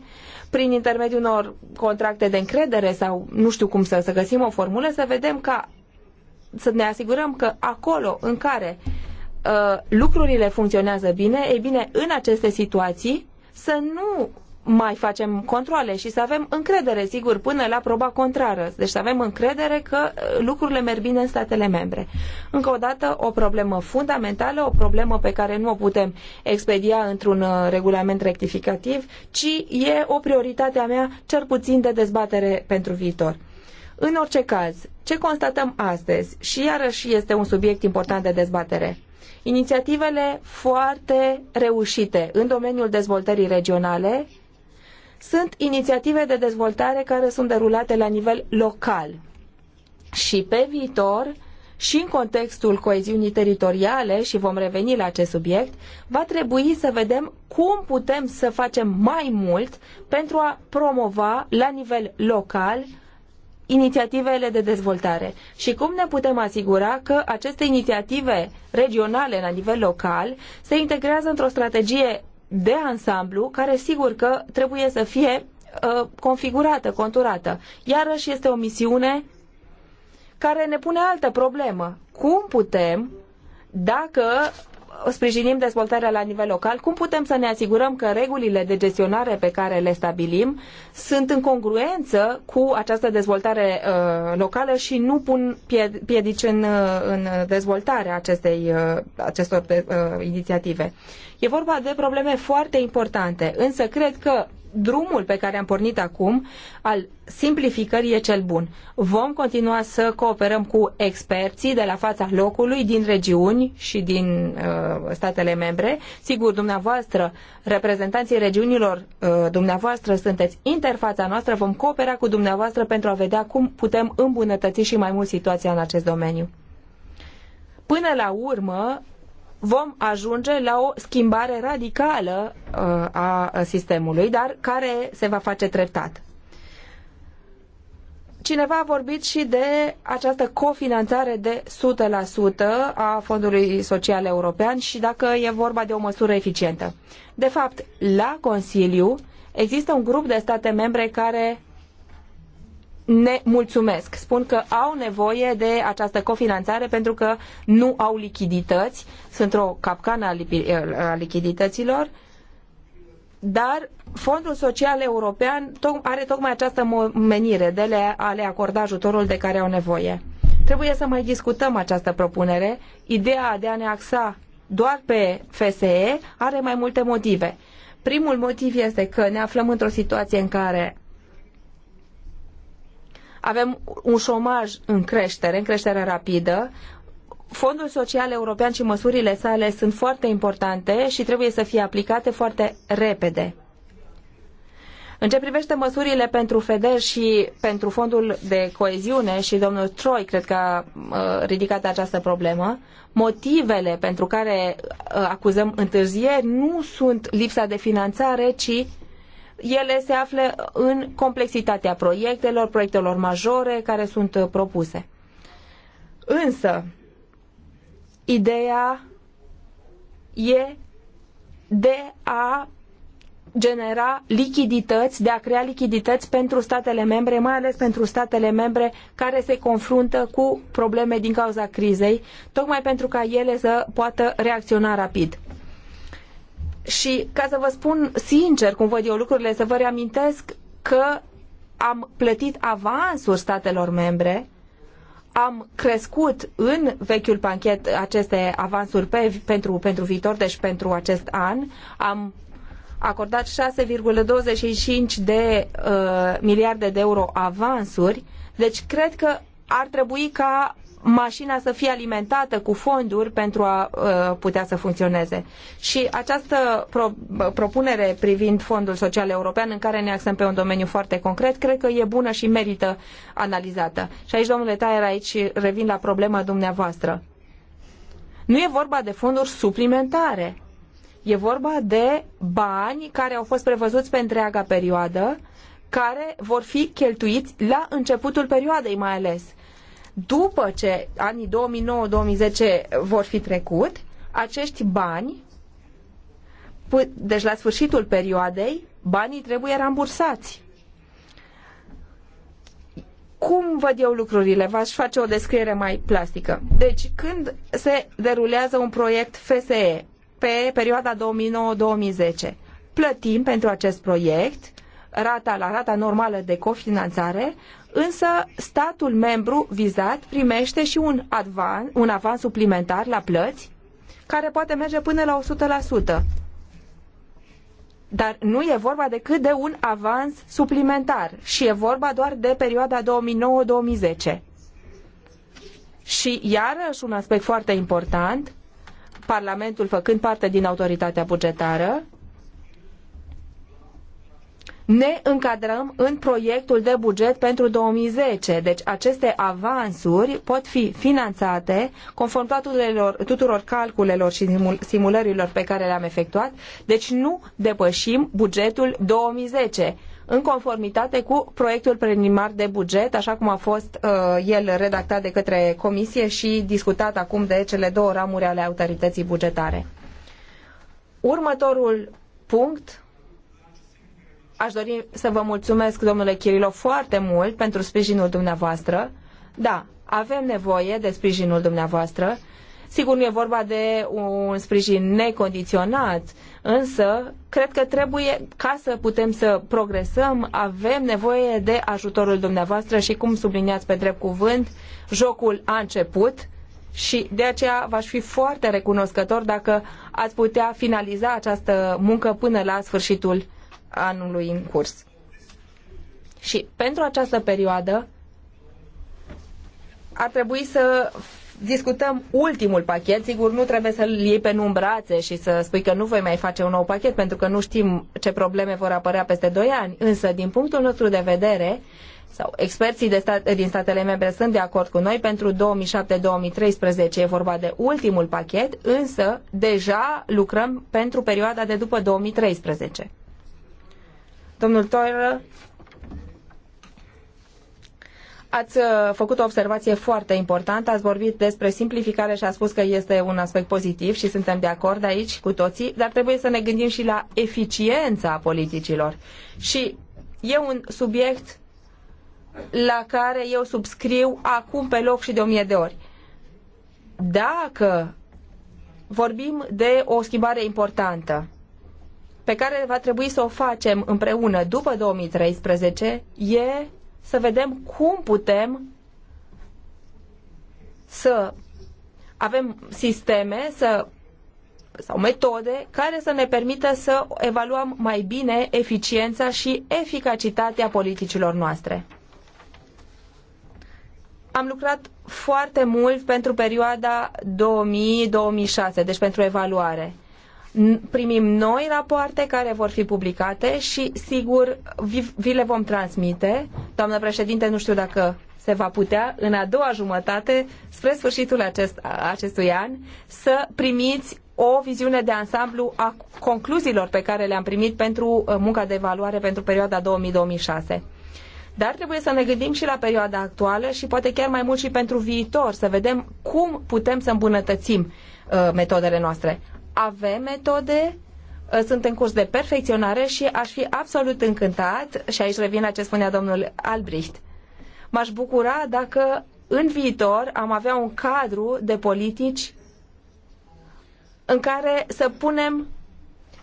prin intermediul unor contracte de încredere sau nu știu cum să, să găsim o formulă, să vedem ca să ne asigurăm că acolo în care uh, lucrurile funcționează bine, e bine, în aceste situații să nu mai facem controle și să avem încredere, sigur, până la proba contrară. Deci să avem încredere că uh, lucrurile merg bine în statele membre. Încă o dată, o problemă fundamentală, o problemă pe care nu o putem expedia într-un uh, regulament rectificativ, ci e o prioritate a mea, cel puțin de dezbatere pentru viitor. În orice caz, ce constatăm astăzi, și iarăși este un subiect important de dezbatere, inițiativele foarte reușite în domeniul dezvoltării regionale, sunt inițiative de dezvoltare care sunt derulate la nivel local. Și pe viitor, și în contextul coeziunii teritoriale, și vom reveni la acest subiect, va trebui să vedem cum putem să facem mai mult pentru a promova la nivel local inițiativele de dezvoltare și cum ne putem asigura că aceste inițiative regionale la nivel local se integrează într-o strategie de ansamblu, care sigur că trebuie să fie uh, configurată, conturată. Iarăși este o misiune care ne pune altă problemă. Cum putem, dacă sprijinim dezvoltarea la nivel local, cum putem să ne asigurăm că regulile de gestionare pe care le stabilim sunt în congruență cu această dezvoltare uh, locală și nu pun piedici în, uh, în dezvoltarea acestei, uh, acestor inițiative. E vorba de probleme foarte importante, însă cred că drumul pe care am pornit acum al simplificării e cel bun. Vom continua să cooperăm cu experții de la fața locului, din regiuni și din uh, statele membre. Sigur, dumneavoastră, reprezentanții regiunilor uh, dumneavoastră, sunteți interfața noastră, vom coopera cu dumneavoastră pentru a vedea cum putem îmbunătăți și mai mult situația în acest domeniu. Până la urmă, vom ajunge la o schimbare radicală uh, a sistemului, dar care se va face treptat. Cineva a vorbit și de această cofinanțare de 100% a Fondului Social European și dacă e vorba de o măsură eficientă. De fapt, la Consiliu există un grup de state membre care ne mulțumesc. Spun că au nevoie de această cofinanțare pentru că nu au lichidități, sunt o capcană a lichidităților, dar Fondul Social European are tocmai această menire de a le acorda ajutorul de care au nevoie. Trebuie să mai discutăm această propunere. Ideea de a ne axa doar pe FSE are mai multe motive. Primul motiv este că ne aflăm într-o situație în care avem un șomaj în creștere, în creștere rapidă. Fondul Social European și măsurile sale sunt foarte importante și trebuie să fie aplicate foarte repede. În ce privește măsurile pentru FEDER și pentru fondul de coeziune și domnul Troy cred că a uh, ridicat această problemă, motivele pentru care uh, acuzăm întârzieri nu sunt lipsa de finanțare, ci ele se află în complexitatea proiectelor, proiectelor majore care sunt uh, propuse. Însă, ideea e de a genera lichidități, de a crea lichidități pentru statele membre, mai ales pentru statele membre care se confruntă cu probleme din cauza crizei, tocmai pentru ca ele să poată reacționa rapid. Și ca să vă spun sincer cum văd eu lucrurile, să vă reamintesc că am plătit avansuri statelor membre, am crescut în vechiul panchet aceste avansuri pe, pentru, pentru viitor, deci pentru acest an, am acordat 6,25 de uh, miliarde de euro avansuri, deci cred că ar trebui ca mașina să fie alimentată cu fonduri pentru a uh, putea să funcționeze. Și această pro uh, propunere privind Fondul Social European, în care ne axăm pe un domeniu foarte concret, cred că e bună și merită analizată. Și aici, domnule Taier, aici revin la problema dumneavoastră. Nu e vorba de fonduri suplimentare. E vorba de bani care au fost prevăzuți pe întreaga perioadă, care vor fi cheltuiți la începutul perioadei mai ales după ce anii 2009-2010 vor fi trecut, acești bani, deci la sfârșitul perioadei, banii trebuie rambursați. Cum văd eu lucrurile? V-aș face o descriere mai plastică. Deci, când se derulează un proiect FSE pe perioada 2009-2010, plătim pentru acest proiect rata la rata normală de cofinanțare, însă statul membru vizat primește și un, avan un avans suplimentar la plăți care poate merge până la 100%. Dar nu e vorba decât de un avans suplimentar și e vorba doar de perioada 2009-2010. Și iarăși un aspect foarte important, Parlamentul făcând parte din autoritatea bugetară, ne încadrăm în proiectul de buget pentru 2010. Deci aceste avansuri pot fi finanțate conform tuturor, tuturor calculelor și simulărilor pe care le-am efectuat. Deci nu depășim bugetul 2010 în conformitate cu proiectul preliminar de buget, așa cum a fost uh, el redactat de către comisie și discutat acum de cele două ramuri ale autorității bugetare. Următorul punct Aș dori să vă mulțumesc, domnule Chirilo, foarte mult pentru sprijinul dumneavoastră. Da, avem nevoie de sprijinul dumneavoastră. Sigur, nu e vorba de un sprijin necondiționat, însă cred că trebuie, ca să putem să progresăm, avem nevoie de ajutorul dumneavoastră și, cum subliniați pe drept cuvânt, jocul a început și de aceea v-aș fi foarte recunoscător dacă ați putea finaliza această muncă până la sfârșitul anului în curs. Și pentru această perioadă ar trebui să discutăm ultimul pachet. Sigur, nu trebuie să-l iei pe nu brațe și să spui că nu voi mai face un nou pachet pentru că nu știm ce probleme vor apărea peste 2 ani. Însă, din punctul nostru de vedere, sau experții de stat, din statele membre sunt de acord cu noi, pentru 2007-2013 e vorba de ultimul pachet, însă deja lucrăm pentru perioada de după 2013. Domnul Toiră, ați uh, făcut o observație foarte importantă, ați vorbit despre simplificare și a spus că este un aspect pozitiv și suntem de acord aici cu toții, dar trebuie să ne gândim și la eficiența politicilor. Și e un subiect la care eu subscriu acum pe loc și de o mie de ori. Dacă vorbim de o schimbare importantă, pe care va trebui să o facem împreună după 2013 e să vedem cum putem să avem sisteme să, sau metode care să ne permită să evaluăm mai bine eficiența și eficacitatea politicilor noastre. Am lucrat foarte mult pentru perioada 2000-2006, deci pentru evaluare primim noi rapoarte care vor fi publicate și sigur vi, vi le vom transmite. Doamnă președinte, nu știu dacă se va putea în a doua jumătate, spre sfârșitul acest, acestui an, să primiți o viziune de ansamblu a concluziilor pe care le-am primit pentru uh, munca de evaluare pentru perioada 2000-2006. Dar trebuie să ne gândim și la perioada actuală și poate chiar mai mult și pentru viitor, să vedem cum putem să îmbunătățim uh, metodele noastre avem metode, ă, sunt în curs de perfecționare și aș fi absolut încântat, și aici revin la ce spunea domnul Albrecht, m-aș bucura dacă în viitor am avea un cadru de politici în care să punem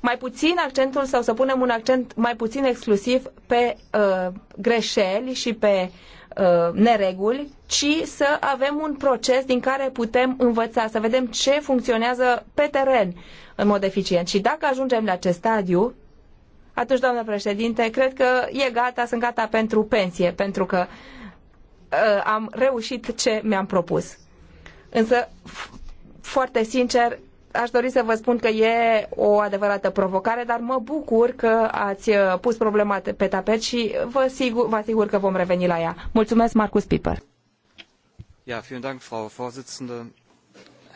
mai puțin accentul sau să punem un accent mai puțin exclusiv pe uh, greșeli și pe uh, nereguli, ci să avem un proces din care putem învăța, să vedem ce funcționează pe teren în mod eficient. Și dacă ajungem la acest stadiu, atunci, doamnă președinte, cred că e gata, sunt gata pentru pensie, pentru că uh, am reușit ce mi-am propus. Însă, foarte sincer, aș dori să vă spun că e o adevărată provocare, dar mă bucur că ați uh, pus problema pe tapet și vă, sigur, vă asigur că vom reveni la ea. Mulțumesc, Marcus Piper. Ja, vielen Dank, Frau Vorsitzende.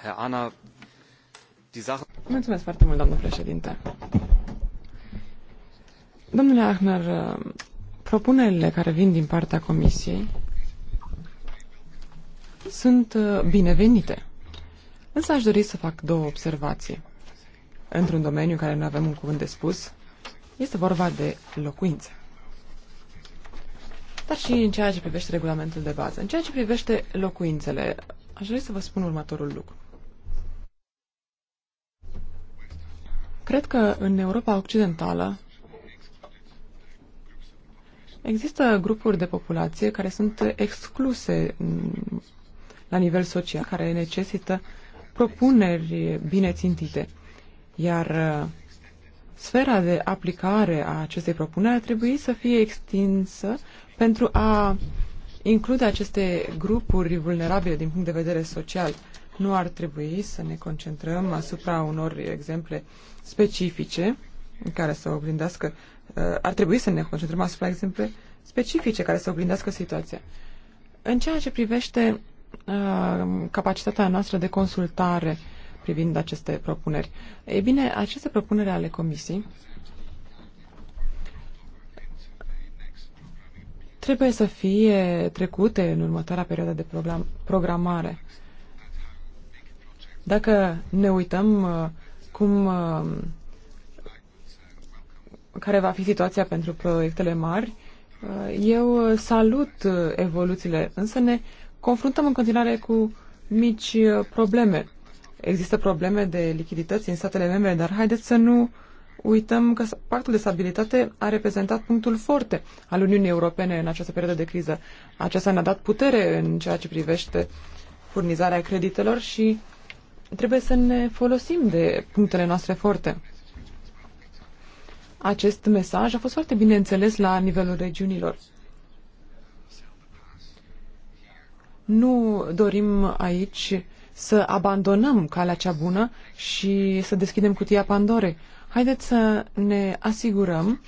Herr die Sache... Mulțumesc foarte mult, doamnă președinte. Domnule Ahner, propunerile care vin din partea Comisiei sunt uh, binevenite. Însă aș dori să fac două observații. Într-un domeniu în care nu avem un cuvânt de spus, este vorba de locuințe dar și în ceea ce privește regulamentul de bază. În ceea ce privește locuințele, aș vrea să vă spun următorul lucru. Cred că în Europa Occidentală există grupuri de populație care sunt excluse la nivel social, care necesită propuneri bine țintite. Iar uh, sfera de aplicare a acestei propuneri ar trebui să fie extinsă pentru a include aceste grupuri vulnerabile din punct de vedere social. Nu ar trebui să ne concentrăm asupra unor exemple specifice în care să oglindească, uh, ar trebui să ne concentrăm asupra exemple specifice care să oglindească situația. În ceea ce privește uh, capacitatea noastră de consultare privind aceste propuneri, e bine, aceste propuneri ale Comisiei trebuie să fie trecute în următoarea perioadă de program, programare. Dacă ne uităm uh, cum uh, care va fi situația pentru proiectele mari, uh, eu salut evoluțiile, însă ne confruntăm în continuare cu mici probleme. Există probleme de lichidități în statele membre, dar haideți să nu uh, uităm că pactul de stabilitate a reprezentat punctul forte al Uniunii Europene în această perioadă de criză. Aceasta ne-a dat putere în ceea ce privește furnizarea creditelor și trebuie să ne folosim de punctele noastre forte. Acest mesaj a fost foarte bine înțeles la nivelul regiunilor. Nu dorim aici să abandonăm calea cea bună și să deschidem cutia Pandorei. Haideți să ne asigurăm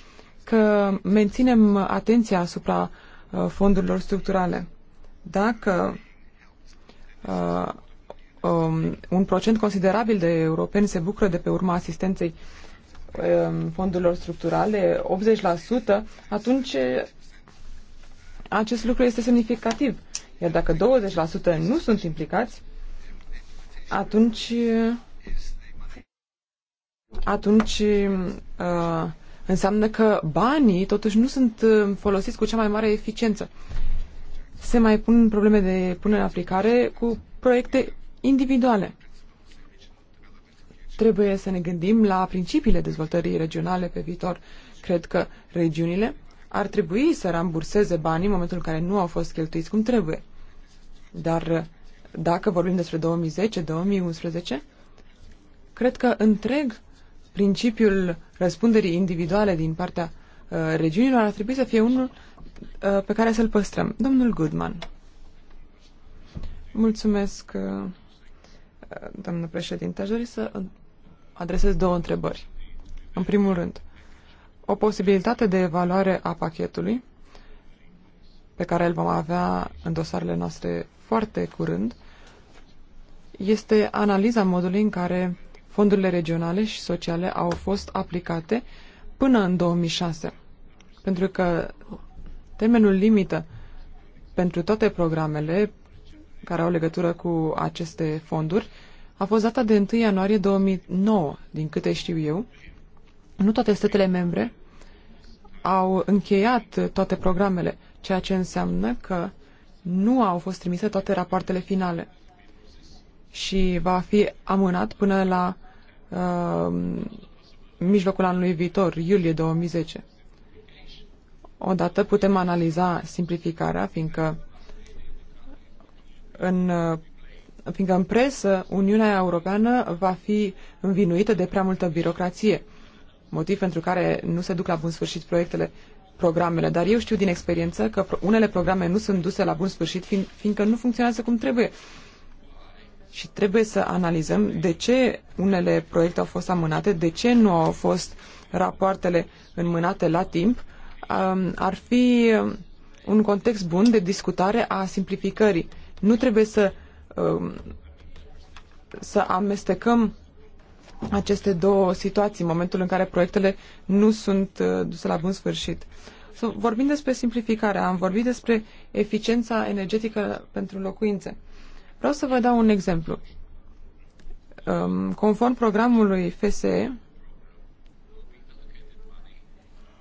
că menținem atenția asupra uh, fondurilor structurale. Dacă uh, um, un procent considerabil de europeni se bucură de pe urma asistenței um, fondurilor structurale, 80%, atunci uh, acest lucru este semnificativ. Iar dacă 20% nu sunt implicați, atunci uh, atunci uh, înseamnă că banii totuși nu sunt uh, folosiți cu cea mai mare eficiență. Se mai pun probleme de punere în aplicare cu proiecte individuale. Trebuie să ne gândim la principiile dezvoltării regionale pe viitor. Cred că regiunile ar trebui să ramburseze banii în momentul în care nu au fost cheltuiți cum trebuie. Dar uh, dacă vorbim despre 2010-2011, cred că întreg principiul răspunderii individuale din partea uh, regiunilor ar trebui să fie unul uh, pe care să-l păstrăm. Domnul Goodman. Mulțumesc, uh, doamnă președinte. Aș dori să adresez două întrebări. În primul rând, o posibilitate de evaluare a pachetului pe care îl vom avea în dosarele noastre foarte curând este analiza modului în care fondurile regionale și sociale au fost aplicate până în 2006. Pentru că termenul limită pentru toate programele care au legătură cu aceste fonduri a fost data de 1 ianuarie 2009, din câte știu eu. Nu toate statele membre au încheiat toate programele, ceea ce înseamnă că nu au fost trimise toate rapoartele finale și va fi amânat până la uh, mijlocul anului viitor, iulie 2010. Odată putem analiza simplificarea, fiindcă în, uh, fiindcă în presă Uniunea Europeană va fi învinuită de prea multă birocrație, motiv pentru care nu se duc la bun sfârșit proiectele, programele, dar eu știu din experiență că unele programe nu sunt duse la bun sfârșit, fiind, fiindcă nu funcționează cum trebuie și trebuie să analizăm de ce unele proiecte au fost amânate, de ce nu au fost rapoartele înmânate la timp. Um, ar fi un context bun de discutare a simplificării. Nu trebuie să, um, să amestecăm aceste două situații, în momentul în care proiectele nu sunt uh, duse la bun sfârșit. Vorbim despre simplificare, am vorbit despre eficiența energetică pentru locuințe. Vreau să vă dau un exemplu. Um, conform programului FSE,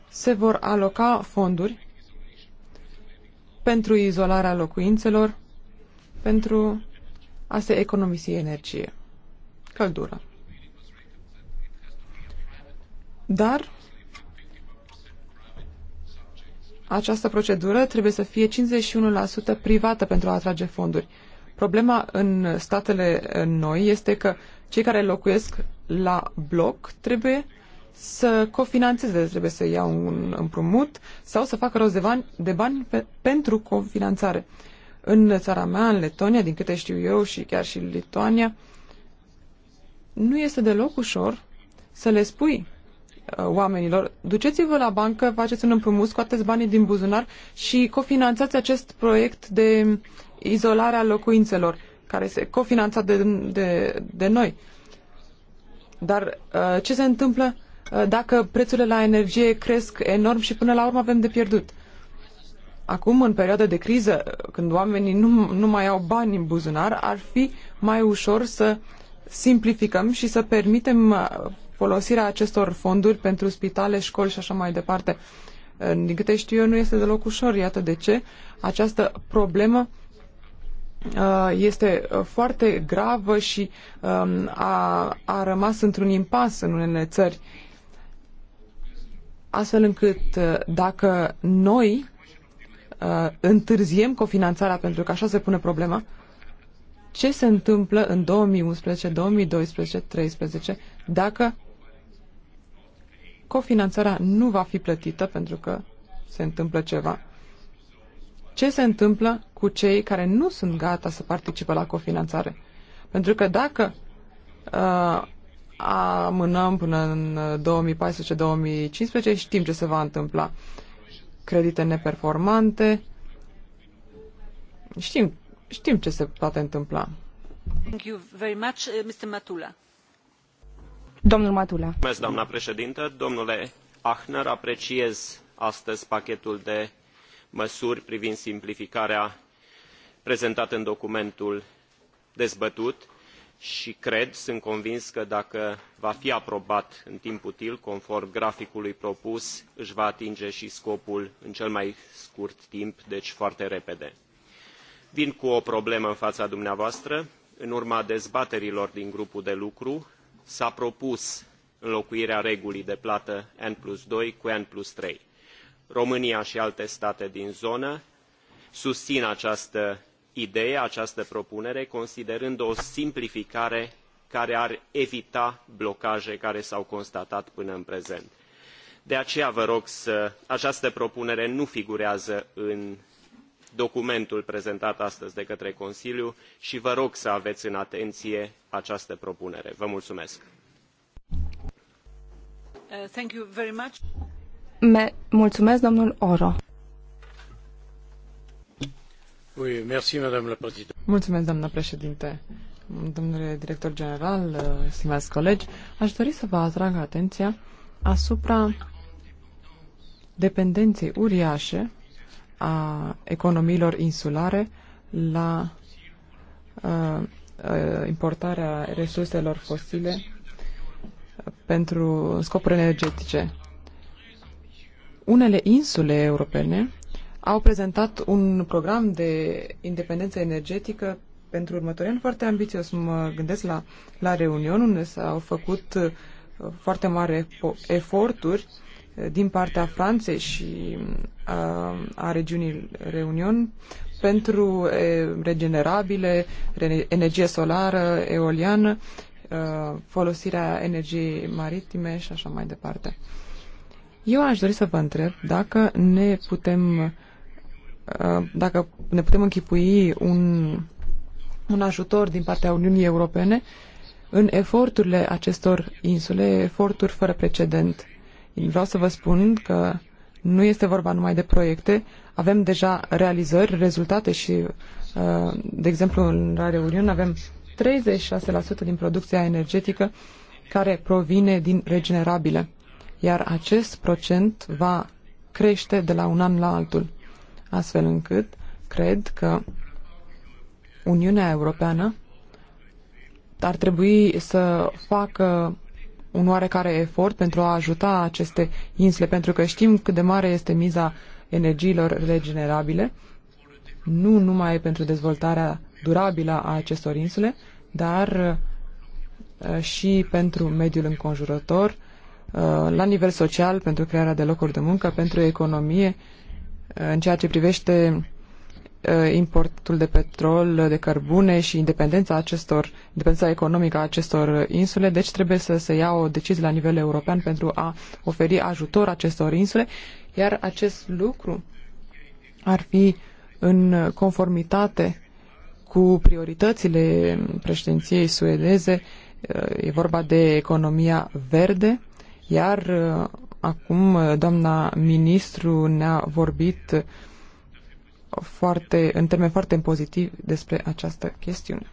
se vor aloca fonduri pentru izolarea locuințelor, pentru a se economisi energie, căldură. Dar această procedură trebuie să fie 51% privată pentru a atrage fonduri. Problema în statele noi este că cei care locuiesc la bloc trebuie să cofinanțeze, trebuie să ia un împrumut sau să facă rost de bani, de bani pe, pentru cofinanțare. În țara mea, în Letonia, din câte știu eu și chiar și în Lituania, nu este deloc ușor să le spui uh, oamenilor, duceți-vă la bancă, faceți un împrumut, scoateți banii din buzunar și cofinanțați acest proiect de izolarea locuințelor, care se cofinanța de, de, de noi. Dar uh, ce se întâmplă uh, dacă prețurile la energie cresc enorm și până la urmă avem de pierdut? Acum, în perioada de criză, când oamenii nu, nu mai au bani în buzunar, ar fi mai ușor să simplificăm și să permitem uh, folosirea acestor fonduri pentru spitale, școli și așa mai departe. Din câte știu eu, nu este deloc ușor. Iată de ce această problemă Uh, este uh, foarte gravă și um, a, a rămas într-un impas în unele țări. Astfel încât uh, dacă noi întârziem cofinanțarea, pentru că așa se pune problema, ce se întâmplă în 2011, 2012, 2013 dacă cofinanțarea nu va fi plătită pentru că se întâmplă ceva ce se întâmplă cu cei care nu sunt gata să participe la cofinanțare. Pentru că dacă uh, amânăm până în 2014-2015, știm ce se va întâmpla. Credite neperformante, știm, știm ce se poate întâmpla. Thank you very much, uh, Mr. Matula. Domnul Matula. Mulțumesc, doamna președintă. Domnule Ahner, apreciez astăzi pachetul de măsuri privind simplificarea prezentate în documentul dezbătut i cred sunt convins că dacă va fi aprobat în timp util conform graficului propus îi va atinge i scopul în cel mai scurt timp deci foarte repede. vin cu o problemă în faa dumneavoastră în urma dezbaterilor din grupul de lucru s a propus înlocuirea regulii de plată n doi cu n trei românia i alte state din zonă susin această idee această propunere considerând o simplificare care ar evita blocaje care s au constatat până în prezent. de aceea vă rog să această propunere nu figurează în documentul prezentat astăzi de către consiliu i vă rog să avei în atenie această propunere. vă mulumesc. Uh, Mulțumesc, domnul Oro. Oui, merci, Mulțumesc, doamnă președinte. Domnule director general, uh, stimați colegi, aș dori să vă atrag atenția asupra dependenței uriașe a economiilor insulare la uh, uh importarea resurselor fosile pentru scopuri energetice. Unele insule europene au prezentat un program de independență energetică pentru următorii ani foarte ambițios. Mă gândesc la, la Reunion, unde s-au făcut uh, foarte mari eforturi uh, din partea Franței și a, uh, a regiunii Reunion pentru regenerabile, energie solară, eoliană, folosirea energiei maritime și așa mai departe. Eu aș dori să vă întreb dacă ne putem uh, dacă ne putem închipui un, un ajutor din partea Uniunii Europene în eforturile acestor insule, eforturi fără precedent. Vreau să vă spun că nu este vorba numai de proiecte, avem deja realizări, rezultate și, uh, de exemplu, în Rare Uniune avem 36% din producția energetică care provine din regenerabile iar acest procent va crește de la un an la altul, astfel încât cred că Uniunea Europeană ar trebui să facă un oarecare efort pentru a ajuta aceste insule, pentru că știm cât de mare este miza energiilor regenerabile, nu numai pentru dezvoltarea durabilă a acestor insule, dar uh, și pentru mediul înconjurător, Uh, la nivel social pentru crearea de locuri de muncă, pentru economie, uh, în ceea ce privește uh, importul de petrol, de cărbune și independența acestor, independența economică a acestor insule, deci trebuie să se ia o decizie la nivel european pentru a oferi ajutor acestor insule, iar acest lucru ar fi în conformitate cu prioritățile președinției suedeze, e vorba de economia verde, iar uh, acum uh, doamna ministru ne-a vorbit foarte, în termeni foarte pozitiv despre această chestiune.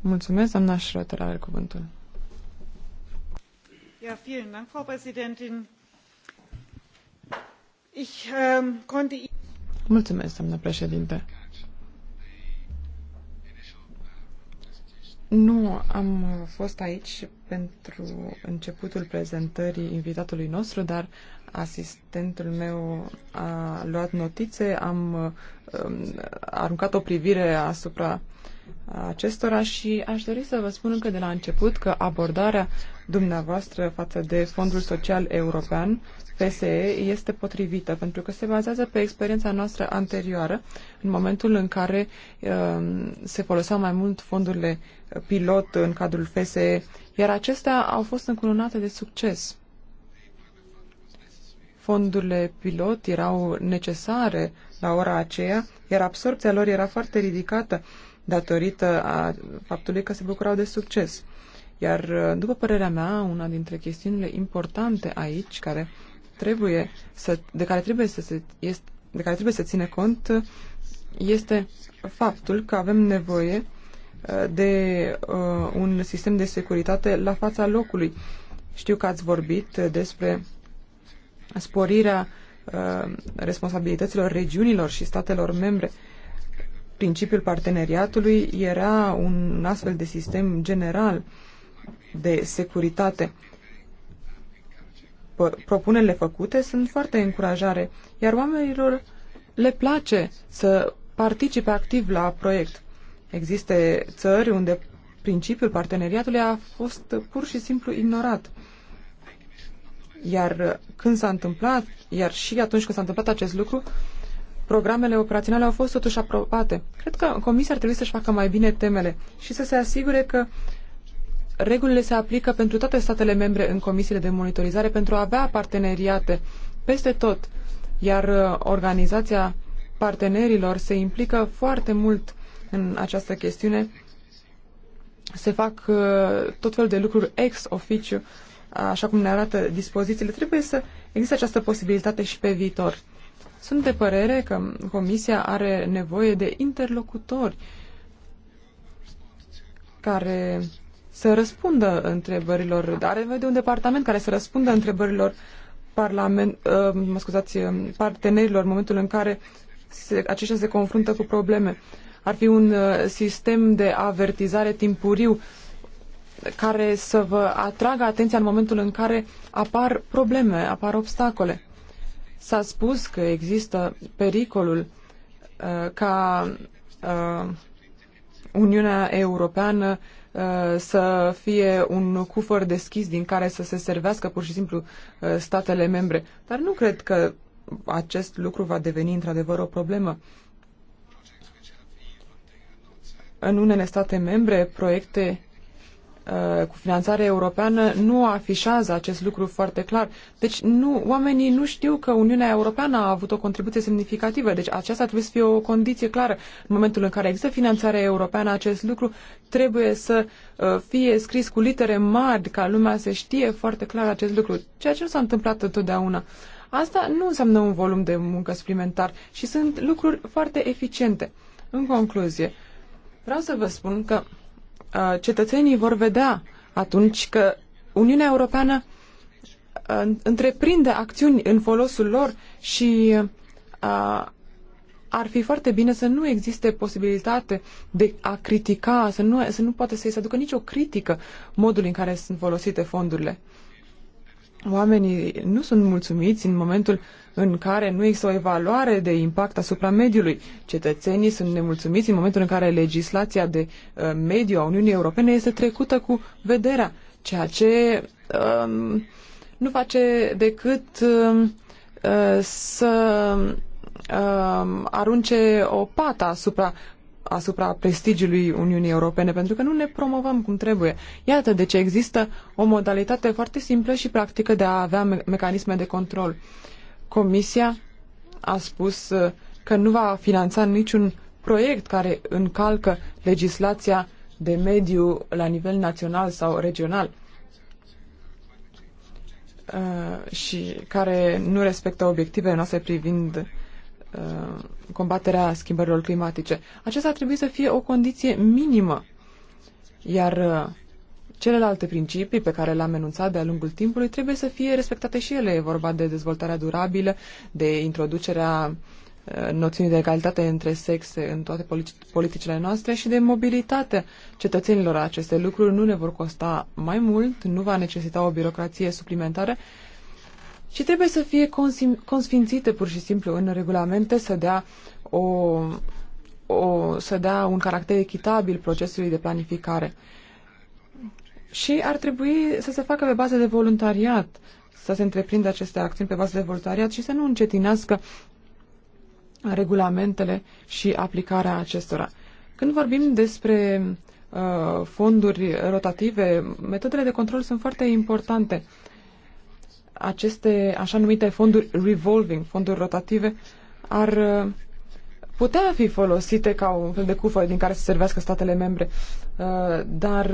Mulțumesc, doamna Schröter, are cuvântul. Ja, vielen Dank, Frau Präsidentin. Ich ähm, konnte Mulțumesc, doamna președinte. Nu am fost aici pentru începutul prezentării invitatului nostru, dar asistentul meu a luat notițe, am um, aruncat o privire asupra acestora și aș dori să vă spun încă de la început că abordarea dumneavoastră față de Fondul Social European PSE este potrivită, pentru că se bazează pe experiența noastră anterioară, în momentul în care uh, se foloseau mai mult fondurile pilot în cadrul PSE, iar acestea au fost încununate de succes. Fondurile pilot erau necesare la ora aceea, iar absorpția lor era foarte ridicată datorită a faptului că se bucurau de succes. Iar, după părerea mea, una dintre chestiunile importante aici, care trebuie să, de care trebuie să se, este, de care trebuie să ține cont este faptul că avem nevoie uh, de uh, un sistem de securitate la fața locului. Știu că ați vorbit despre sporirea uh, responsabilităților regiunilor și statelor membre. Principiul parteneriatului era un astfel de sistem general de securitate propunerile făcute sunt foarte încurajare, iar oamenilor le place să participe activ la proiect. Există țări unde principiul parteneriatului a fost pur și simplu ignorat. Iar când s-a întâmplat, iar și atunci când s-a întâmplat acest lucru, programele operaționale au fost totuși aprobate. Cred că Comisia ar trebui să-și facă mai bine temele și să se asigure că regulile se aplică pentru toate statele membre în comisiile de monitorizare pentru a avea parteneriate peste tot, iar uh, organizația partenerilor se implică foarte mult în această chestiune. Se fac uh, tot fel de lucruri ex oficiu, așa cum ne arată dispozițiile. Trebuie să există această posibilitate și pe viitor. Sunt de părere că Comisia are nevoie de interlocutori care să răspundă întrebărilor, are nevoie de un departament care să răspundă întrebărilor parlament, uh, mă scuzați, uh, partenerilor în momentul în care se, aceștia se confruntă cu probleme. Ar fi un uh, sistem de avertizare timpuriu care să vă atragă atenția în momentul în care apar probleme, apar obstacole. S-a spus că există pericolul uh, ca uh, Uniunea Europeană Uh, să fie un cufăr deschis din care să se servească pur și simplu uh, statele membre. Dar nu cred că acest lucru va deveni într-adevăr o problemă. În unele state membre, proiecte Uh, cu finanțare europeană nu afișează acest lucru foarte clar. Deci nu, oamenii nu știu că Uniunea Europeană a avut o contribuție semnificativă. Deci aceasta trebuie să fie o condiție clară. În momentul în care există finanțarea europeană, acest lucru trebuie să uh, fie scris cu litere mari, ca lumea să știe foarte clar acest lucru, ceea ce nu s-a întâmplat întotdeauna. Asta nu înseamnă un volum de muncă suplimentar și sunt lucruri foarte eficiente. În concluzie, vreau să vă spun că Uh, cetățenii vor vedea atunci că Uniunea Europeană uh, întreprinde acțiuni în folosul lor și uh, ar fi foarte bine să nu existe posibilitate de a critica, să nu, să nu poate să-i se aducă nicio critică modul în care sunt folosite fondurile oamenii nu sunt mulțumiți în momentul în care nu există o evaluare de impact asupra mediului. Cetățenii sunt nemulțumiți în momentul în care legislația de uh, mediu a Uniunii Europene este trecută cu vederea, ceea ce um, nu face decât um, uh, să um, arunce o pată asupra asupra prestigiului Uniunii Europene, pentru că nu ne promovăm cum trebuie. Iată de ce există o modalitate foarte simplă și practică de a avea me- mecanisme de control. Comisia a spus uh, că nu va finanța niciun proiect care încalcă legislația de mediu la nivel național sau regional uh, și care nu respectă obiectivele noastre privind Uh, combaterea schimbărilor climatice. Acesta trebuie să fie o condiție minimă. Iar uh, celelalte principii pe care le-am enunțat de-a lungul timpului trebuie să fie respectate și ele. E vorba de dezvoltarea durabilă, de introducerea uh, noțiunii de egalitate între sexe în toate politicile noastre și de mobilitate cetățenilor. Aceste lucruri nu ne vor costa mai mult, nu va necesita o birocrație suplimentară și trebuie să fie consfințite pur și simplu în regulamente, să dea, o, o, să dea un caracter echitabil procesului de planificare. Și ar trebui să se facă pe bază de voluntariat, să se întreprindă aceste acțiuni pe bază de voluntariat și să nu încetinească regulamentele și aplicarea acestora. Când vorbim despre uh, fonduri rotative, metodele de control sunt foarte importante aceste așa numite fonduri revolving, fonduri rotative, ar uh, putea fi folosite ca un fel de cufă din care să servească statele membre. Uh, dar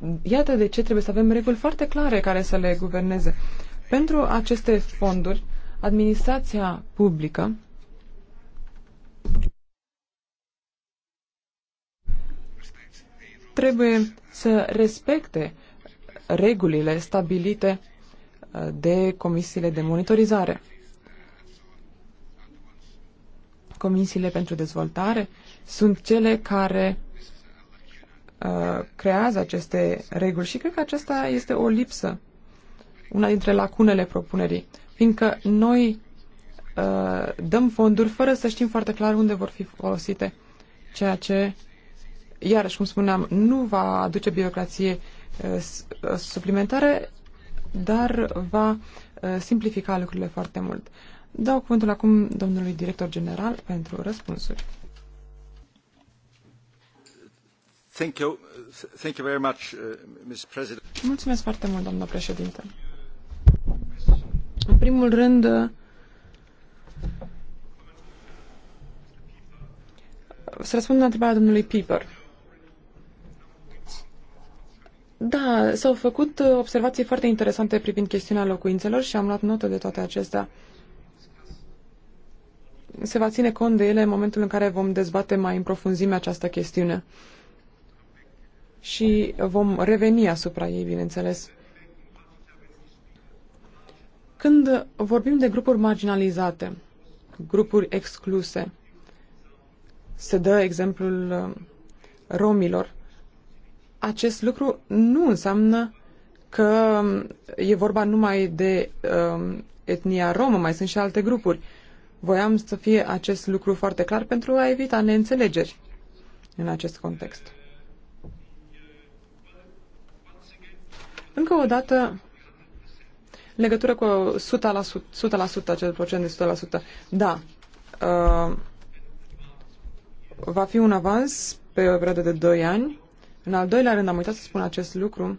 uh, iată de ce trebuie să avem reguli foarte clare care să le guverneze. Pentru aceste fonduri, administrația publică trebuie să respecte regulile stabilite de comisiile de monitorizare. Comisiile pentru dezvoltare sunt cele care uh, creează aceste reguli și cred că aceasta este o lipsă, una dintre lacunele propunerii, fiindcă noi uh, dăm fonduri fără să știm foarte clar unde vor fi folosite, ceea ce, iarăși cum spuneam, nu va aduce birocrație uh, uh suplimentare, dar va uh, simplifica lucrurile foarte mult. Dau cuvântul acum domnului director general pentru răspunsuri. Thank you. Thank you very much, uh, Ms. President. Mulțumesc foarte mult, doamnă președinte. În primul rând, uh, să răspund la întrebarea domnului Piper. Da, s-au făcut uh, observații foarte interesante privind chestiunea locuințelor și am luat notă de toate acestea. Se va ține cont de ele în momentul în care vom dezbate mai în profunzime această chestiune. Și vom reveni asupra ei, bineînțeles. Când vorbim de grupuri marginalizate, grupuri excluse, se dă exemplul uh, romilor, acest lucru nu înseamnă că e vorba numai de uh, etnia romă, mai sunt și alte grupuri. Voiam să fie acest lucru foarte clar pentru a evita neînțelegeri în acest context. Încă o dată, legătură cu 100%, 100% acel procent de 100%, da, uh, va fi un avans pe o perioadă de 2 ani, în al doilea rând, am uitat să spun acest lucru,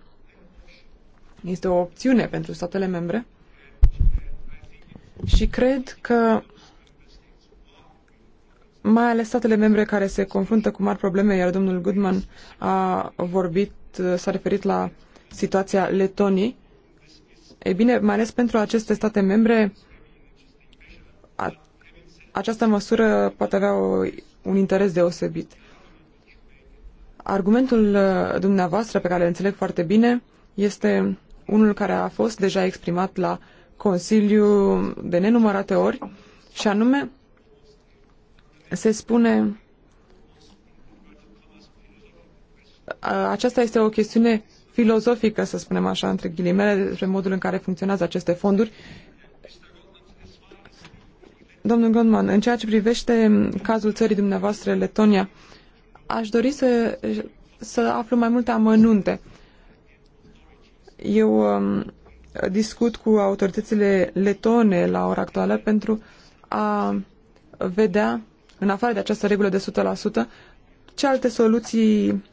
este o opțiune pentru statele membre și cred că mai ales statele membre care se confruntă cu mari probleme, iar domnul Goodman a vorbit, s-a referit la situația Letonii. Ei bine, mai ales pentru aceste state membre, această măsură poate avea o, un interes deosebit. Argumentul uh, dumneavoastră, pe care îl înțeleg foarte bine, este unul care a fost deja exprimat la Consiliu de nenumărate ori, și anume se spune aceasta este o chestiune filozofică, să spunem așa, între ghilimele, despre modul în care funcționează aceste fonduri. Domnul Gondman, în ceea ce privește cazul țării dumneavoastră, Letonia, aș dori să, să aflu mai multe amănunte. Eu um, discut cu autoritățile letone la ora actuală pentru a vedea, în afară de această regulă de 100%, ce alte soluții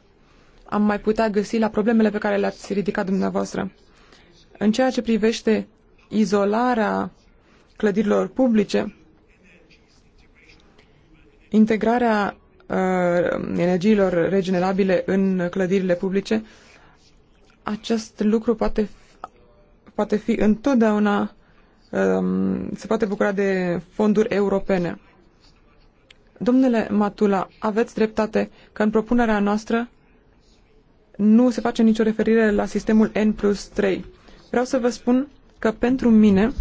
am mai putea găsi la problemele pe care le-ați ridicat dumneavoastră. În ceea ce privește izolarea clădirilor publice, integrarea Uh, energiilor regenerabile în clădirile publice, acest lucru poate, poate fi întotdeauna um, se poate bucura de fonduri europene. Domnule Matula, aveți dreptate că în propunerea noastră nu se face nicio referire la sistemul N plus 3. Vreau să vă spun că pentru mine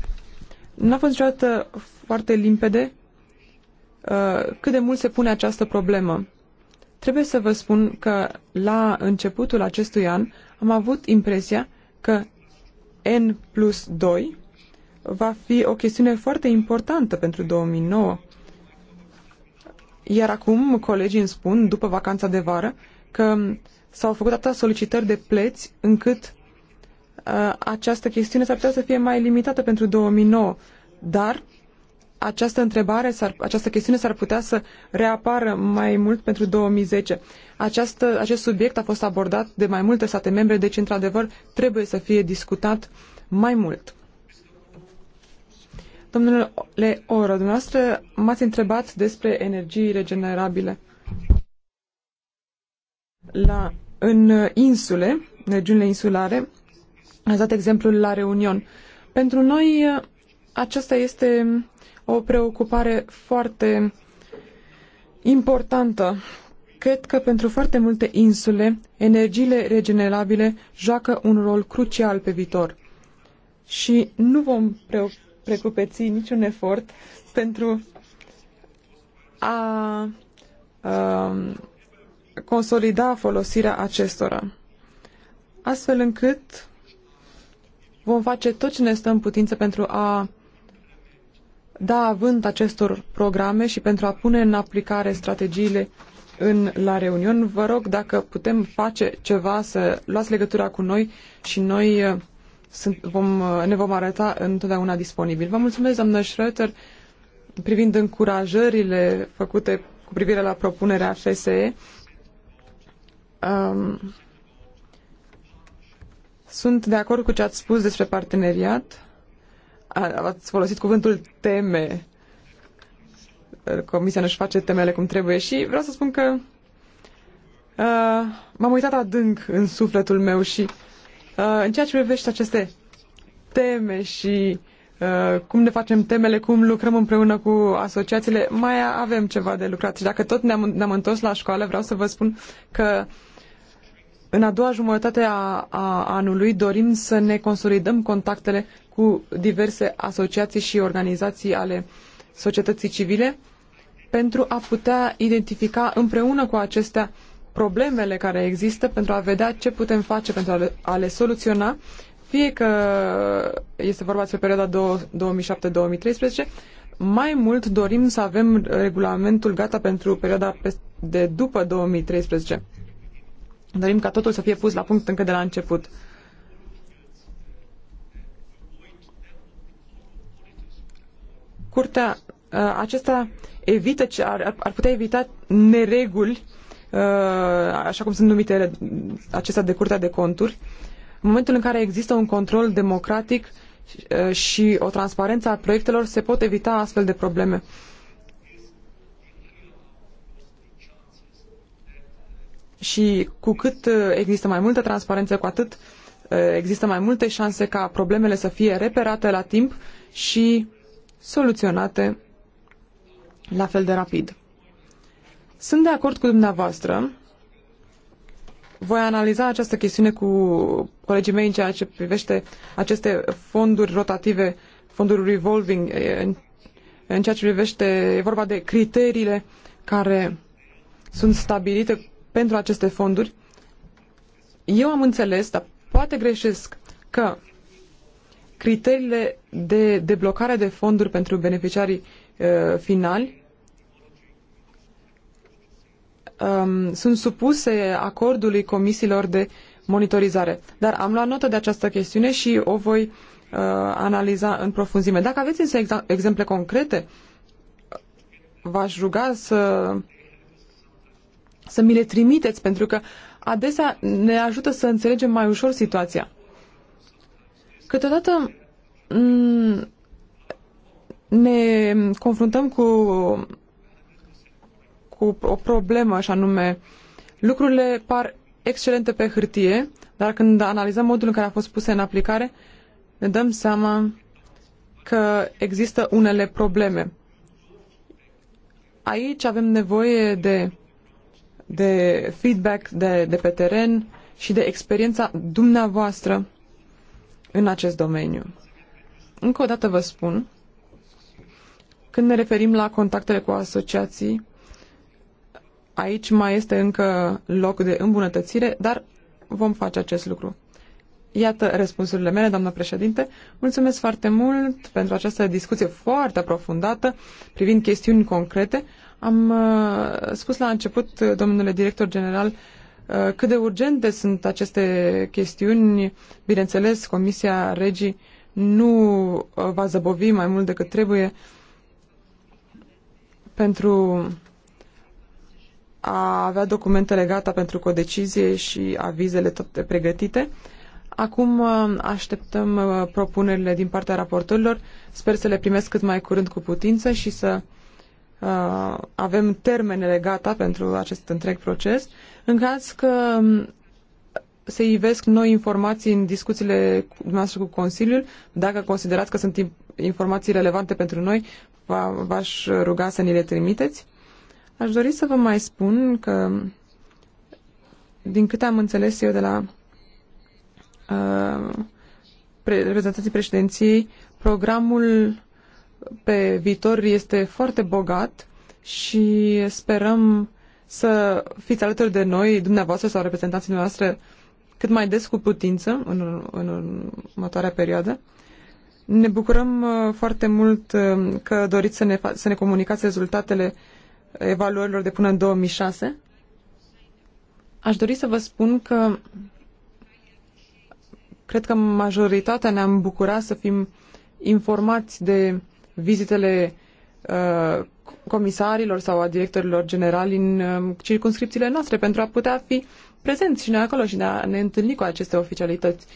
n-a fost niciodată foarte limpede Uh, cât de mult se pune această problemă. Trebuie să vă spun că la începutul acestui an am avut impresia că N plus 2 va fi o chestiune foarte importantă pentru 2009. Iar acum colegii îmi spun, după vacanța de vară, că s-au făcut atâta solicitări de pleți încât uh, această chestiune s-ar putea să fie mai limitată pentru 2009. Dar această întrebare, această chestiune s-ar putea să reapară mai mult pentru 2010. Această, acest subiect a fost abordat de mai multe state membre, deci, într-adevăr, trebuie să fie discutat mai mult. Domnule Oro, dumneavoastră m-ați întrebat despre energii regenerabile. La, în insule, în regiunile insulare, ați dat exemplul la Reunion. Pentru noi, aceasta este o preocupare foarte importantă. Cred că pentru foarte multe insule, energiile regenerabile joacă un rol crucial pe viitor. Și nu vom pre- precupeți niciun efort pentru a, a um, consolida folosirea acestora, astfel încât vom face tot ce ne stă în putință pentru a da avânt acestor programe și pentru a pune în aplicare strategiile în, la reuniuni. Vă rog dacă putem face ceva să luați legătura cu noi și noi uh, sunt, vom, uh, ne vom arăta întotdeauna disponibil. Vă mulțumesc, doamnă Schröter, privind încurajările făcute cu privire la propunerea FSE. Um, sunt de acord cu ce ați spus despre parteneriat ați folosit cuvântul teme. Comisia nu-și face temele cum trebuie și vreau să spun că uh, m-am uitat adânc în sufletul meu și uh, în ceea ce privește aceste teme și uh, cum ne facem temele, cum lucrăm împreună cu asociațiile, mai avem ceva de lucrat. Și dacă tot ne-am, ne-am întors la școală, vreau să vă spun că în a doua jumătate a, a anului dorim să ne consolidăm contactele cu diverse asociații și organizații ale societății civile pentru a putea identifica împreună cu acestea problemele care există pentru a vedea ce putem face pentru a le, a le soluționa, fie că este vorba despre perioada 2007-2013, mai mult dorim să avem regulamentul gata pentru perioada de după 2013. Dorim ca totul să fie pus la punct încă de la început. curtea uh, acesta evită, ar, ar putea evita nereguli, uh, așa cum sunt numite ele, acestea de curtea de conturi, în momentul în care există un control democratic uh, și o transparență a proiectelor, se pot evita astfel de probleme. Și cu cât există mai multă transparență, cu atât există mai multe șanse ca problemele să fie reperate la timp și soluționate la fel de rapid. Sunt de acord cu dumneavoastră. Voi analiza această chestiune cu colegii mei în ceea ce privește aceste fonduri rotative, fonduri revolving, în ceea ce privește, e vorba de criteriile care sunt stabilite pentru aceste fonduri. Eu am înțeles, dar poate greșesc, că criteriile de deblocare de fonduri pentru beneficiarii uh, finali um, sunt supuse acordului comisiilor de monitorizare. Dar am luat notă de această chestiune și o voi uh, analiza în profunzime. Dacă aveți însă exemple concrete, v-aș ruga să, să mi le trimiteți, pentru că adesea ne ajută să înțelegem mai ușor situația. Câteodată Mm, ne confruntăm cu, cu o problemă, așa nume. lucrurile par excelente pe hârtie, dar când analizăm modul în care au fost puse în aplicare, ne dăm seama că există unele probleme. Aici avem nevoie de, de feedback de, de pe teren și de experiența dumneavoastră în acest domeniu. Încă o dată vă spun, când ne referim la contactele cu asociații, aici mai este încă loc de îmbunătățire, dar vom face acest lucru. Iată răspunsurile mele, doamnă președinte. Mulțumesc foarte mult pentru această discuție foarte aprofundată privind chestiuni concrete. Am uh, spus la început, domnule director general, uh, cât de urgente sunt aceste chestiuni. Bineînțeles, Comisia Regii uh, nu uh, va zăbovi mai mult decât trebuie pentru a avea documentele gata pentru codecizie și avizele toate pregătite. Acum uh, așteptăm uh, propunerile din partea raportorilor. Sper să le primesc cât mai curând cu putință și să uh, avem termenele gata pentru acest întreg proces. În caz că um, se ivesc noi informații în discuțiile noastre cu Consiliul. Dacă considerați că sunt informații relevante pentru noi, v-aș ruga să ni le trimiteți. Aș dori să vă mai spun că, din câte am înțeles eu de la uh, reprezentanții președinției, programul pe viitor este foarte bogat și sperăm să fiți alături de noi, dumneavoastră sau reprezentanții noastre, cât mai des cu putință în, în următoarea perioadă. Ne bucurăm uh, foarte mult uh, că doriți să ne, să ne comunicați rezultatele evaluărilor de până în 2006. Aș dori să vă spun că cred că majoritatea ne-am bucurat să fim informați de vizitele uh, comisarilor sau a directorilor generali în uh, circunscripțiile noastre pentru a putea fi prezenți și noi acolo și de a ne întâlni cu aceste oficialități.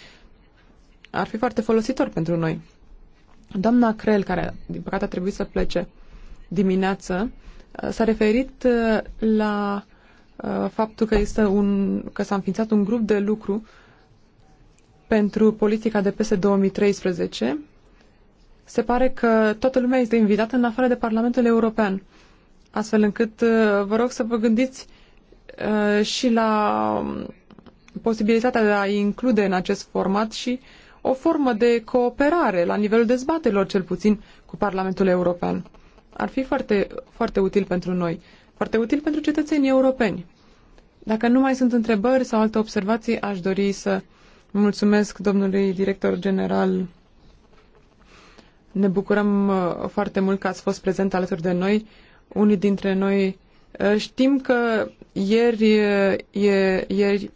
Ar fi foarte folositor pentru noi. Doamna Crel, care din păcate a trebuit să plece dimineață, uh, s-a referit uh, la uh, faptul că, este un, că s-a înființat un grup de lucru pentru politica de peste 2013. Se pare că toată lumea este invitată în afară de Parlamentul European. Astfel încât vă rog să vă gândiți uh, Uh, și la um, posibilitatea de a include în acest format și o formă de cooperare, la nivelul dezbatelor cel puțin, cu Parlamentul European. Ar fi foarte, foarte util pentru noi, foarte util pentru cetățenii europeni. Dacă nu mai sunt întrebări sau alte observații, aș dori să mulțumesc domnului director general. Ne bucurăm uh, foarte mult că ați fost prezent alături de noi. Unii dintre noi uh, știm că ieri, ieri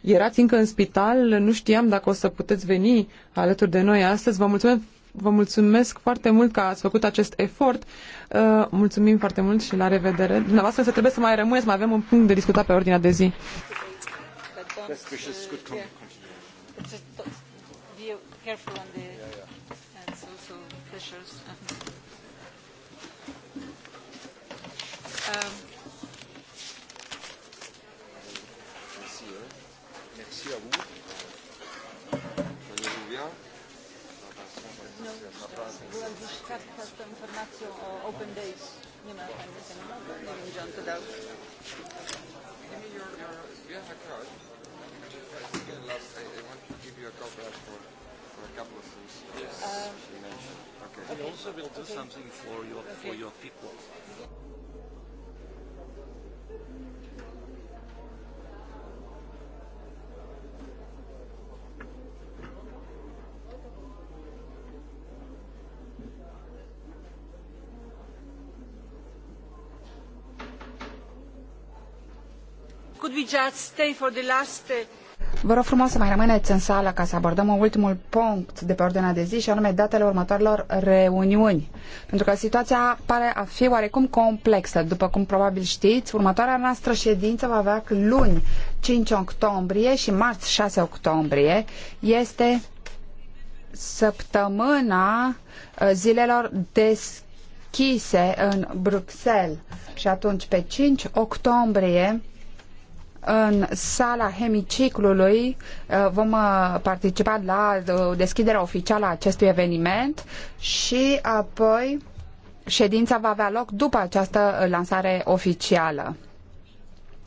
erați încă în spital, nu știam dacă o să puteți veni alături de noi astăzi. Vă mulțumesc, vă mulțumesc foarte mult că ați făcut acest efort. mulțumim foarte mult și la revedere. Dumneavoastră să trebuie să mai rămâneți, mai avem un punct de discutat pe ordinea de zi. careful on the... not so uh, open days, you know, and we can even jump it Give me your, your, do you have Last, I, want to give you a card for, for a couple of things yes. um, she mentioned. Okay. okay. We also will do something for your, for your people. Uh, Vă rog frumos să mai rămâneți în sală ca să abordăm ultimul punct de pe ordinea de zi și anume datele următorilor reuniuni. Pentru că situația pare a fi oarecum complexă. După cum probabil știți, următoarea noastră ședință va avea luni 5 octombrie și marți 6 octombrie. Este săptămâna uh, zilelor deschise în Bruxelles. Și atunci, pe 5 octombrie, în sala hemiciclului uh, vom uh, participa la uh, deschiderea oficială a acestui eveniment și apoi ședința va avea loc după această lansare oficială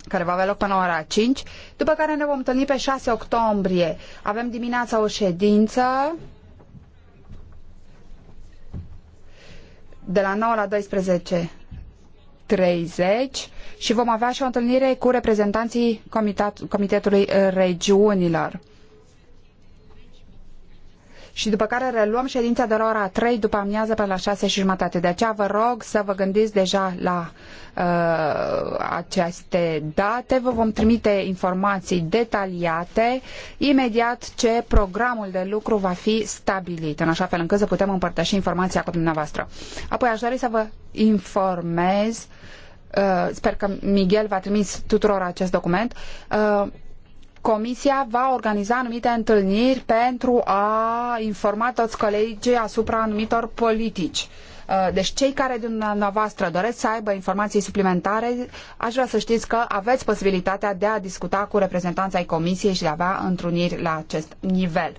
care va avea loc până la ora 5, după care ne vom întâlni pe 6 octombrie. Avem dimineața o ședință de la 9 la 12 30 și vom avea și o întâlnire cu reprezentanții Comitetului Regiunilor. Și după care reluăm ședința de la ora 3 după amiază până la 6 și jumătate. De aceea vă rog să vă gândiți deja la uh, aceste date. Vă vom trimite informații detaliate imediat ce programul de lucru va fi stabilit, în așa fel încât să putem împărtăși informația cu dumneavoastră. Apoi aș dori să vă informez Uh, sper că Miguel va trimis tuturor acest document, uh, Comisia va organiza anumite întâlniri pentru a informa toți colegii asupra anumitor politici. Uh, deci cei care din dumneavoastră doresc să aibă informații suplimentare, aș vrea să știți că aveți posibilitatea de a discuta cu reprezentanța ai Comisiei și de a avea întruniri la acest nivel.